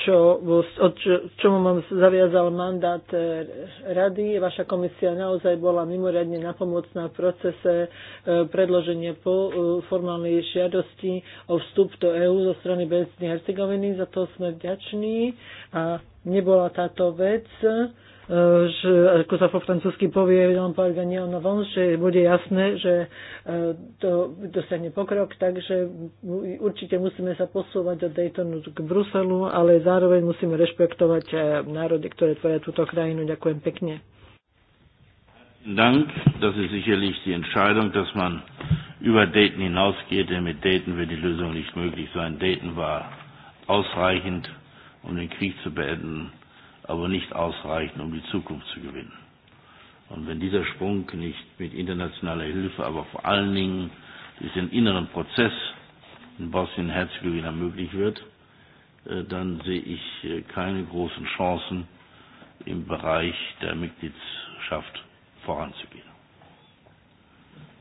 čo, od čomu mám zaviazal mandát e, rady. Vaša komisia naozaj bola mimoriadne napomocná v procese e, predloženia po formálnej žiadosti o vstup do EÚ zo strany Bezny Hercegoviny. Za to sme vďační a nebola táto vec že, ako sa po francúzsky povie, pár na že bude jasné, že e, to dosiahne pokrok, takže určite musíme sa posúvať od Daytonu k Bruselu, ale zároveň musíme rešpektovať e, národy, ktoré tvoria túto krajinu. Ďakujem pekne. Dank. Das ist sicherlich die Entscheidung, dass man über Dayton hinausgeht, denn mit Dayton wird die Lösung nicht möglich sein. Dayton war ausreichend, um den Krieg zu beenden aber nicht ausreichen, um die Zukunft zu gewinnen. Und wenn dieser Sprung nicht mit internationaler Hilfe, aber vor allen Dingen durch den inneren Prozess in Bosnien-Herzegowina möglich wird, äh, dann sehe ich äh, keine großen Chancen, im Bereich der Mitgliedschaft voranzugehen.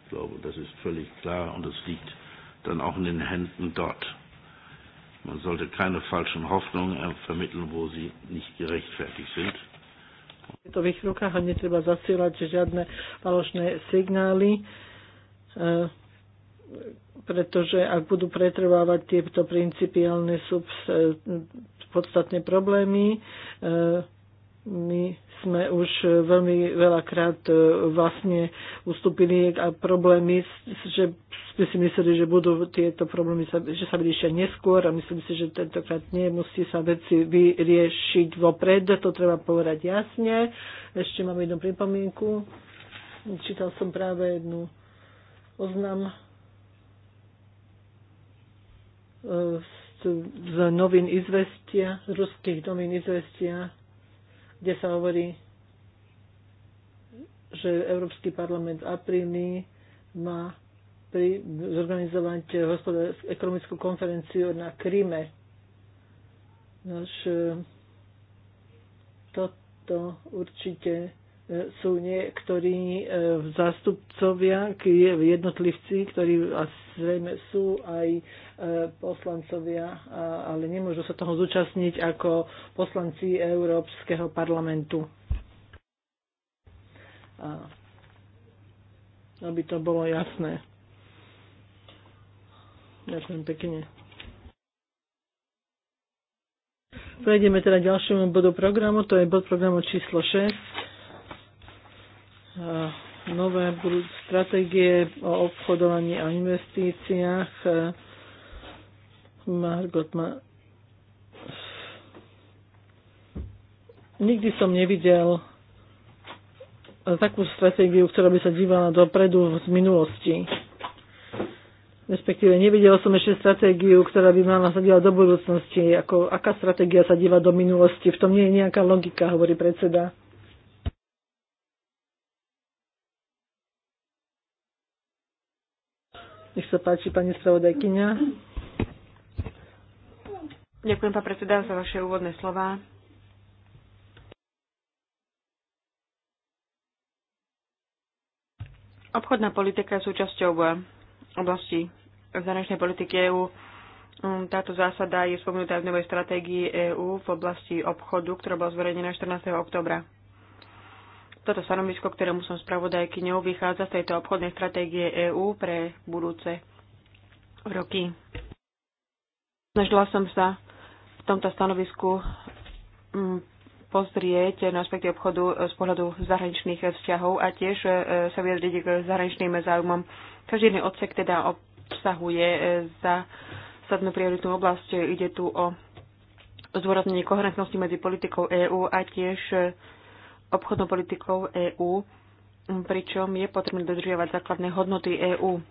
Ich glaube, das ist völlig klar und das liegt dann auch in den Händen dort. Man sollte keine falschen Hoffnungen vermitteln, wo sie nicht gerechtfertigt sind. V svetových rukách a netreba zasielať žiadne falošné signály, e, pretože ak budú pretrvávať tieto principiálne sú e, podstatné problémy, e, my sme už e, veľmi veľakrát e, vlastne ustúpili a problémy, že sme si mysleli, že budú tieto problémy, že sa vyriešia neskôr a myslím si, že tentokrát nie, musí sa veci vyriešiť vopred, to treba povedať jasne. Ešte mám jednu pripomienku. Čítal som práve jednu oznam e, z novín izvestia, z ruských novín izvestia, kde sa hovorí, že Európsky parlament v apríli má pri, zorganizovať ekonomickú konferenciu na Kríme. Nož, e, toto určite sú niektorí e, zástupcovia, jednotlivci, ktorí zrejme sú aj e, poslancovia, ale nemôžu sa toho zúčastniť ako poslanci Európskeho parlamentu. aby to bolo jasné. Ďakujem pekne. Prejdeme teda ďalšiemu bodu programu, to je bod programu číslo 6 nové stratégie o obchodovaní a investíciách. Margot ma... Nikdy som nevidel takú stratégiu, ktorá by sa dívala dopredu z minulosti. Respektíve nevidel som ešte stratégiu, ktorá by mala sa dívať do budúcnosti. Ako, aká stratégia sa díva do minulosti? V tom nie je nejaká logika, hovorí predseda. Nech sa páči, pani spravodajkynia. Ďakujem, pán predseda, za vaše úvodné slova. Obchodná politika je súčasťou eh, oblasti zahraničnej politiky EÚ. Mm, táto zásada je spomenutá v novej stratégii EÚ v oblasti obchodu, ktorá bola zverejnená 14. oktobra. Toto stanovisko, ktorému som spravodajkyňou, vychádza z tejto obchodnej stratégie EÚ pre budúce roky. Snažila som sa v tomto stanovisku mm, pozrieť na aspekty obchodu z pohľadu zahraničných vzťahov a tiež e, sa vyjadriť k zahraničným záujmom. Každý jedný odsek teda obsahuje e, za sadnú prioritnú oblasť. Ide tu o zdôraznenie koherentnosti medzi politikou EÚ a tiež e, obchodnou politikou EÚ, pričom je potrebné dodržiavať základné hodnoty EÚ.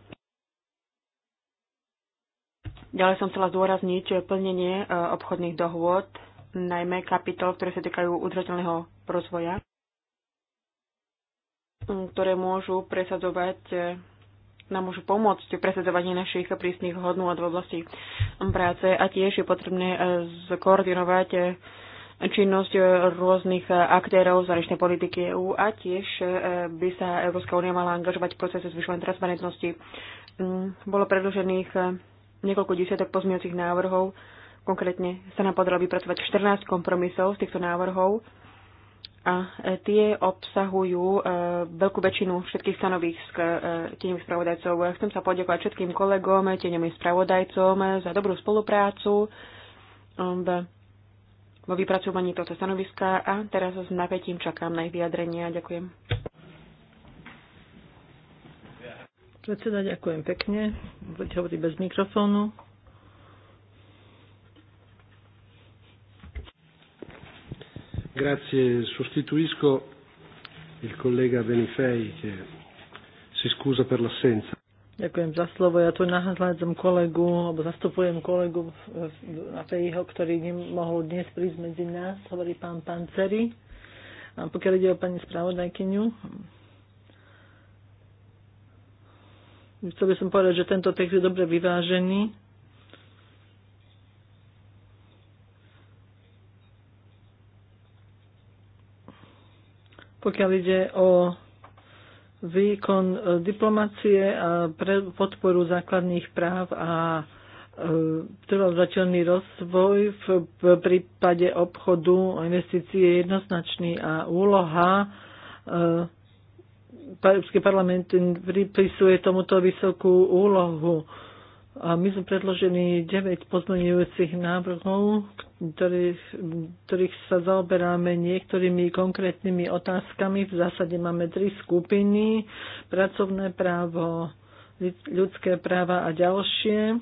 Ďalej som chcela zdôrazniť plnenie e, obchodných dohôd, najmä kapitol, ktoré sa týkajú udržateľného rozvoja, ktoré môžu presadzovať e, nám môžu pomôcť v presadzovaní našich prísnych hodnôt v oblasti práce a tiež je potrebné e, skoordinovať činnosť e, rôznych e, aktérov z zahraničnej politiky EÚ a tiež e, by sa Európska únia mala angažovať v procese zvyšovania transparentnosti. Mm, bolo predložených niekoľko desiatok pozmiacich návrhov. Konkrétne sa nám podarilo vypracovať 14 kompromisov z týchto návrhov a tie obsahujú veľkú väčšinu všetkých stanovisk tieňových spravodajcov. Chcem sa poďakovať všetkým kolegom, tieňovým spravodajcom za dobrú spoluprácu v vo vypracovaní tohto stanoviska a teraz s napätím čakám na ich vyjadrenia. Ďakujem. Predseda, ďakujem pekne. Budete hovoriť bez mikrofónu. Grazie, sostituisco il collega Benifei che si scusa per l'assenza. Ďakujem za slovo. Ja tu nahľadzam kolegu, alebo zastupujem kolegu na Fejho, ktorý nemohol dnes prísť medzi nás, hovorí pán Panceri. A pokiaľ ide o pani spravodajkyňu, chcel by som povedať, že tento text je dobre vyvážený. Pokiaľ ide o výkon e, diplomacie a pre podporu základných práv a e, trvalzateľný rozvoj v prípade obchodu a investícií je jednoznačný a úloha e, Európsky parlament pripisuje tomuto vysokú úlohu. A my sme predložili 9 pozmeňujúcich návrhov, ktorých, ktorých sa zaoberáme niektorými konkrétnymi otázkami. V zásade máme tri skupiny. Pracovné právo, ľudské práva a ďalšie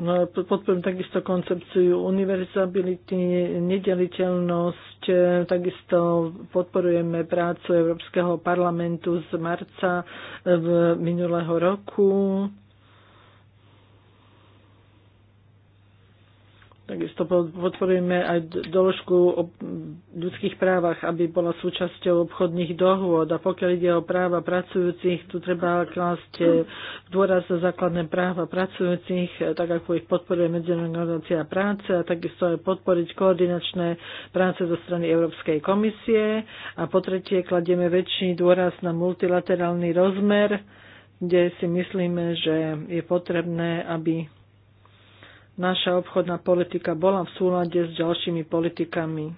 No, podporujem takisto koncepciu univerzability, nedeliteľnosť, e, takisto podporujeme prácu Európskeho parlamentu z marca e, v minulého roku. Takisto podporujeme aj doložku o ľudských právach, aby bola súčasťou obchodných dohôd. A pokiaľ ide o práva pracujúcich, tu treba klásť e, dôraz na základné práva pracujúcich, e, tak ako ich podporuje Medzinárodná organizácia práce a takisto aj podporiť koordinačné práce zo strany Európskej komisie. A po tretie, kladieme väčší dôraz na multilaterálny rozmer, kde si myslíme, že je potrebné, aby naša obchodná politika bola v súlade s ďalšími politikami.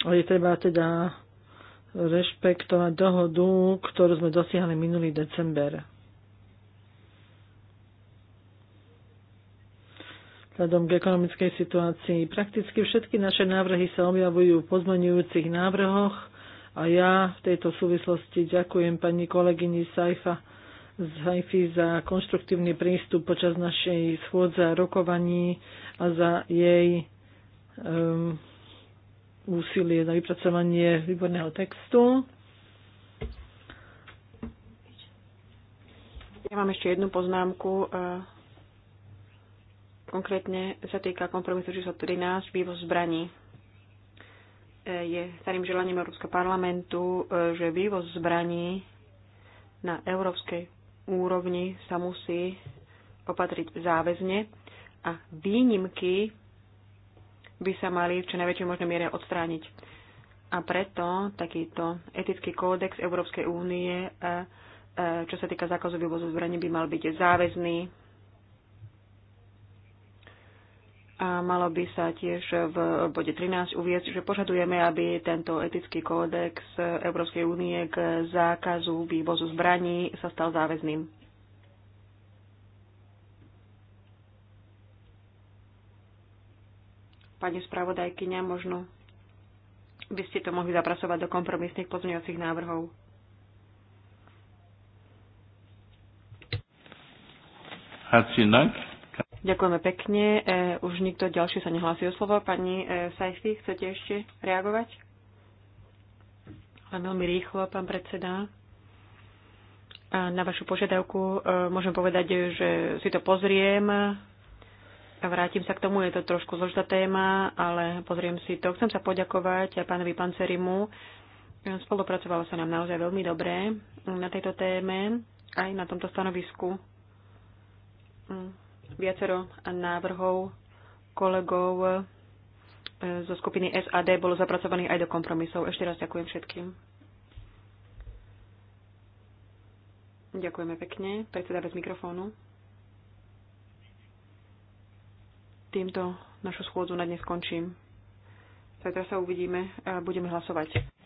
Je treba teda rešpektovať dohodu, ktorú sme dosiahli minulý december. Vzhľadom k ekonomickej situácii prakticky všetky naše návrhy sa objavujú v pozmenujúcich návrhoch a ja v tejto súvislosti ďakujem pani kolegyni Saifa z Haifi za konštruktívny prístup počas našej schôdze a rokovaní a za jej um, úsilie na vypracovanie výborného textu. Ja mám ešte jednu poznámku. E, konkrétne sa týka kompromisu číslo 13, vývoz zbraní. E, je starým želaním Európskeho parlamentu, e, že vývoz zbraní na európskej úrovni sa musí opatriť záväzne a výnimky by sa mali v čo najväčšej možnej miere odstrániť. A preto takýto etický kódex Európskej únie, eh, eh, čo sa týka zákazu vývozu zbraní, by mal byť záväzný A malo by sa tiež v bode 13 uvieť, že požadujeme, aby tento etický kódex Európskej únie k zákazu vývozu zbraní sa stal záväzným. Pani spravodajkyňa, možno by ste to mohli zapracovať do kompromisných pozmeňovacích návrhov. Herzlichen Dank. Ďakujeme pekne. E, už nikto ďalší sa nehlási o slovo. Pani e, Sajfi, chcete ešte reagovať? Len veľmi rýchlo, pán predseda. A na vašu požiadavku e, môžem povedať, že si to pozriem a vrátim sa k tomu. Je to trošku zložitá téma, ale pozriem si to. Chcem sa poďakovať aj pánovi Pancerimu. Spolupracovalo sa nám naozaj veľmi dobre na tejto téme, aj na tomto stanovisku. Mm Viacero návrhov kolegov e, zo skupiny SAD bolo zapracovaných aj do kompromisov. Ešte raz ďakujem všetkým. Ďakujeme pekne. Predseda bez mikrofónu. Týmto našu schôdzu na dnes skončím. Zajtra sa uvidíme a budeme hlasovať.